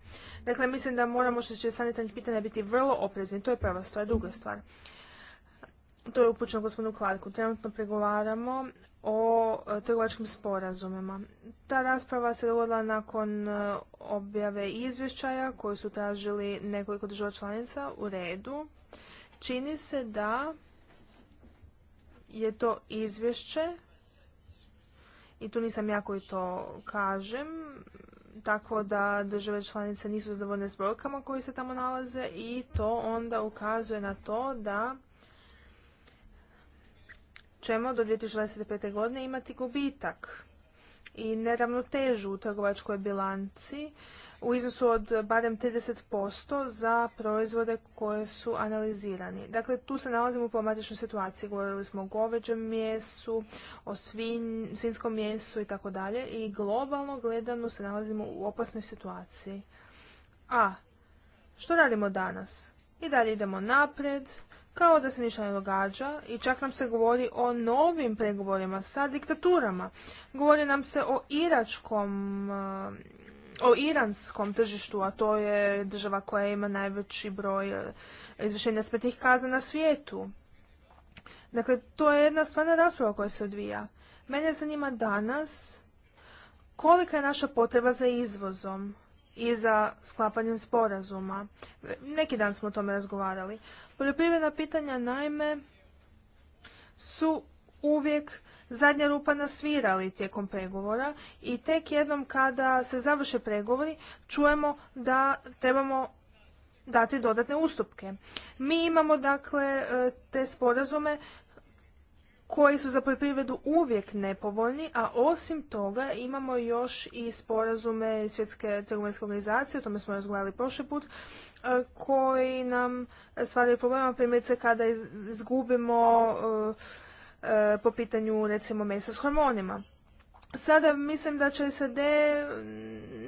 Dakle, mislim da moramo što će sanitarnih pitanja biti vrlo oprezni. To je prva stvar. Druga stvar, to je upućeno gospodinu Klarku. Trenutno pregovaramo o e, trgovačkim sporazumima. Ta rasprava se dogodila nakon e, objave izvješćaja koju su tražili nekoliko država članica u redu. Čini se da je to izvješće i tu nisam ja koji to kažem, tako da države članice nisu zadovoljne s brojkama koji se tamo nalaze i to onda ukazuje na to da ćemo do 2025. godine imati gubitak i neravnotežu u trgovačkoj bilanci u iznosu od barem 30% za proizvode koje su analizirani. Dakle, tu se nalazimo u problematičnoj situaciji. Govorili smo o goveđem mjesu, o svinskom mjesu i tako dalje. I globalno gledano se nalazimo u opasnoj situaciji. A, što radimo danas? I dalje idemo napred, kao da se ništa ne događa i čak nam se govori o novim pregovorima sa diktaturama. Govori nam se o iračkom o iranskom tržištu, a to je država koja ima najveći broj e, izvršenja smrtnih kaza na svijetu. Dakle, to je jedna stvarna rasprava koja se odvija. Mene zanima danas kolika je naša potreba za izvozom i za sklapanjem sporazuma. Neki dan smo o tome razgovarali. Poljoprivredna pitanja, naime, su uvijek zadnja rupa na svirali tijekom pregovora i tek jednom kada se završe pregovori čujemo da trebamo dati dodatne ustupke. Mi imamo dakle e, te sporazume koji su za poljoprivredu uvijek nepovoljni, a osim toga imamo još i sporazume Svjetske trgovinske organizacije, o tome smo razgovarali prošli put, e, koji nam stvaraju problema, primjerice kada izgubimo e, E, po pitanju recimo mesa s hormonima. Sada mislim da će SAD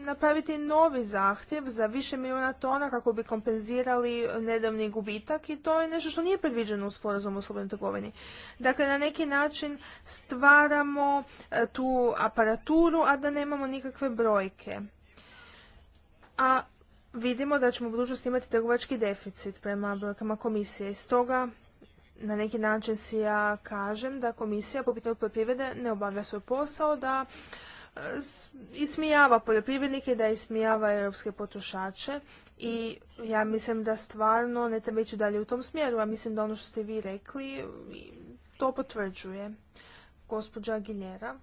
napraviti novi zahtjev za više milijuna tona kako bi kompenzirali nedavni gubitak i to je nešto što nije predviđeno u sporazumu o slobodnoj trgovini. Dakle, na neki način stvaramo e, tu aparaturu, a da nemamo nikakve brojke. A vidimo da ćemo u budućnosti imati trgovački deficit prema brojkama komisije. Stoga na neki način si ja kažem da komisija po pitanju poljoprivrede ne obavlja svoj posao, da e, ismijava poljoprivrednike, da ismijava europske potrošače i ja mislim da stvarno ne treba ići dalje u tom smjeru, a mislim da ono što ste vi rekli to potvrđuje. Gospođa Aguilera.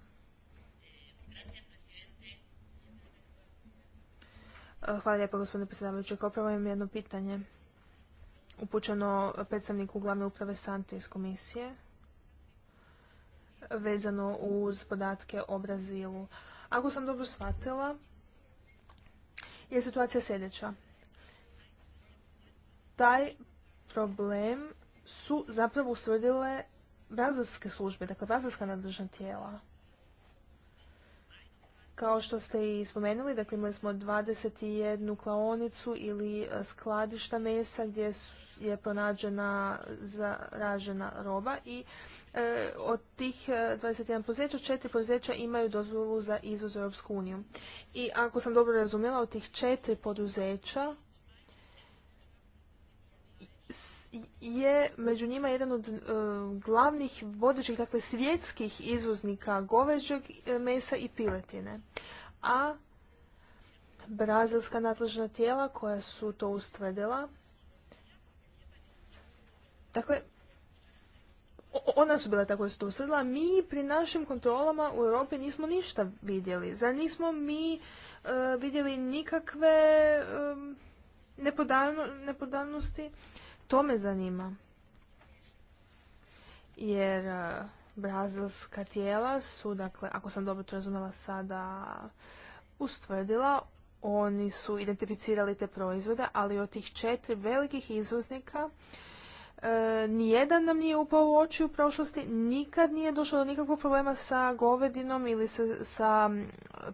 Hvala lijepo gospodine predsjedavajući. Kao prvo imam jedno pitanje upućeno predstavniku glavne uprave Sante iz komisije vezano uz podatke o Brazilu. Ako sam dobro shvatila, je situacija sljedeća. Taj problem su zapravo usvrdile brazilske službe, dakle brazilska nadležna tijela. Kao što ste i spomenuli, dakle imali smo 21 klaonicu ili e, skladišta mesa gdje je pronađena zaražena roba i e, od tih 21 e, poduzeća, četiri poduzeća imaju dozvolu za izvoz u Europsku uniju. I ako sam dobro razumjela, od tih četiri poduzeća je među njima jedan od e, glavnih vodećih dakle, svjetskih izvoznika goveđeg e, mesa i piletine. A brazilska nadležna tijela koja su to ustvrdila, dakle, ona su bila tako su to mi pri našim kontrolama u Europi nismo ništa vidjeli. Zar nismo mi e, vidjeli nikakve nepodanosti. To me zanima. Jer e, brazilska tijela su, dakle, ako sam dobro to razumjela sada, ustvrdila, oni su identificirali te proizvode, ali od tih četiri velikih izvoznika e, nijedan nam nije upao u oči u prošlosti, nikad nije došlo do nikakvog problema sa govedinom ili sa,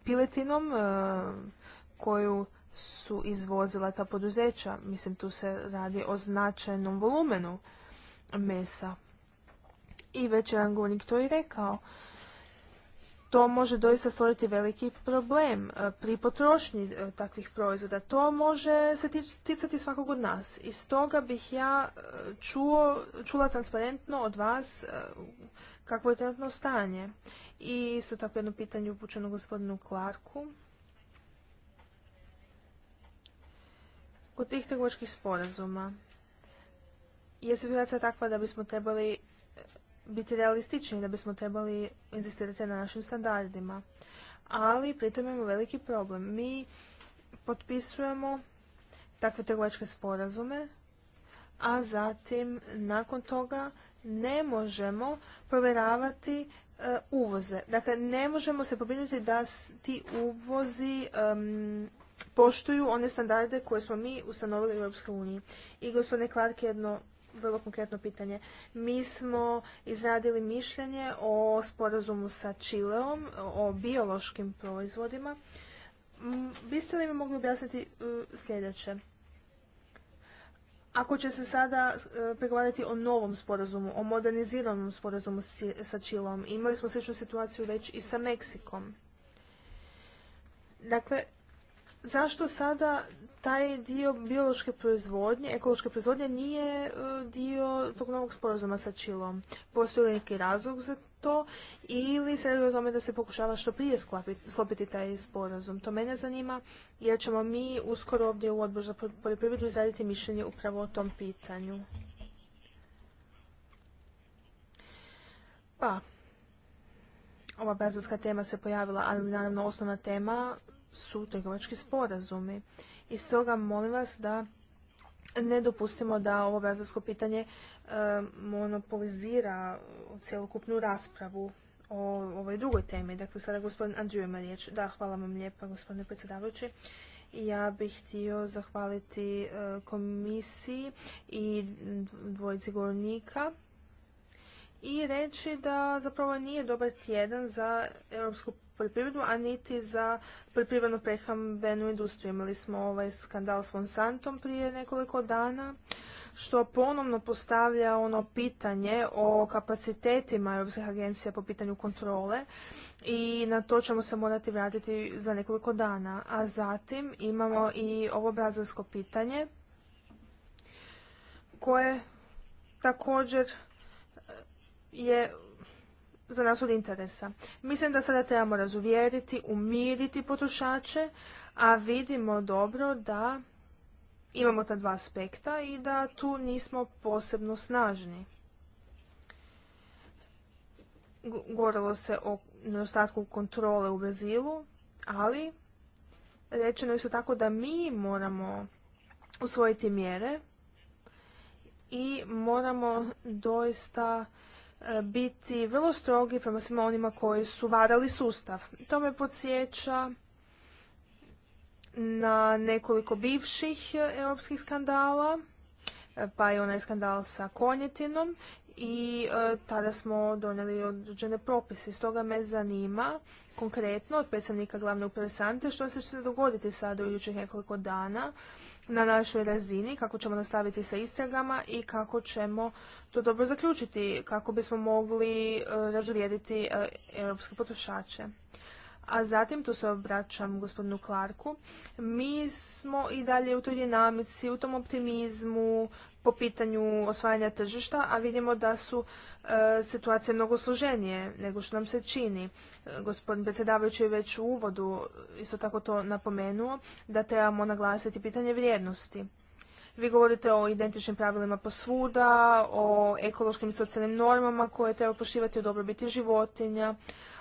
piletinom e, koju su izvozila ta poduzeća. Mislim, tu se radi o značajnom volumenu mesa. I već je govornik to i rekao. To može doista stvoriti veliki problem e, pri potrošnji e, takvih proizvoda. To može se ticati svakog od nas. I stoga bih ja e, čuo, čula transparentno od vas kakvo je trenutno stanje. I isto tako jedno pitanje upućeno gospodinu Clarku. Kod tih trgovačkih sporazuma je situacija takva da bismo trebali biti realistični, da bismo trebali inzistirati na našim standardima. Ali pritom imamo veliki problem. Mi potpisujemo takve trgovačke sporazume, a zatim nakon toga ne možemo provjeravati e, uvoze. Dakle, ne možemo se pobrinuti da ti uvozi poštuju one standarde koje smo mi ustanovili u Europskoj uniji. I gospodine Clark, jedno vrlo konkretno pitanje. Mi smo izradili mišljenje o sporazumu sa Čileom, o biološkim proizvodima. Biste li mi mogli objasniti e, sljedeće? Ako će se sada e, pregovarati o novom sporazumu, o moderniziranom sporazumu sa Čilom, imali smo sličnu situaciju već i sa Meksikom. Dakle, zašto sada taj dio biološke proizvodnje, ekološke proizvodnje nije e, dio tog novog sporazuma sa Čilom? Postoji li neki razlog za to ili se radi o tome da se pokušava što prije sklopiti, taj sporazum? To mene zanima jer ćemo mi uskoro ovdje u odboru za poljoprivredu izraditi mišljenje upravo o tom pitanju. Pa, ova brazilska tema se pojavila, ali naravno osnovna tema su trgovački sporazumi. I stoga molim vas da ne dopustimo da ovo brazilsko pitanje e, monopolizira cjelokupnu raspravu o ovoj drugoj temi. Dakle, sada gospodin Andriju ima riječ. Da, hvala vam lijepa gospodine predsjedavajući. Ja bih htio zahvaliti e, komisiji i dvojici govornika i reći da zapravo nije dobar tjedan za europsku poljoprivredu, a niti za poljoprivrednu prehrambenu industriju. Imali smo ovaj skandal s Monsantom prije nekoliko dana, što ponovno postavlja ono pitanje o kapacitetima Europskih agencija po pitanju kontrole i na to ćemo se morati vratiti za nekoliko dana. A zatim imamo i ovo brazilsko pitanje koje također je za nas od interesa. Mislim da sada trebamo razuvjeriti, umiriti potrošače, a vidimo dobro da imamo ta dva aspekta i da tu nismo posebno snažni. Govorilo se o nedostatku kontrole u Brazilu, ali rečeno je isto tako da mi moramo usvojiti mjere i moramo doista biti vrlo strogi prema svima onima koji su varali sustav. To me podsjeća na nekoliko bivših europskih skandala, pa i onaj skandal sa konjetinom i e, tada smo donijeli određene propise. Stoga me zanima konkretno od predstavnika glavne uprave Sante što se će dogoditi sada u idućih nekoliko dana na našoj razini, kako ćemo nastaviti sa istragama i kako ćemo to dobro zaključiti, kako bismo mogli e, razuvjeriti e, europske potrošače. A zatim, tu se obraćam gospodinu Clarku, mi smo i dalje u toj dinamici, u tom optimizmu, po pitanju osvajanja tržišta, a vidimo da su e, situacije mnogo složenije nego što nam se čini. E, gospodin predsjedavajući je već u uvodu isto tako to napomenuo da trebamo naglasiti pitanje vrijednosti. Vi govorite o identičnim pravilima posvuda, o ekološkim i socijalnim normama koje treba poštivati o dobrobiti životinja,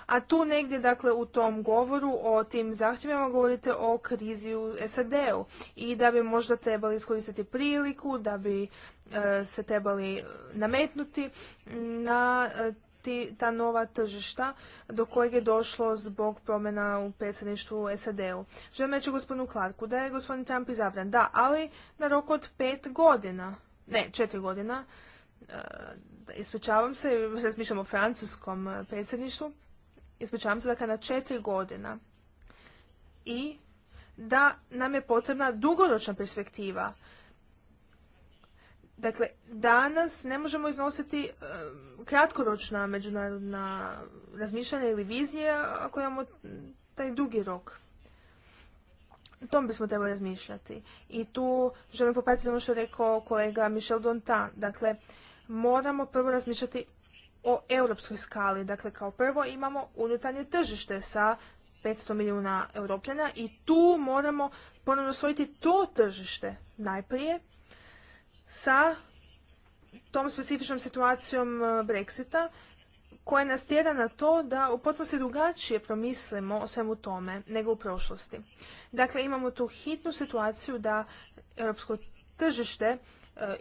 a tu negdje, dakle, u tom govoru o tim zahtjevima govorite o krizi u SAD-u i da bi možda trebali iskoristiti priliku, da bi e, se trebali nametnuti na e, ta nova tržišta do kojeg je došlo zbog promjena u predsjedništvu SAD-u. Želim reći gospodinu Clarku da je gospodin Trump izabran. Da, ali na rok od pet godina, ne, četiri godina, e, ispričavam se, razmišljam o francuskom predsjedništvu ispričavam se, dakle na četiri godina. I da nam je potrebna dugoročna perspektiva. Dakle, danas ne možemo iznositi eh, kratkoročna međunarodna razmišljanja ili vizije ako imamo taj dugi rok. O tom bismo trebali razmišljati. I tu želim popratiti ono što je rekao kolega Michel Dontan. Dakle, moramo prvo razmišljati o europskoj skali. Dakle, kao prvo imamo unutarnje tržište sa 500 milijuna europljana i tu moramo ponovno osvojiti to tržište najprije sa tom specifičnom situacijom e, Brexita koja nas tjera na to da u potpunosti drugačije promislimo o svemu tome nego u prošlosti. Dakle, imamo tu hitnu situaciju da europsko tržište e,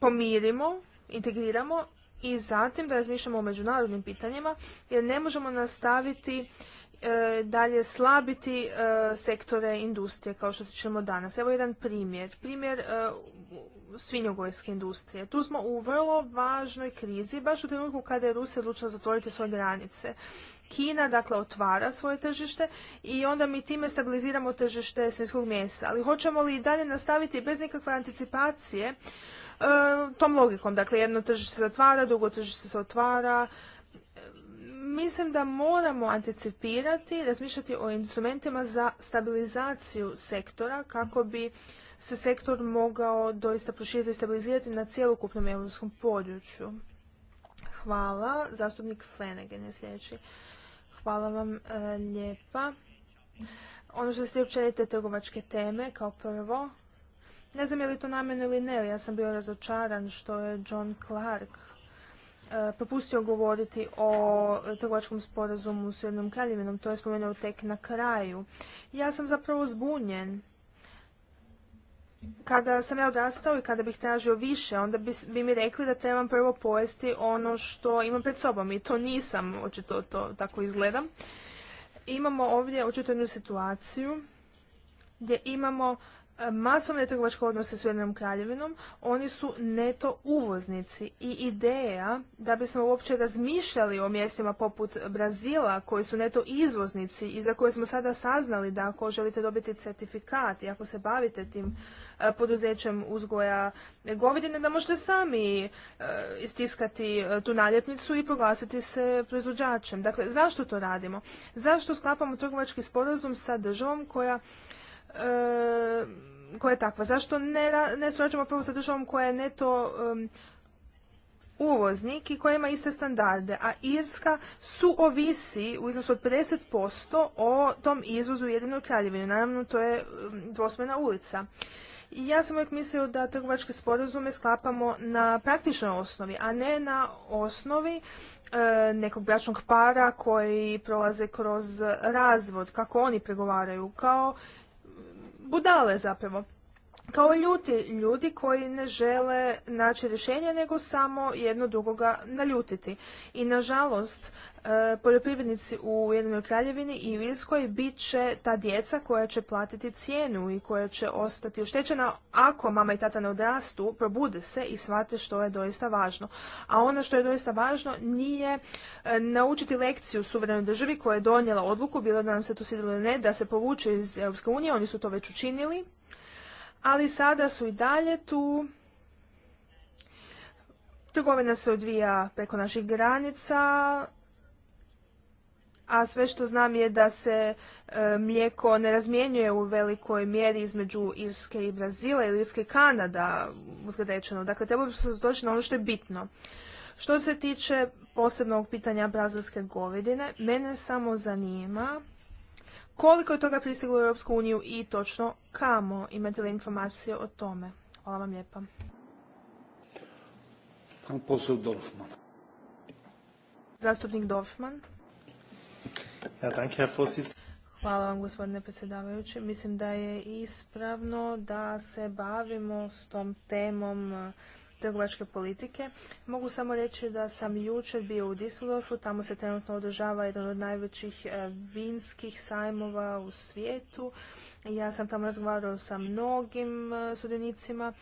pomirimo, integriramo i zatim da razmišljamo o međunarodnim pitanjima jer ne možemo nastaviti e, dalje slabiti e, sektore industrije kao što ćemo danas. Evo jedan primjer. Primjer e, svinjogojske industrije. Tu smo u vrlo važnoj krizi, baš u trenutku kada je Rusija odlučila zatvoriti svoje granice. Kina, dakle, otvara svoje tržište i onda mi time stabiliziramo tržište svinjskog mesa. Ali hoćemo li i dalje nastaviti bez nikakve anticipacije E, tom logikom. Dakle, jedno tržište se zatvara, drugo tržište se otvara. E, mislim da moramo anticipirati, razmišljati o instrumentima za stabilizaciju sektora kako bi se sektor mogao doista proširiti i stabilizirati na cijelokupnom europskom području. Hvala. Zastupnik Flanagan je sljedeći. Hvala vam e, lijepa. Ono što ste učinite trgovačke teme, kao prvo, ne znam je li to namjerno ili ne, ja sam bio razočaran što je John Clark e, propustio govoriti o trgovačkom sporazumu s jednom kraljevinom, to je spomenuo tek na kraju. Ja sam zapravo zbunjen. Kada sam ja odrastao i kada bih tražio više, onda bi, mi rekli da trebam prvo pojesti ono što imam pred sobom i to nisam, očito to tako izgledam. Imamo ovdje očito situaciju gdje imamo masovne trgovačke odnose s Ujedinom kraljevinom, oni su neto uvoznici i ideja da bismo uopće razmišljali o mjestima poput Brazila koji su neto izvoznici i za koje smo sada saznali da ako želite dobiti certifikat i ako se bavite tim e, poduzećem uzgoja govedine da možete sami e, istiskati e, tu naljepnicu i proglasiti se proizvođačem. Dakle, zašto to radimo? Zašto sklapamo trgovački sporazum sa državom koja E, koja je takva. Zašto ne, ne surađujemo prvo sa državom koja je neto uvoznik i koja ima iste standarde, a Irska su ovisi u iznosu od 50% o tom izvozu jedinoj kraljevini. Naravno, to je dvosmena ulica. I ja sam uvijek mislio da trgovačke sporazume sklapamo na praktičnoj osnovi, a ne na osnovi e, nekog bračnog para koji prolaze kroz razvod, kako oni pregovaraju, kao budale zapravo kao ljuti ljudi koji ne žele naći rješenje nego samo jedno drugoga naljutiti. I nažalost, e, poljoprivrednici u Jednoj kraljevini i u Irskoj bit će ta djeca koja će platiti cijenu i koja će ostati oštećena ako mama i tata ne odrastu, probude se i shvate što je doista važno. A ono što je doista važno nije e, naučiti lekciju suverenoj državi koja je donijela odluku, bilo da nam se to svidjelo ili ne, da se povuče iz Europske unije, oni su to već učinili ali sada su i dalje tu. Trgovina se odvija preko naših granica, a sve što znam je da se e, mlijeko ne razmjenjuje u velikoj mjeri između Irske i Brazila ili Irske i Kanada, uzgledečeno. Dakle, trebalo bi se zatočiti na ono što je bitno. Što se tiče posebnog pitanja brazilske govedine, mene samo zanima koliko je toga pristiglo u Europsku uniju i točno kamo. Imate li informacije o tome? Hvala vam lijepa. Zastupnik Dorfman. Hvala vam gospodine predsjedavajući. Mislim da je ispravno da se bavimo s tom temom trgovačke politike, mogu samo reći da sam jučer bio u Düsseldorfu, tamo se trenutno održava jedan od najvećih e, vinskih sajmova u svijetu. Ja sam tamo razgovarao sa mnogim e, sudionicima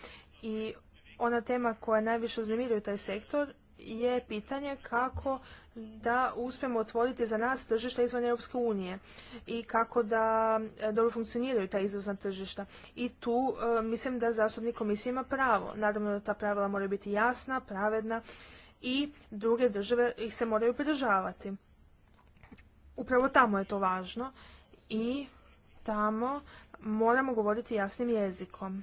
i ona tema koja najviše uznemiruje taj sektor je pitanje kako da uspijemo otvoriti za nas tržišta izvan Europske unije i kako da e, dobro funkcioniraju ta izvozna tržišta. I tu e, mislim da zastupnik komisije ima pravo. Naravno da ta pravila moraju biti jasna, pravedna i druge države ih se moraju pridržavati. Upravo tamo je to važno i tamo moramo govoriti jasnim jezikom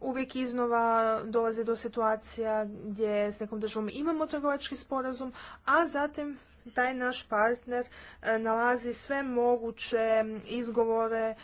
uvijek iznova dolazi do situacija gdje s nekom državom imamo trgovački sporazum, a zatim taj naš partner e, nalazi sve moguće izgovore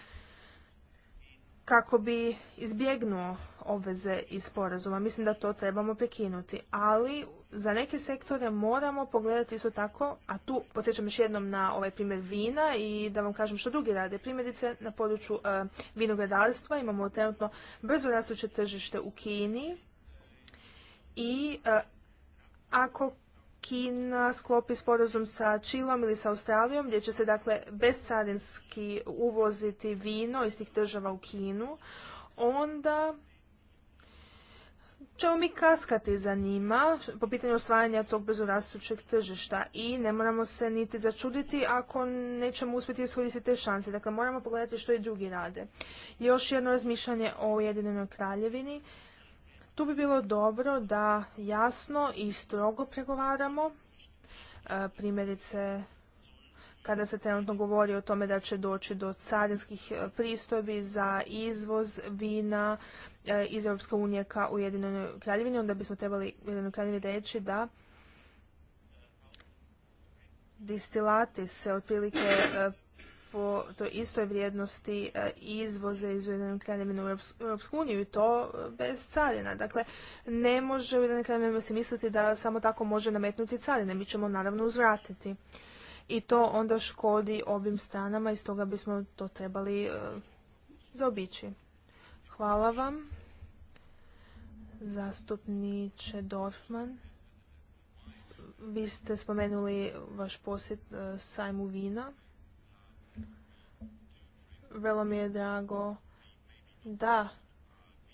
kako bi izbjegnuo obveze iz sporazuma. Mislim da to trebamo prekinuti. Ali za neke sektore moramo pogledati isto tako, a tu podsjećam još jednom na ovaj primjer vina i da vam kažem što drugi rade. Primjerice na području e, vinogradarstva imamo trenutno brzo rastuće tržište u Kini i e, ako Kina sklopi sporazum sa Čilom ili sa Australijom gdje će se dakle bezcarinski uvoziti vino iz tih država u Kinu, onda ćemo mi kaskati za njima po pitanju osvajanja tog brzorastućeg tržišta i ne moramo se niti začuditi ako nećemo uspjeti iskoristiti te šanse. Dakle, moramo pogledati što i drugi rade. Još jedno razmišljanje o Ujedinjenoj kraljevini. Tu bi bilo dobro da jasno i strogo pregovaramo. E, primjerice, kada se trenutno govori o tome da će doći do carinskih pristojbi za izvoz vina E, iz Europske unije ka Ujedinjenoj kraljevini, onda bismo trebali Ujedinjenoj kraljevini reći da distilati se otprilike e, po toj istoj vrijednosti e, izvoze iz Ujedinjene kraljevine u Europsku uniju i to bez carina. Dakle, ne može Ujedinjena Kraljevini se misliti da samo tako može nametnuti carine. Mi ćemo naravno uzvratiti. I to onda škodi obim stranama i stoga bismo to trebali zaobići. Hvala vam. Zastupniče Dorfman, vi ste spomenuli vaš posjet e, sajmu vina. Vrlo mi je drago da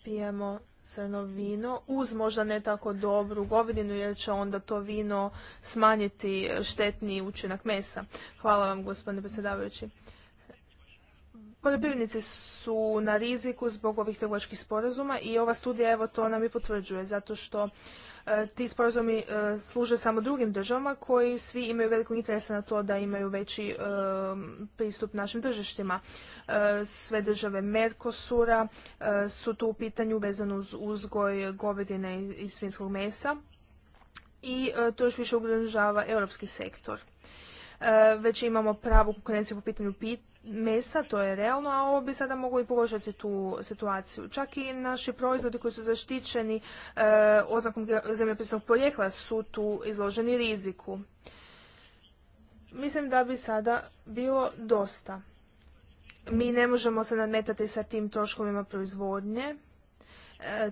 pijemo crno vino uz možda ne tako dobru govedinu jer će onda to vino smanjiti štetni učinak mesa. Hvala vam gospodine predsjedavajući. Poljoprivrednici su na riziku zbog ovih trgovačkih sporazuma i ova studija evo to nam i potvrđuje zato što e, ti sporazumi e, služe samo drugim državama koji svi imaju veliko interesa na to da imaju veći e, pristup našim tržištima. Sve države Merkosura su tu u pitanju vezano uz uzgoj govedine i, svinskog mesa i to još više ugrožava europski sektor. Već imamo pravu konkurenciju po pitanju pit mesa, to je realno, a ovo bi sada moglo i pogoršati tu situaciju. Čak i naši proizvodi koji su zaštićeni e, oznakom zemljopisnog porijekla su tu izloženi riziku. Mislim da bi sada bilo dosta. Mi ne možemo se nadmetati sa tim troškovima proizvodnje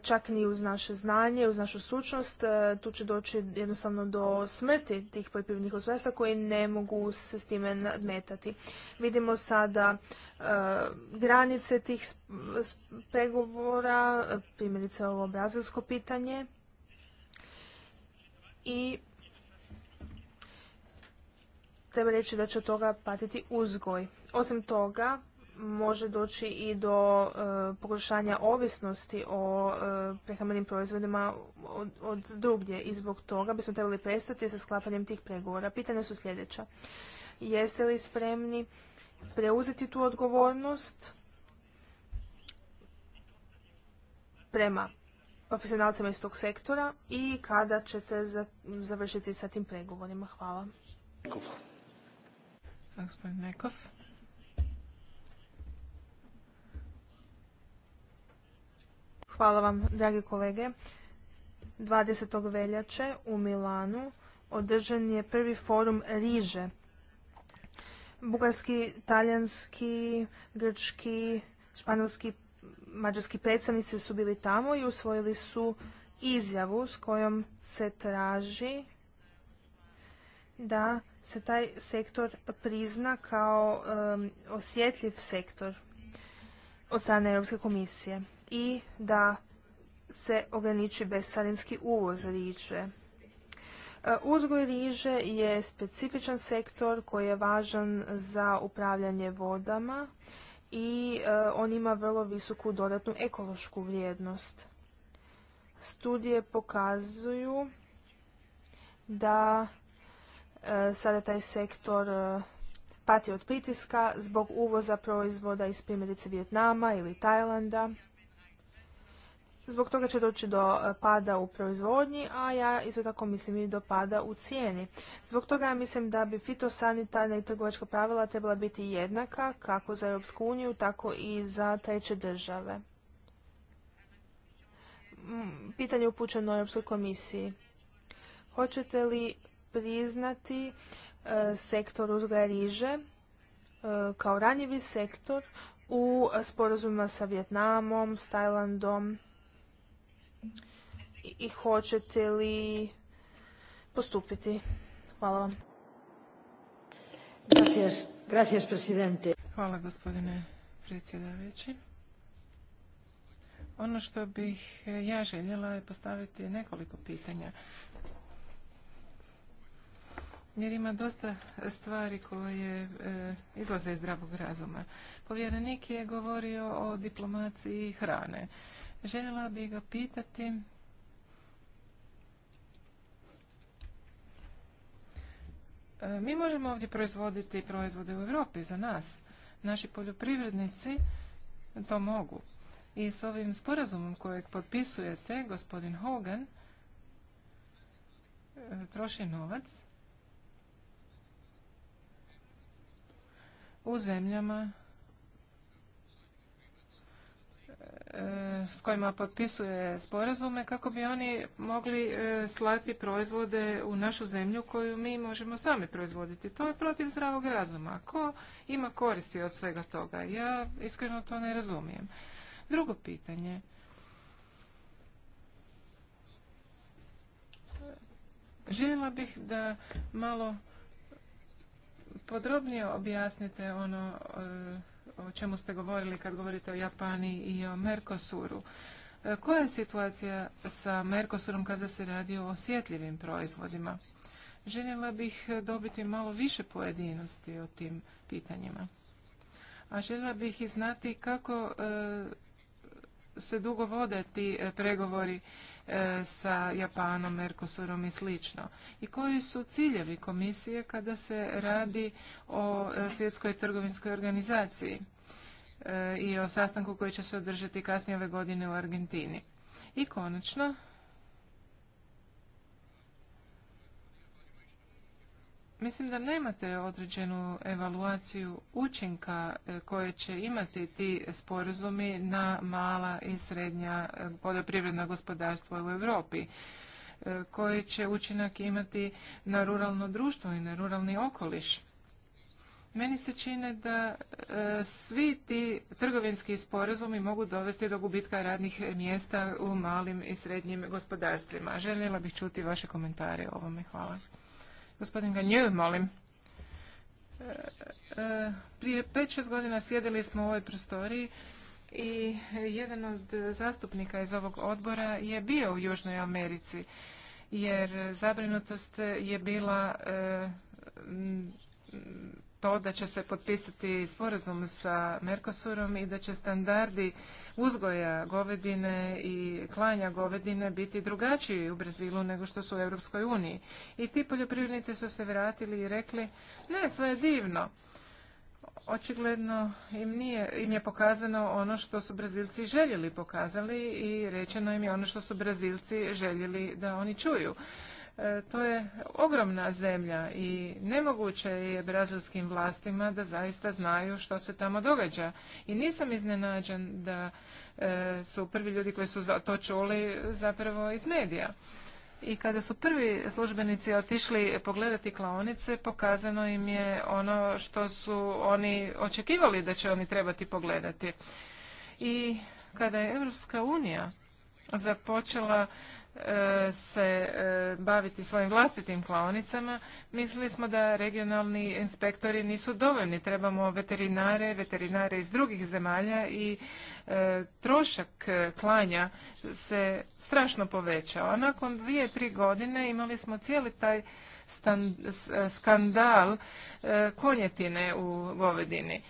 čak ni uz naše znanje, uz našu sučnost, e, Tu će doći jednostavno do smrti tih poljoprivrednih gospodarstva koji ne mogu se s time nadmetati. Vidimo sada e, granice tih pregovora, primjerice ovo brazilsko pitanje i treba reći da će od toga patiti uzgoj. Osim toga, može doći i do e, pogoršanja ovisnosti o e, prehrambenim proizvodima od, drugdje i zbog toga bismo trebali prestati sa sklapanjem tih pregovora. Pitanja su sljedeća. Jeste li spremni preuzeti tu odgovornost prema profesionalcima iz tog sektora i kada ćete završiti sa tim pregovorima? Hvala. Gospodin Nekov. Hvala vam, dragi kolege. 20. veljače u Milanu održan je prvi forum Riže. Bugarski, talijanski, grčki, španjolski, mađarski predstavnici su bili tamo i usvojili su izjavu s kojom se traži da se taj sektor prizna kao um, osjetljiv sektor od strane Europske komisije i da se ograniči besalinski uvoz riže. E, uzgoj riže je specifičan sektor koji je važan za upravljanje vodama i e, on ima vrlo visoku dodatnu ekološku vrijednost. Studije pokazuju da e, sada taj sektor pati od pritiska zbog uvoza proizvoda iz primjerice Vjetnama ili Tajlanda Zbog toga će doći do e, pada u proizvodnji, a ja isto tako mislim i do pada u cijeni. Zbog toga ja mislim da bi fitosanitarna i trgovačka pravila trebala biti jednaka kako za Europsku uniju, tako i za treće države. Mm, pitanje upućeno Europskoj komisiji. Hoćete li priznati e, sektor uzgoja riže e, kao ranjivi sektor u sporazumima sa Vjetnamom, s Tajlandom i hoćete li postupiti? Hvala vam. Hvala gospodine predsjedavajući. Ono što bih eh, ja željela je postaviti nekoliko pitanja. Jer ima dosta stvari koje eh, izlaze iz zdravog razuma. Povjerenik je govorio o diplomaciji hrane. Željela bih ga pitati e, Mi možemo ovdje proizvoditi proizvode u Europi za nas. Naši poljoprivrednici to mogu. I s ovim sporazumom kojeg potpisujete, gospodin Hogan e, troši novac u zemljama s kojima potpisuje sporazume kako bi oni mogli e, slati proizvode u našu zemlju koju mi možemo sami proizvoditi. To je protiv zdravog razuma. Ko ima koristi od svega toga? Ja iskreno to ne razumijem. Drugo pitanje. Željela bih da malo podrobnije objasnite ono e, o čemu ste govorili kad govorite o Japani i o Mercosuru. E, koja je situacija sa Mercosurom kada se radi o osjetljivim proizvodima? Željela bih dobiti malo više pojedinosti o tim pitanjima. A željela bih i znati kako e, se dugo vode ti e, pregovori E, sa Japanom, Mercosurom i sl. I koji su ciljevi komisije kada se radi o e, svjetskoj trgovinskoj organizaciji e, i o sastanku koji će se održati kasnije ove godine u Argentini. I konačno, Mislim da nemate određenu evaluaciju učinka e, koje će imati ti sporazumi na mala i srednja e, poljoprivredna gospodarstva u Europi e, koji će učinak imati na ruralno društvo i na ruralni okoliš. Meni se čine da svi ti trgovinski sporazumi mogu dovesti do gubitka radnih mjesta u malim i srednjim gospodarstvima. Željela bih čuti vaše komentare o ovome. Hvala. Gospodin Ganju, molim. E, e, prije 5-6 godina sjedili smo u ovoj prostoriji i jedan od zastupnika iz ovog odbora je bio u Južnoj Americi jer zabrinutost je bila e, to da će se potpisati sporazum sa Mercosurom i da će standardi uzgoja govedine i klanja govedine biti drugačiji u Brazilu nego što su u Europskoj uniji. I ti poljoprivrednici su se vratili i rekli ne, sve je divno. Očigledno im, nije, im je pokazano ono što su Brazilci željeli pokazali i rečeno im je ono što su Brazilci željeli da oni čuju. E, to je ogromna zemlja i nemoguće je brazilskim vlastima da zaista znaju što se tamo događa. I nisam iznenađen da e, su prvi ljudi koji su to čuli zapravo iz medija. I kada su prvi službenici otišli pogledati klaonice, pokazano im je ono što su oni očekivali da će oni trebati pogledati. I kada je Europska unija započela se e, baviti svojim vlastitim klaonicama, mislili smo da regionalni inspektori nisu dovoljni. Trebamo veterinare, veterinare iz drugih zemalja i e, trošak e, klanja se strašno povećao. A nakon dvije, tri godine imali smo cijeli taj skandal konjetine u govedini.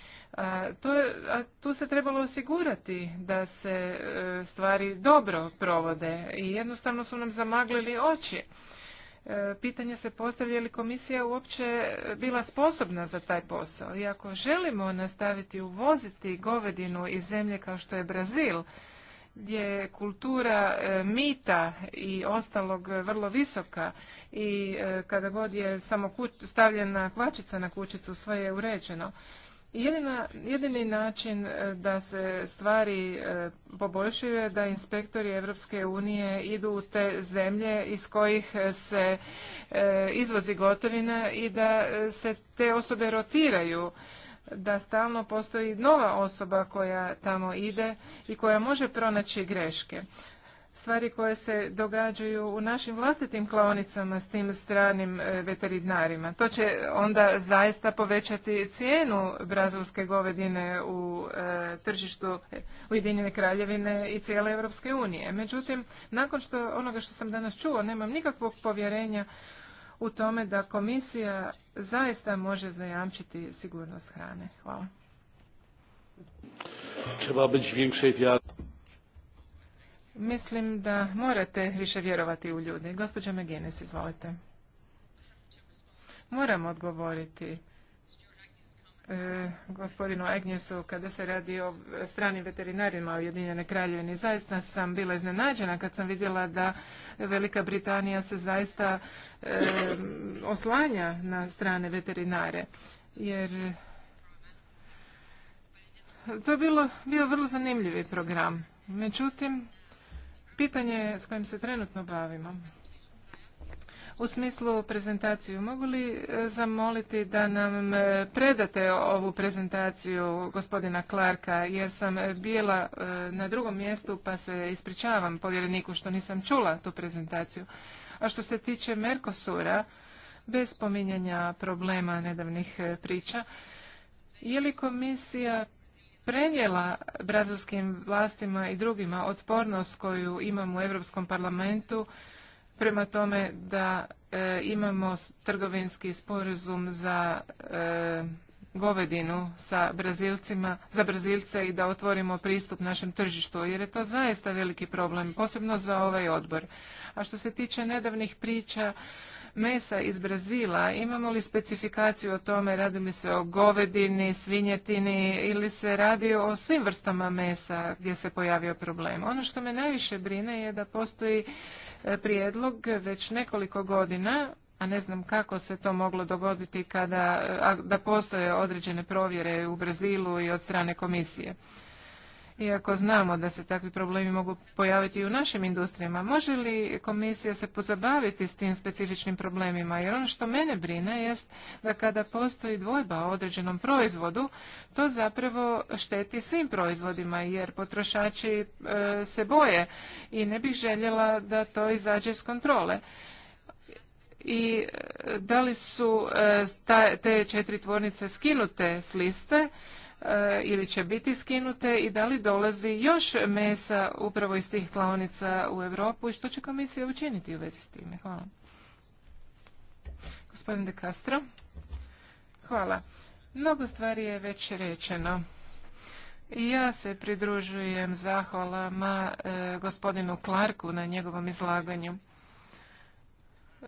To, a tu se trebalo osigurati da se e, stvari dobro provode i jednostavno su nam zamaglili oči. E, pitanje se postavlja li komisija uopće bila sposobna za taj posao. I ako želimo nastaviti uvoziti govedinu iz zemlje kao što je Brazil, gdje kultura e, mita i ostalog vrlo visoka i kada god je samo stavljena kvačica na kućicu sve je uređeno jedini način e, da se stvari e, poboljšaju je da inspektori Europske unije idu u te zemlje iz kojih e, se izvozi gotovina i da se te osobe rotiraju da stalno postoji nova osoba koja tamo ide i koja može pronaći greške stvari koje se događaju u našim vlastitim klaonicama s tim stranim e, veterinarima. To će onda zaista povećati cijenu brazilske govedine u e, tržištu Ujedinjene kraljevine i cijele Europske unije. Međutim, nakon što onoga što sam danas čuo, nemam nikakvog povjerenja u tome da komisija zaista može zajamčiti sigurnost hrane. Hvala. Treba biti Mislim da morate više vjerovati u ljudi. Gospođa McGinnis, izvolite. Moram odgovoriti e, gospodinu Agnesu kada se radi o stranim veterinarima Ujedinjene Kraljevini, Zaista sam bila iznenađena kad sam vidjela da Velika Britanija se zaista e, oslanja na strane veterinare. Jer to je bio vrlo zanimljivi program. Međutim, pitanje s kojim se trenutno bavimo. U smislu prezentaciju, mogu li e, zamoliti da nam e, predate ovu prezentaciju gospodina Clarka, jer sam bila e, na drugom mjestu pa se ispričavam povjereniku što nisam čula tu prezentaciju. A što se tiče Merkosura, bez spominjanja problema nedavnih priča, je li komisija prenijela brazilskim vlastima i drugima otpornost koju imamo u Europskom parlamentu prema tome da e, imamo trgovinski sporazum za e, govedinu sa Brazilcima, za Brazilce i da otvorimo pristup našem tržištu, jer je to zaista veliki problem, posebno za ovaj odbor. A što se tiče nedavnih priča mesa iz Brazila, imamo li specifikaciju o tome, radi li se o govedini, svinjetini ili se radi o svim vrstama mesa gdje se pojavio problem. Ono što me najviše brine je da postoji e, prijedlog već nekoliko godina a ne znam kako se to moglo dogoditi kada, da postoje određene provjere u Brazilu i od strane komisije iako znamo da se takvi problemi mogu pojaviti i u našim industrijama. Može li komisija se pozabaviti s tim specifičnim problemima? Jer ono što mene brine jest da kada postoji dvojba o određenom proizvodu, to zapravo šteti svim proizvodima jer potrošači e, se boje i ne bih željela da to izađe iz kontrole i e, da li su e, te četiri tvornice skinute s liste E, ili će biti skinute i da li dolazi još mesa upravo iz tih klaonica u Europu i što će komisija učiniti u vezi s time? Hvala. Gospodin De Castro. Hvala. Mnogo stvari je već rečeno. I ja se pridružujem zahvalama e, gospodinu Clarku na njegovom izlaganju.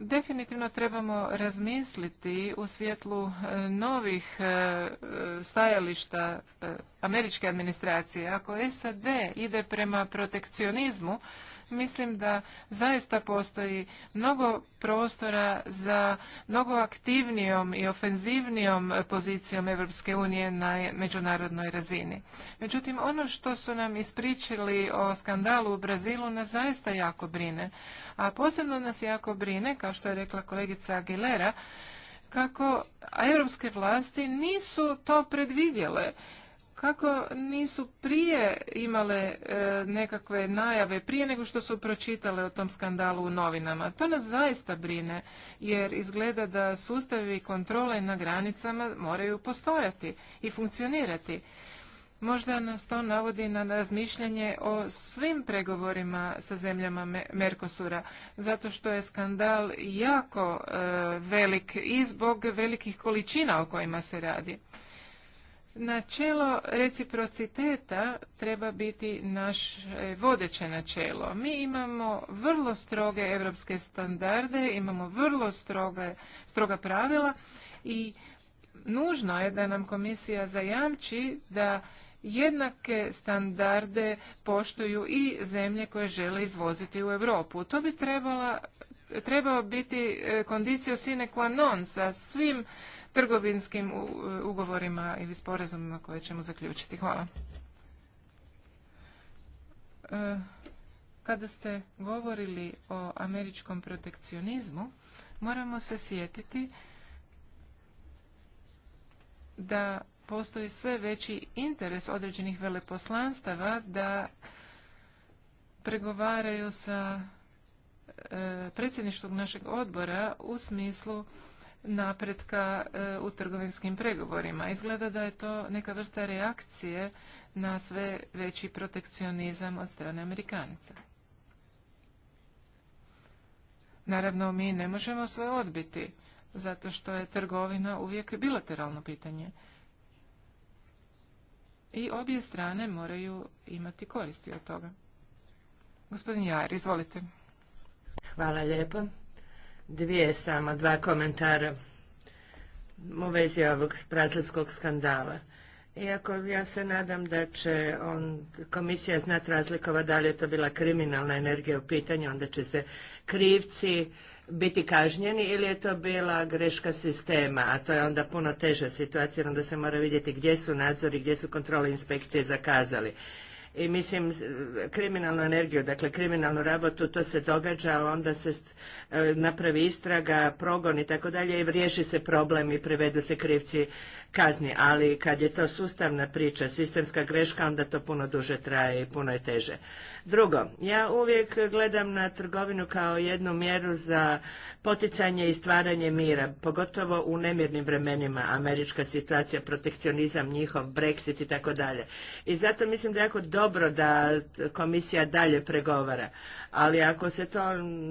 Definitivno trebamo razmisliti u svjetlu e, novih e, stajališta e, američke administracije. Ako SAD ide prema protekcionizmu, mislim da zaista postoji mnogo prostora za mnogo aktivnijom i ofenzivnijom pozicijom Europske unije na međunarodnoj razini. Međutim, ono što su nam ispričili o skandalu u Brazilu nas zaista jako brine. A posebno nas jako brine, kao što je rekla kolegica Aguilera, kako europske vlasti nisu to predvidjele kako nisu prije imale e, nekakve najave prije nego što su pročitale o tom skandalu u novinama to nas zaista brine jer izgleda da sustavi kontrole na granicama moraju postojati i funkcionirati možda nas to navodi na razmišljanje o svim pregovorima sa zemljama mercosura zato što je skandal jako e, velik i zbog velikih količina o kojima se radi Načelo reciprociteta treba biti naš vodeće načelo. Mi imamo vrlo stroge evropske standarde, imamo vrlo stroge, stroga pravila i nužno je da nam komisija zajamči da jednake standarde poštuju i zemlje koje žele izvoziti u Europu. To bi trebala, trebao biti kondicio eh, sine qua non sa svim trgovinskim ugovorima ili sporazumima koje ćemo zaključiti. Hvala. E, kada ste govorili o američkom protekcionizmu, moramo se sjetiti da postoji sve veći interes određenih veleposlanstava da pregovaraju sa e, predsjedništvom našeg odbora u smislu napretka e, u trgovinskim pregovorima. Izgleda da je to neka vrsta reakcije na sve veći protekcionizam od strane Amerikanica. Naravno, mi ne možemo sve odbiti, zato što je trgovina uvijek bilateralno pitanje. I obje strane moraju imati koristi od toga. Gospodin Jar, izvolite. Hvala lijepo dvije samo, dva komentara u vezi ovog brazilskog skandala. Iako ja se nadam da će on, komisija znat razlikova da li je to bila kriminalna energija u pitanju, onda će se krivci biti kažnjeni ili je to bila greška sistema, a to je onda puno teža situacija, onda se mora vidjeti gdje su nadzori, gdje su kontrole inspekcije zakazali i mislim kriminalnu energiju, dakle kriminalnu rabotu, to se događa, ali onda se e, napravi istraga, progon i tako dalje i riješi se problem i privedu se krivci kazni, ali kad je to sustavna priča, sistemska greška, onda to puno duže traje i puno je teže. Drugo, ja uvijek gledam na trgovinu kao jednu mjeru za poticanje i stvaranje mira, pogotovo u nemirnim vremenima, američka situacija, protekcionizam njihov, Brexit i tako dalje. I zato mislim da je jako dobro da komisija dalje pregovara, ali ako se to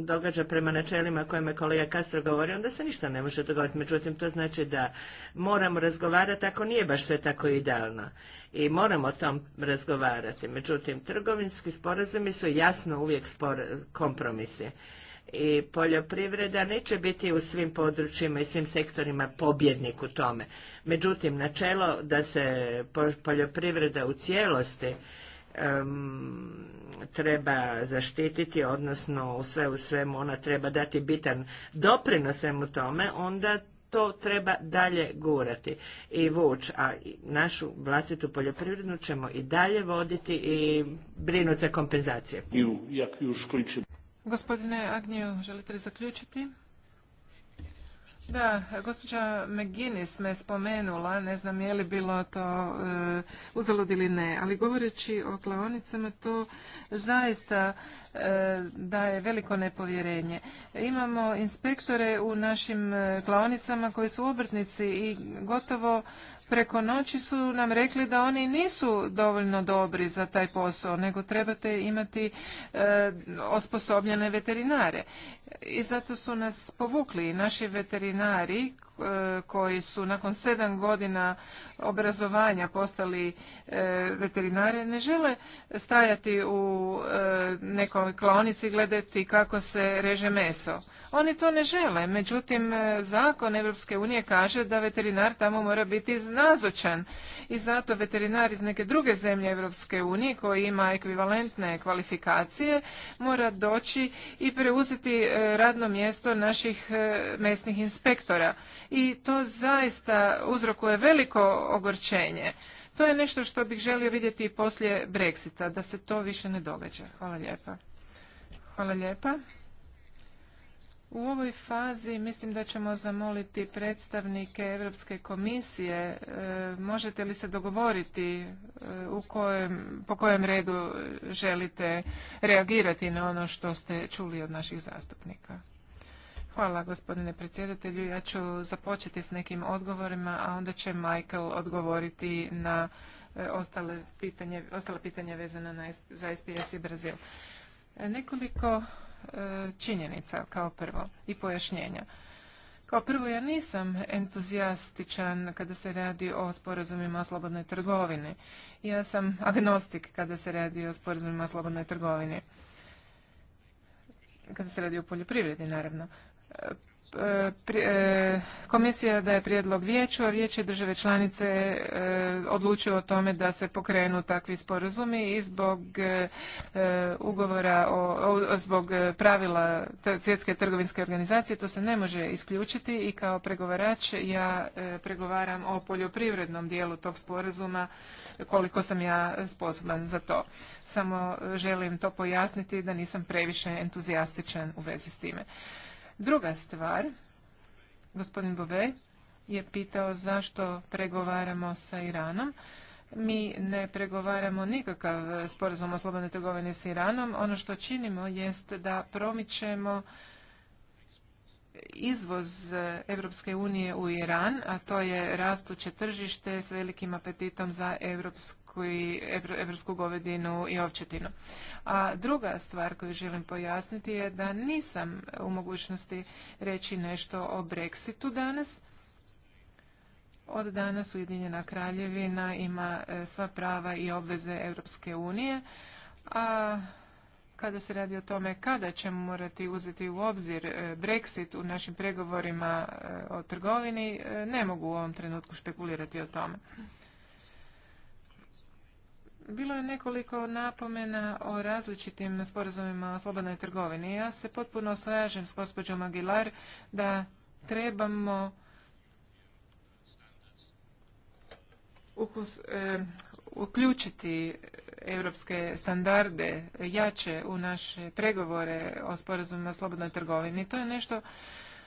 događa prema načelima kojima je kolega Castro govori, onda se ništa ne može dogoditi. Međutim, to znači da moramo razgovarati razgovarati ako nije baš sve tako idealno. I moramo o tom razgovarati. Međutim, trgovinski sporazumi su jasno uvijek kompromisi. I poljoprivreda neće biti u svim područjima i svim sektorima pobjednik u tome. Međutim, načelo da se poljoprivreda u cijelosti treba zaštititi, odnosno sve u svemu ona treba dati bitan doprinos svemu tome, onda to treba dalje gurati i voć, a našu vlastitu poljoprivrednu ćemo i dalje voditi i brinuti za kompenzacije. Gospodine Agniju, želite li zaključiti? Da, gospođa McGinnis me spomenula, ne znam je li bilo to e, uzalud ili ne, ali govoreći o klaonicama to zaista e, daje veliko nepovjerenje. Imamo inspektore u našim e, klaonicama koji su obrtnici i gotovo preko noći su nam rekli da oni nisu dovoljno dobri za taj posao, nego trebate imati e, osposobljene veterinare. I zato su nas povukli naši veterinari e, koji su nakon sedam godina obrazovanja postali e, veterinari, ne žele stajati u nekoj klonici gledati kako se reže meso. Oni to ne žele, međutim e, zakon Evropske unije kaže da veterinar tamo mora biti nazočan i zato veterinar iz neke druge zemlje Evropske unije koji ima ekvivalentne kvalifikacije mora doći i preuzeti e, radno mjesto naših e, mesnih inspektora i to zaista uzrokuje veliko ogorčenje. To je nešto što bih želio vidjeti i poslije Brexita, da se to više ne događa. Hvala Hvala lijepa. U ovoj fazi mislim da ćemo zamoliti predstavnike Europske komisije. E, možete li se dogovoriti e, u kojem, po kojem redu želite reagirati na ono što ste čuli od naših zastupnika? Hvala gospodine predsjedatelju. Ja ću započeti s nekim odgovorima, a onda će Michael odgovoriti na e, ostale pitanje, ostala pitanja vezana za SPS i Brazil. Nekoliko E, činjenica kao prvo i pojašnjenja. Kao prvo, ja nisam entuzijastičan kada se radi o sporazumima o slobodnoj trgovini. Ja sam agnostik kada se radi o sporazumima o slobodnoj trgovini. Kada se radi o poljoprivredi, naravno. E, E, komisija daje prijedlog vijeću, a vijeće države članice e, odlučuje o tome da se pokrenu takvi sporazumi i zbog e, ugovora, zbog pravila svjetske trgovinske organizacije to se ne može isključiti i kao pregovarač ja pregovaram o poljoprivrednom dijelu tog sporazuma koliko sam ja sposoban za to. Samo želim to pojasniti da nisam previše entuzijastičan u vezi s time. Druga stvar, gospodin Bove je pitao zašto pregovaramo sa Iranom. Mi ne pregovaramo nikakav sporazum o slobodnoj trgovini s Iranom. Ono što činimo jest da promičemo izvoz Europske unije u Iran, a to je rastuće tržište s velikim apetitom za europsku evropsku govedinu i ovčetinu. A druga stvar koju želim pojasniti je da nisam u mogućnosti reći nešto o Brexitu danas. Od danas Ujedinjena kraljevina ima e, sva prava i obveze Europske unije, a kada se radi o tome kada ćemo morati uzeti u obzir e, Brexit u našim pregovorima e, o trgovini, ne mogu u ovom trenutku špekulirati o tome. Bilo je nekoliko napomena o različitim sporazumima o slobodnoj trgovini. Ja se potpuno slažem s gospođom Aguilar da trebamo ukus, e, uključiti europske standarde jače u naše pregovore o sporazumima o slobodnoj trgovini. To je nešto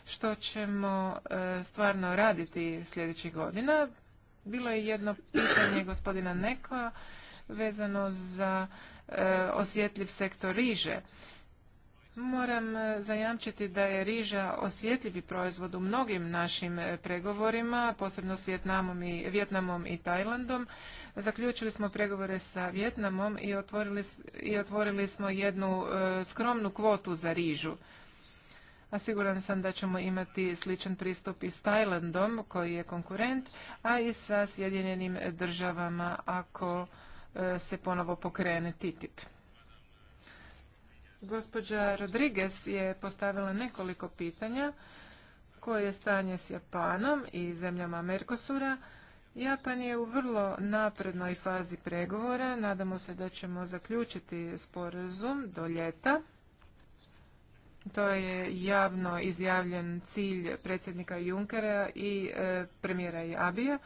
što ćemo e, stvarno raditi sljedećih godina. Bilo je jedno pitanje gospodina Neka vezano za e, osjetljiv sektor riže. Moram e, zajamčiti da je riža osjetljivi proizvod u mnogim našim e, pregovorima, posebno s Vjetnamom i, Vjetnamom i Tajlandom. Zaključili smo pregovore sa Vjetnamom i otvorili, i otvorili smo jednu skromnu kvotu za rižu a siguran sam da ćemo imati sličan pristup i s Tajlandom koji je konkurent, a i sa Sjedinjenim državama ako E, se ponovo pokrene TTIP. Gospođa Rodriguez je postavila nekoliko pitanja koje je stanje s Japanom i zemljama Merkosura. Japan je u vrlo naprednoj fazi pregovora. Nadamo se da ćemo zaključiti sporazum do ljeta. To je javno izjavljen cilj predsjednika Junkera i e, premijera Abija.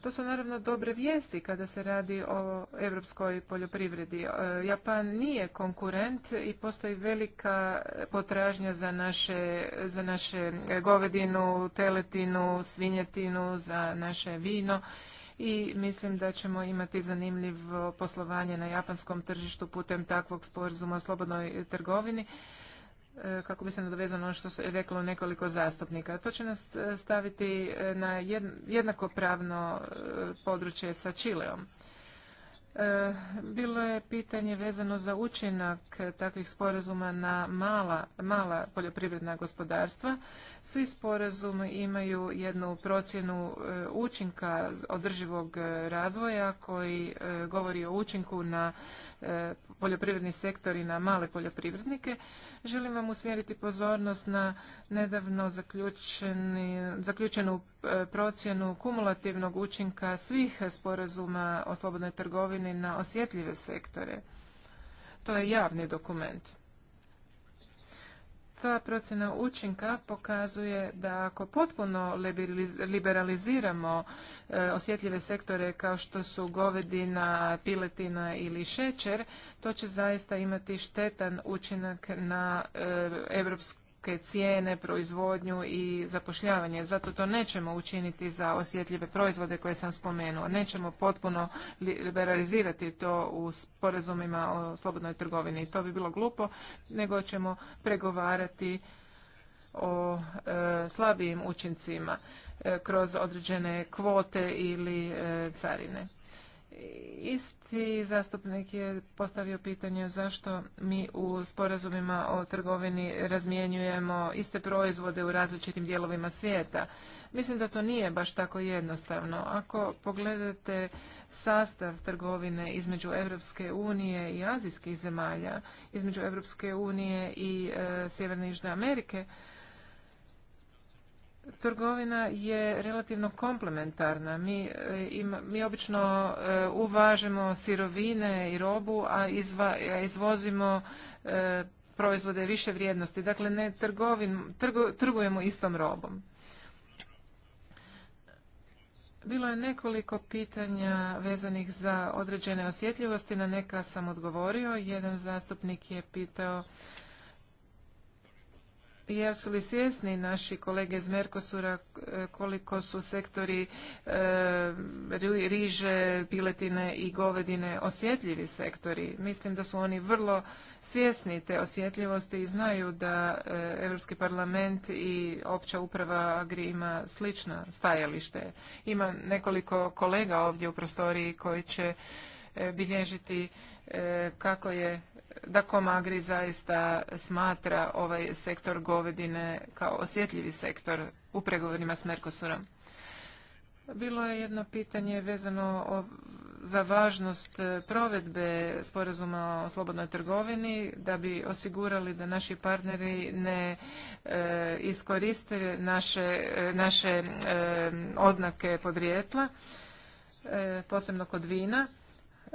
To su naravno dobre vijesti kada se radi o europskoj poljoprivredi. E, Japan nije konkurent i postoji velika potražnja za naše, za naše govedinu, teletinu, svinjetinu, za naše vino i mislim da ćemo imati zanimljivo poslovanje na japanskom tržištu putem takvog sporazuma o slobodnoj trgovini E, kako bi se nadovezano ono što se reklo nekoliko zastupnika. To će nas e, staviti e, na jednako pravno područje sa Čileom. Bilo je pitanje vezano za učinak takvih sporazuma na mala, mala poljoprivredna gospodarstva. Svi sporazumi imaju jednu procjenu učinka održivog razvoja koji govori o učinku na poljoprivredni sektor i na male poljoprivrednike. Želim vam usmjeriti pozornost na nedavno zaključenu e, procjenu kumulativnog učinka svih sporazuma o slobodnoj trgovini na osjetljive sektore. To je javni dokument ta procjena učinka pokazuje da ako potpuno liberaliziramo e, osjetljive sektore kao što su govedina, piletina ili šećer, to će zaista imati štetan učinak na europsku cijene, proizvodnju i zapošljavanje. Zato to nećemo učiniti za osjetljive proizvode koje sam spomenuo. Nećemo potpuno liberalizirati to u sporazumima o slobodnoj trgovini. To bi bilo glupo, nego ćemo pregovarati o e, slabijim učincima e, kroz određene kvote ili e, carine. Isti zastupnik je postavio pitanje zašto mi u sporazumima o trgovini razmjenjujemo iste proizvode u različitim dijelovima svijeta. Mislim da to nije baš tako jednostavno. Ako pogledate sastav trgovine između Europske unije i azijskih zemalja, između Europske unije i e, Sjeverne i Južne Amerike, trgovina je relativno komplementarna. Mi, e, mi obično e, uvažimo sirovine i robu, a izvozimo e, proizvode više vrijednosti. Dakle, ne trgujemo istom robom. Bilo je nekoliko pitanja vezanih za određene osjetljivosti, na neka sam odgovorio. Jedan zastupnik je pitao Jesu li svjesni naši kolege iz Merkosura e, koliko su sektori e, riže, piletine i govedine osjetljivi sektori? Mislim da su oni vrlo svjesni te osjetljivosti i znaju da e, Europski parlament i opća uprava Agri ima slična stajalište. Ima nekoliko kolega ovdje u prostoriji koji će bilježiti kako je da Komagri zaista smatra ovaj sektor govedine kao osjetljivi sektor u pregovorima s Mercosurom. Bilo je jedno pitanje vezano za važnost e, provedbe sporazuma o slobodnoj trgovini da bi osigurali da naši partneri ne e, iskoriste naše, e, naše oznake podrijetla, posebno kod vina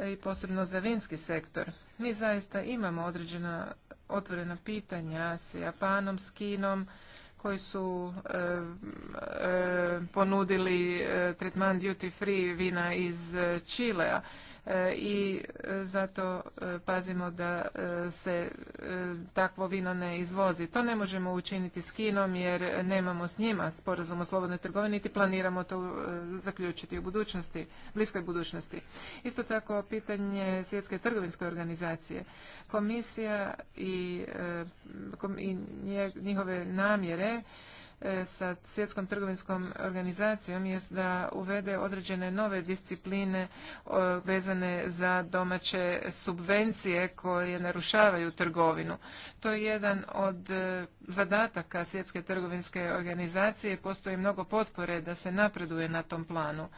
i posebno za vinski sektor. Mi zaista imamo određena otvorena pitanja s Japanom, s Kinom, koji su e, e, ponudili e, tretman duty free vina iz Čilea E, i e, zato e, pazimo da se takvo vino ne izvozi. To ne možemo učiniti s Kinom jer nemamo s njima sporazum o slobodnoj trgovini niti planiramo to zaključiti u budućnosti, bliskoj budućnosti. Isto tako pitanje svjetske trgovinske organizacije. Komisija i, i njihove namjere E, sa svjetskom trgovinskom organizacijom jest da uvede određene nove discipline e, vezane za domaće subvencije koje narušavaju trgovinu. To je jedan od e, zadataka svjetske trgovinske organizacije postoji mnogo potpore da se napreduje na tom planu.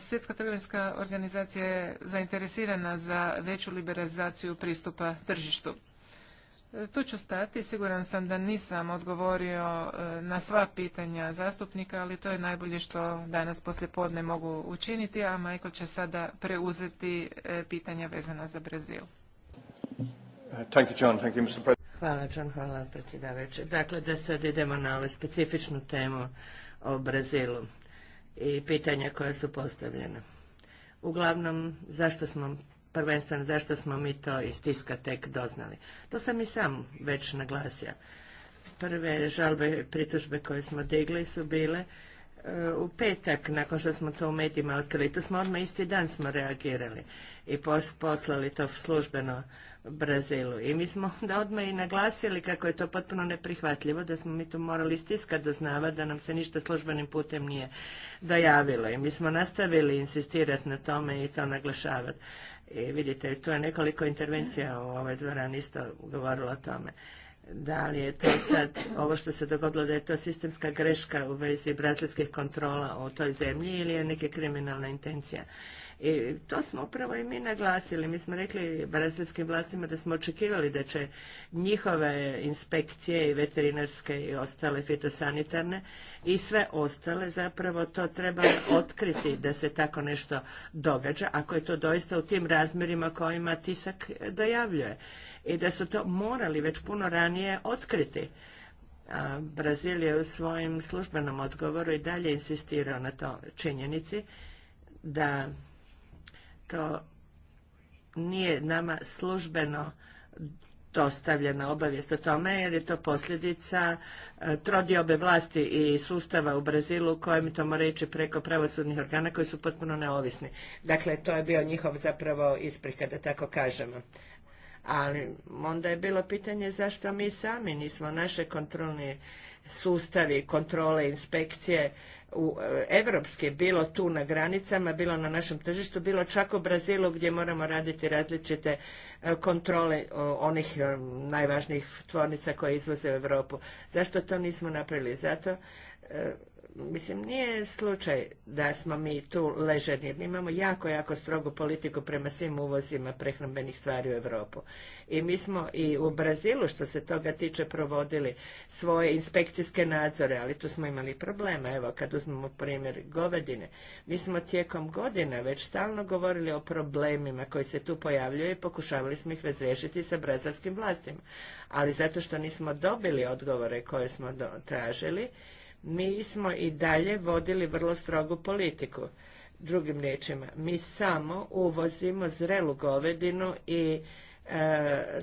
Svjetska trgovinska organizacija je zainteresirana za veću liberalizaciju pristupa tržištu. Tu ću stati, siguran sam da nisam odgovorio e, na sva pitanja zastupnika, ali to je najbolje što danas poslje podne mogu učiniti, a Michael će sada preuzeti e, pitanja vezana za Brazil. Hvala John, hvala predsjedavajući. Dakle, da sad idemo na ovu specifičnu temu o Brazilu i pitanja koja su postavljena. Uglavnom, zašto smo prvenstveno zašto smo mi to iz tiska tek doznali. To sam i sam već naglasio. Prve žalbe, pritužbe koje smo digli su bile e, u petak, nakon što smo to u medijima otkrili, to smo odmah isti dan smo reagirali i poslali to službeno Brazilu. I mi smo onda odmah i naglasili kako je to potpuno neprihvatljivo, da smo mi to morali tiska doznavati da nam se ništa službenim putem nije dojavilo. I mi smo nastavili insistirati na tome i to naglašavati. I vidite, tu je nekoliko intervencija u ovoj dvorani isto govorilo o tome. Da li je to sad, ovo što se dogodilo, da je to sistemska greška u vezi brazilskih kontrola o toj zemlji ili je neke kriminalna intencija? I to smo upravo i mi naglasili. Mi smo rekli brazilskim vlastima da smo očekivali da će njihove inspekcije i veterinarske i ostale fitosanitarne i sve ostale zapravo to treba otkriti da se tako nešto događa ako je to doista u tim razmjerima kojima tisak dojavljuje i da su to morali već puno ranije otkriti. A Brazil je u svojim službenom odgovoru i dalje insistirao na to činjenici da to nije nama službeno dostavljena obavijest o tome jer je to posljedica e, trodiobe vlasti i sustava u Brazilu kojem to mora ići preko pravosudnih organa koji su potpuno neovisni. Dakle, to je bio njihov zapravo isprika, da tako kažemo. Ali onda je bilo pitanje zašto mi sami nismo naše kontrolne sustavi, kontrole, inspekcije u e, evropske bilo tu na granicama, bilo na našem tržištu, bilo čak u Brazilu gdje moramo raditi različite e, kontrole onih e, najvažnijih tvornica koje izvoze u Europu. Zašto to nismo napravili? Zato Mislim, nije slučaj da smo mi tu ležerni. Mi imamo jako, jako strogu politiku prema svim uvozima prehrambenih stvari u Europu. I mi smo i u Brazilu, što se toga tiče, provodili svoje inspekcijske nadzore, ali tu smo imali problema. Evo, kad uzmemo primjer govedine, mi smo tijekom godina već stalno govorili o problemima koji se tu pojavljuju i pokušavali smo ih razriješiti sa brazilskim vlastima. Ali zato što nismo dobili odgovore koje smo tražili, mi smo i dalje vodili vrlo strogu politiku. Drugim riječima, mi samo uvozimo zrelu govedinu i e,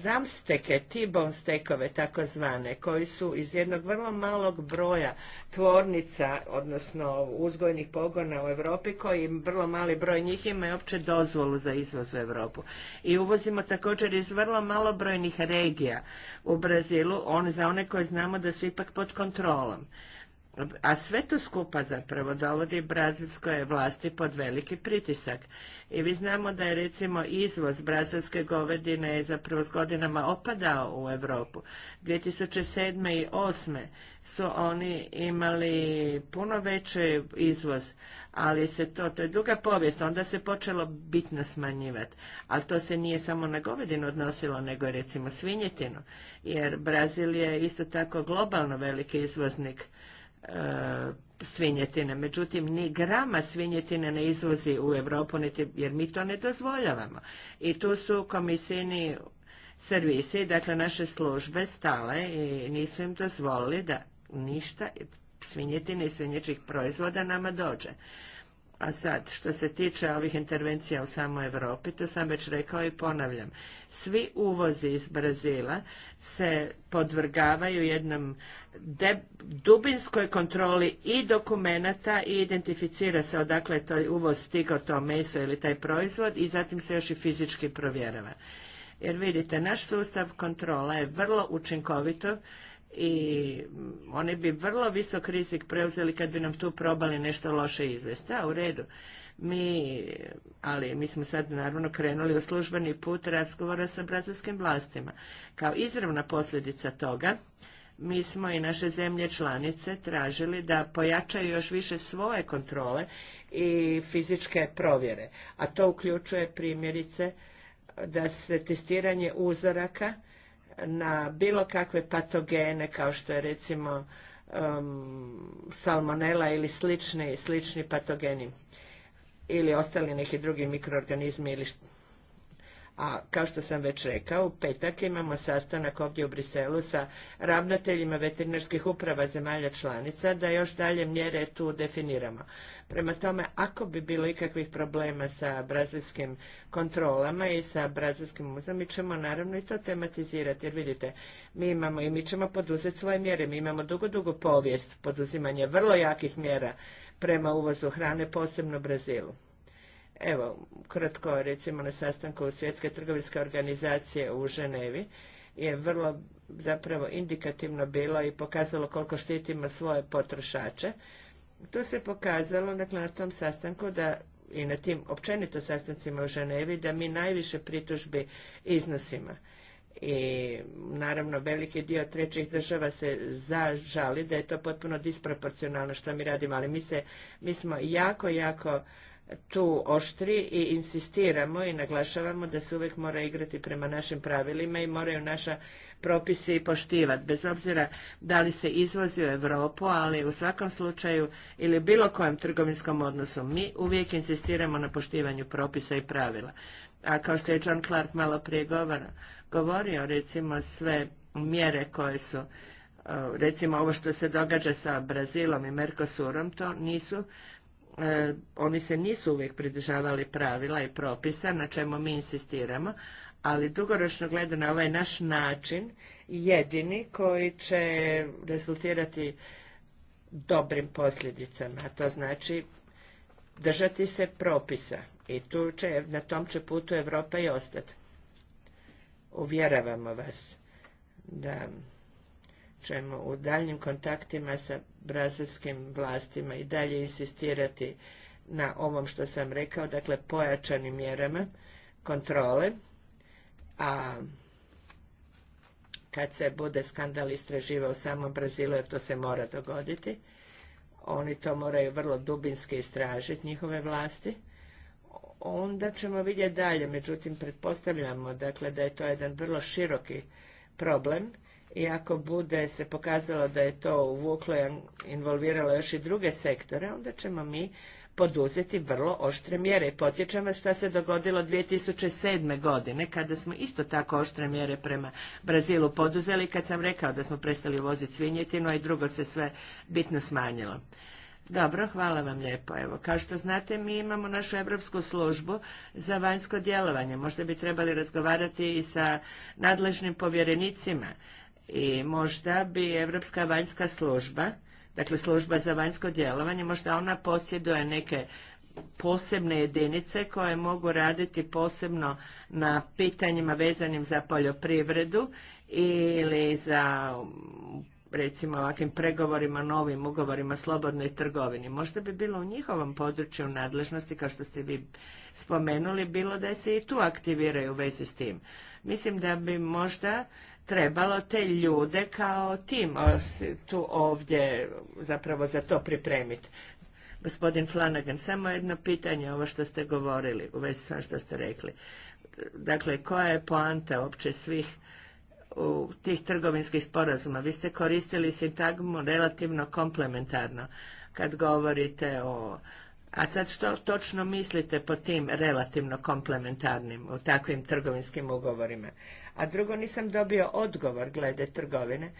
ramsteke, tibon stekove takozvane, koji su iz jednog vrlo malog broja tvornica, odnosno uzgojnih pogona u Europi, koji vrlo mali broj njih ima i opće dozvolu za izvoz u Europu. I uvozimo također iz vrlo malobrojnih regija u Brazilu, on, za one koje znamo da su ipak pod kontrolom a sve to skupa zapravo dovodi brazilskoj vlasti pod veliki pritisak. I vi znamo da je recimo izvoz brazilske govedine je zapravo s godinama opadao u Europu. 2007. i 2008. su oni imali puno veći izvoz, ali se to, to je duga povijest, onda se počelo bitno smanjivati. Ali to se nije samo na govedinu odnosilo, nego recimo svinjetinu, jer Brazil je isto tako globalno veliki izvoznik E, svinjetine. Međutim, ni grama svinjetine ne izvozi u Europu, jer mi to ne dozvoljavamo. I tu su komisijni servisi, dakle naše službe stale i nisu im dozvolili da ništa svinjetine i svinječih proizvoda nama dođe. A sad, što se tiče ovih intervencija u samoj Europi, to sam već rekao i ponavljam, svi uvozi iz Brazila se podvrgavaju jednom dubinskoj kontroli i dokumenata i identificira se odakle je taj uvoz stigao to meso ili taj proizvod i zatim se još i fizički provjerava. Jer vidite, naš sustav kontrola je vrlo učinkovito i oni bi vrlo visok rizik preuzeli kad bi nam tu probali nešto loše izvesti. A u redu, mi, ali mi smo sad naravno krenuli u službeni put razgovora sa brazilskim vlastima. Kao izravna posljedica toga, mi smo i naše zemlje članice tražili da pojačaju još više svoje kontrole i fizičke provjere, a to uključuje primjerice da se testiranje uzoraka na bilo kakve patogene kao što je recimo um, salmonela ili slični, slični patogeni ili ostali neki drugi mikroorganizmi ili a kao što sam već rekao, u petak imamo sastanak ovdje u Briselu sa ravnateljima veterinarskih uprava zemalja članica da još dalje mjere tu definiramo. Prema tome, ako bi bilo ikakvih problema sa brazilskim kontrolama i sa brazilskim muzom, mi ćemo naravno i to tematizirati. Jer vidite, mi imamo i mi ćemo poduzeti svoje mjere. Mi imamo dugo, dugo povijest poduzimanja vrlo jakih mjera prema uvozu hrane, posebno Brazilu. Evo, kratko recimo na sastanku Svjetske trgovinske organizacije u Ženevi je vrlo zapravo indikativno bilo i pokazalo koliko štitimo svoje potrošače. To se pokazalo, dakle, na tom sastanku da i na tim općenito sastancima u Ženevi da mi najviše pritužbi iznosimo. I naravno veliki dio trećih država se zažali da je to potpuno disproporcionalno što mi radimo, ali mi, se, mi smo jako, jako tu oštri i insistiramo i naglašavamo da se uvijek mora igrati prema našim pravilima i moraju naša propisi i poštivati, bez obzira da li se izvozi u Europu, ali u svakom slučaju ili bilo kojem trgovinskom odnosu mi uvijek insistiramo na poštivanju propisa i pravila. A kao što je John Clark malo prije govora, govorio, recimo sve mjere koje su uh, recimo ovo što se događa sa Brazilom i Mercosurom, to nisu E, oni se nisu uvijek pridržavali pravila i propisa na čemu mi insistiramo, ali dugoročno na ovaj naš način jedini koji će rezultirati dobrim posljedicama, a to znači držati se propisa i će, na tom će putu Europa i ostati. Uvjeravamo vas da ćemo u daljnjim kontaktima sa brazilskim vlastima i dalje insistirati na ovom što sam rekao, dakle pojačanim mjerama kontrole, a kad se bude skandal istraživa u samom Brazilu, jer to se mora dogoditi, oni to moraju vrlo dubinski istražiti, njihove vlasti, onda ćemo vidjeti dalje. Međutim, pretpostavljamo dakle, da je to jedan vrlo široki problem i ako bude se pokazalo da je to uvuklo i involviralo još i druge sektore, onda ćemo mi poduzeti vrlo oštre mjere. Podsjećam vas što se dogodilo 2007. godine, kada smo isto tako oštre mjere prema Brazilu poduzeli, kad sam rekao da smo prestali voziti svinjetinu, a i drugo se sve bitno smanjilo. Dobro, hvala vam lijepo. Evo, kao što znate, mi imamo našu Europsku službu za vanjsko djelovanje. Možda bi trebali razgovarati i sa nadležnim povjerenicima i možda bi Europska vanjska služba, dakle služba za vanjsko djelovanje, možda ona posjeduje neke posebne jedinice koje mogu raditi posebno na pitanjima vezanim za poljoprivredu ili za recimo ovakvim pregovorima, novim ugovorima, slobodnoj trgovini. Možda bi bilo u njihovom području nadležnosti, kao što ste vi spomenuli, bilo da se i tu aktiviraju u vezi s tim. Mislim da bi možda trebalo te ljude kao tim tu ovdje zapravo za to pripremiti. Gospodin Flanagan, samo jedno pitanje, ovo što ste govorili, u vezi sa što ste rekli. Dakle, koja je poanta uopće svih u tih trgovinskih sporazuma? Vi ste koristili sintagmu relativno komplementarno kad govorite o a sad što točno mislite po tim relativno komplementarnim u takvim trgovinskim ugovorima? A drugo, nisam dobio odgovor glede trgovine.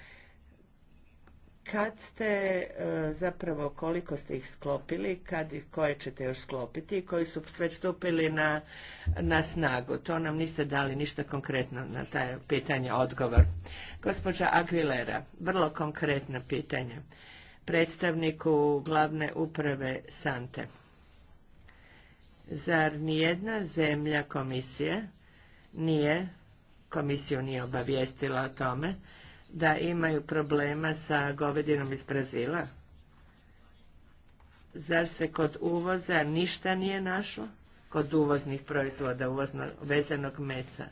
Kad ste e, zapravo, koliko ste ih sklopili, kad i koje ćete još sklopiti i koji su sve stupili na, na snagu? To nam niste dali ništa konkretno na taj pitanje odgovor. Gospođa Aguilera, vrlo konkretno pitanje. predstavniku glavne uprave Sante. Zar nijedna zemlja komisije nije, komisiju nije obavijestila o tome, da imaju problema sa govedinom iz Brazila? Zar se kod uvoza ništa nije našlo? Kod uvoznih proizvoda, uvozno, vezanog meca?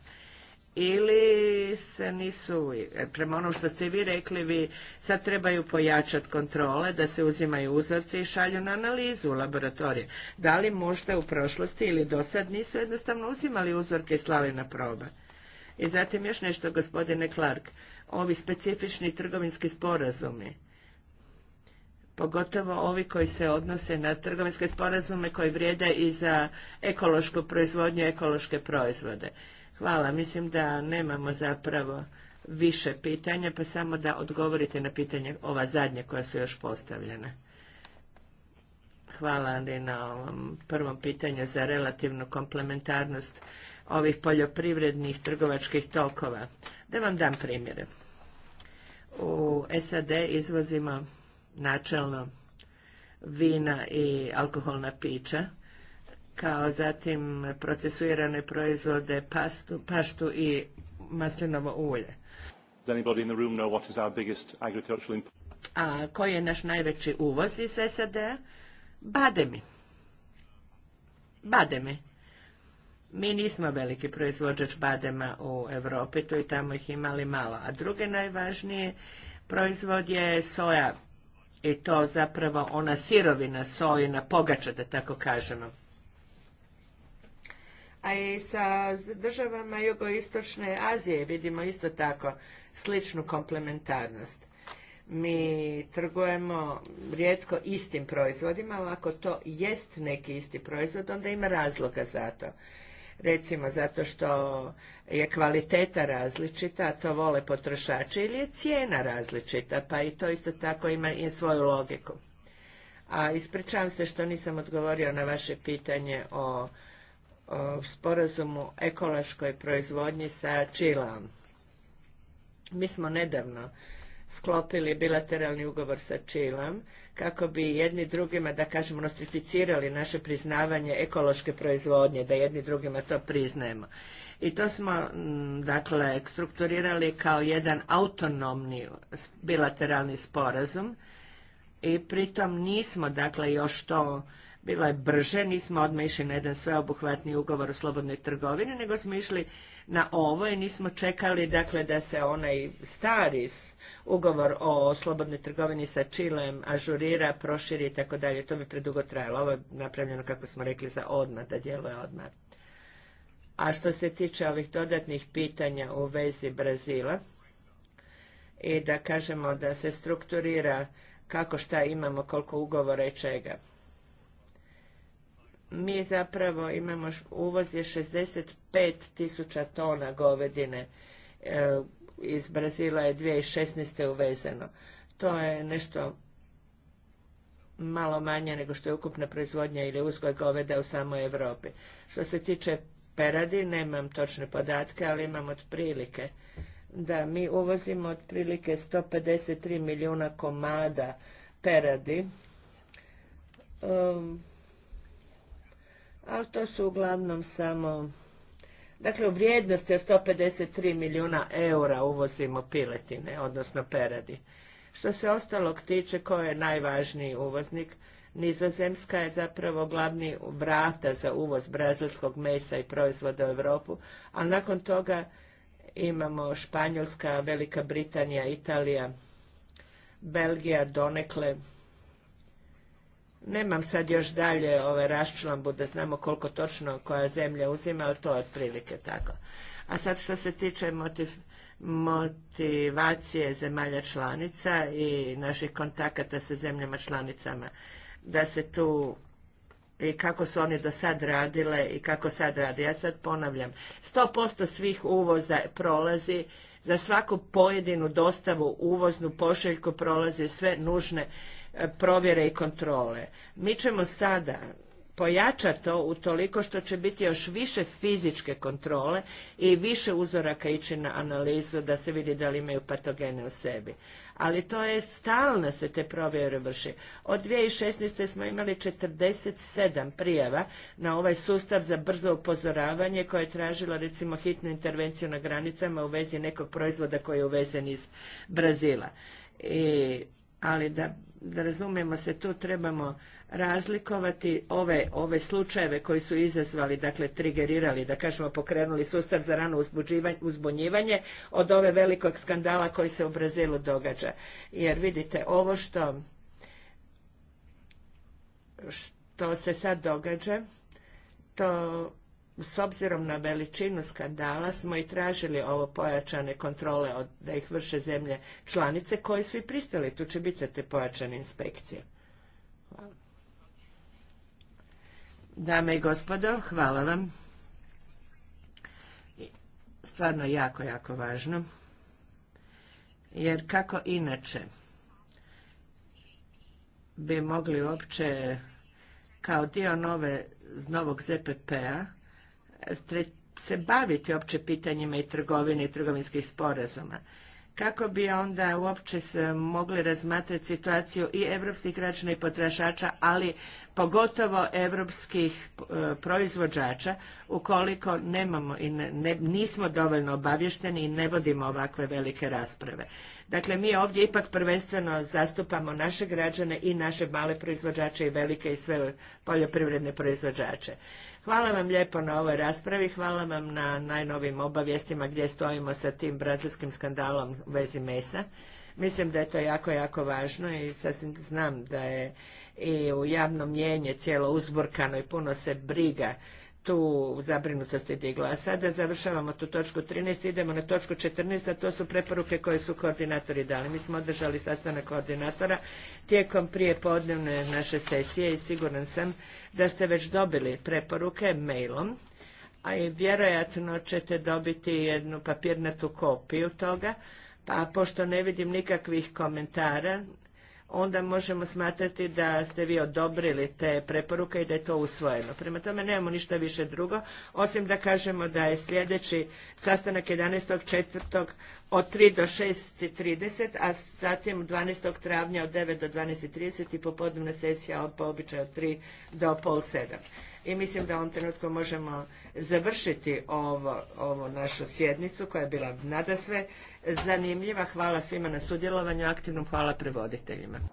ili se nisu, e, prema onom što ste vi rekli, vi sad trebaju pojačati kontrole, da se uzimaju uzorci i šalju na analizu u laboratorije. Da li možda u prošlosti ili do sad nisu jednostavno uzimali uzorke i slali na proba? I zatim još nešto, gospodine Clark, ovi specifični trgovinski sporazumi, pogotovo ovi koji se odnose na trgovinske sporazume koji vrijede i za ekološku proizvodnju, ekološke proizvode. Hvala. Mislim da nemamo zapravo više pitanja, pa samo da odgovorite na pitanje ova zadnja koja su još postavljena. Hvala Andi na ovom prvom pitanju za relativnu komplementarnost ovih poljoprivrednih trgovačkih tokova. Da vam dam primjere. U SAD izvozimo načelno vina i alkoholna pića, kao zatim procesuirane proizvode pastu, paštu i maslinovo ulje. A koji je naš najveći uvoz iz SAD-a? Bademi. Bademi. Mi nismo veliki proizvođač badema u Europi, tu i tamo ih imali malo. A druge najvažnije proizvod je soja i to zapravo ona sirovina sojina pogača, da tako kažemo a i sa državama jugoistočne Azije vidimo isto tako sličnu komplementarnost. Mi trgujemo rijetko istim proizvodima, ali ako to jest neki isti proizvod, onda ima razloga za to. Recimo zato što je kvaliteta različita, to vole potrošači, ili je cijena različita, pa i to isto tako ima i svoju logiku. A ispričavam se što nisam odgovorio na vaše pitanje o o sporazumu ekološkoj proizvodnji sa Čileom. Mi smo nedavno sklopili bilateralni ugovor sa Čileom kako bi jedni drugima, da kažemo nostrificirali naše priznavanje ekološke proizvodnje, da jedni drugima to priznajemo. I to smo, mm, dakle, strukturirali kao jedan autonomni bilateralni sporazum i pritom nismo, dakle, još to bilo je brže, nismo odmah išli na jedan sveobuhvatni ugovor o slobodnoj trgovini, nego smo išli na ovo i nismo čekali dakle, da se onaj stari ugovor o slobodnoj trgovini sa Čilem ažurira, proširi i tako dalje. To bi predugo trajalo. Ovo je napravljeno, kako smo rekli, za odmah, da djeluje odmah. A što se tiče ovih dodatnih pitanja u vezi Brazila, i da kažemo da se strukturira kako šta imamo, koliko ugovora i čega mi zapravo imamo, uvoz je 65 tisuća tona govedine, e, iz Brazila je 2016. uvezeno. To je nešto malo manje nego što je ukupna proizvodnja ili uzgoj goveda u samoj Europi. Što se tiče peradi, nemam točne podatke, ali imam otprilike da mi uvozimo otprilike 153 milijuna komada peradi. Ehm, ali to su uglavnom samo... Dakle, u vrijednosti od 153 milijuna eura uvozimo piletine, odnosno peradi. Što se ostalog tiče, ko je najvažniji uvoznik, Nizozemska je zapravo glavni vrata za uvoz brazilskog mesa i proizvoda u Europu, a nakon toga imamo Španjolska, Velika Britanija, Italija, Belgija, donekle, Nemam sad još dalje ove ovaj, raščlambu da znamo koliko točno koja zemlja uzima, ali to je otprilike tako. A sad što se tiče motiv, motivacije zemalja članica i naših kontakata sa zemljama članicama, da se tu i kako su oni do sad radile i kako sad rade. Ja sad ponavljam, 100% svih uvoza prolazi, za svaku pojedinu dostavu uvoznu pošeljku prolazi sve nužne provjere i kontrole. Mi ćemo sada pojačati to utoliko što će biti još više fizičke kontrole i više uzoraka ići na analizu da se vidi da li imaju patogene u sebi. Ali to je stalno se te provjere vrši. Od 2016. smo imali 47 prijava na ovaj sustav za brzo upozoravanje koje je tražilo recimo hitnu intervenciju na granicama u vezi nekog proizvoda koji je uvezen iz Brazila. ali da da razumijemo se tu trebamo razlikovati ove, ove slučajeve koji su izazvali, dakle trigerirali, da kažemo pokrenuli sustav za rano uzbunjivanje od ove velikog skandala koji se u Brazilu događa. Jer vidite, ovo što, što se sad događa, to s obzirom na veličinu skandala smo i tražili ovo pojačane kontrole od, da ih vrše zemlje članice koje su i pristali. Tu će biti te pojačane inspekcije. Hvala. Dame i gospodo, hvala vam. Stvarno jako, jako važno. Jer kako inače bi mogli uopće kao dio nove, novog ZPP-a se baviti uopće pitanjima i trgovine i trgovinskih sporazuma kako bi onda uopće se mogli razmatrati situaciju i evropskih građana i potrašača, ali pogotovo evropskih e, proizvođača, ukoliko nemamo i nismo dovoljno obavješteni i ne vodimo ovakve velike rasprave. Dakle, mi ovdje ipak prvenstveno zastupamo naše građane i naše male proizvođače i velike i sve poljoprivredne proizvođače. Hvala vam lijepo na ovoj raspravi, hvala vam na najnovim obavijestima gdje stojimo sa tim brazilskim skandalom u vezi mesa. Mislim da je to jako, jako važno i sasvim znam da je i u javnom mjenje cijelo uzburkano i puno se briga tu zabrinutosti je digla. A završavamo tu točku 13, idemo na točku 14, a to su preporuke koje su koordinatori dali. Mi smo održali sastanak koordinatora tijekom prije podnevne naše sesije i siguran sam da ste već dobili preporuke mailom, a i vjerojatno ćete dobiti jednu papirnatu kopiju toga, pa pošto ne vidim nikakvih komentara onda možemo smatrati da ste vi odobrili te preporuke i da je to usvojeno. Prema tome nemamo ništa više drugo, osim da kažemo da je sljedeći sastanak 11.4. od 3 do 6.30, a zatim 12. travnja od 9 do 12.30 i popodnevna sesija po običaju od 3 do pol 7 i mislim da u ovom trenutku možemo završiti ovo, ovu našu sjednicu koja je bila nada sve, zanimljiva. Hvala svima na sudjelovanju aktivnom, hvala prevoditeljima.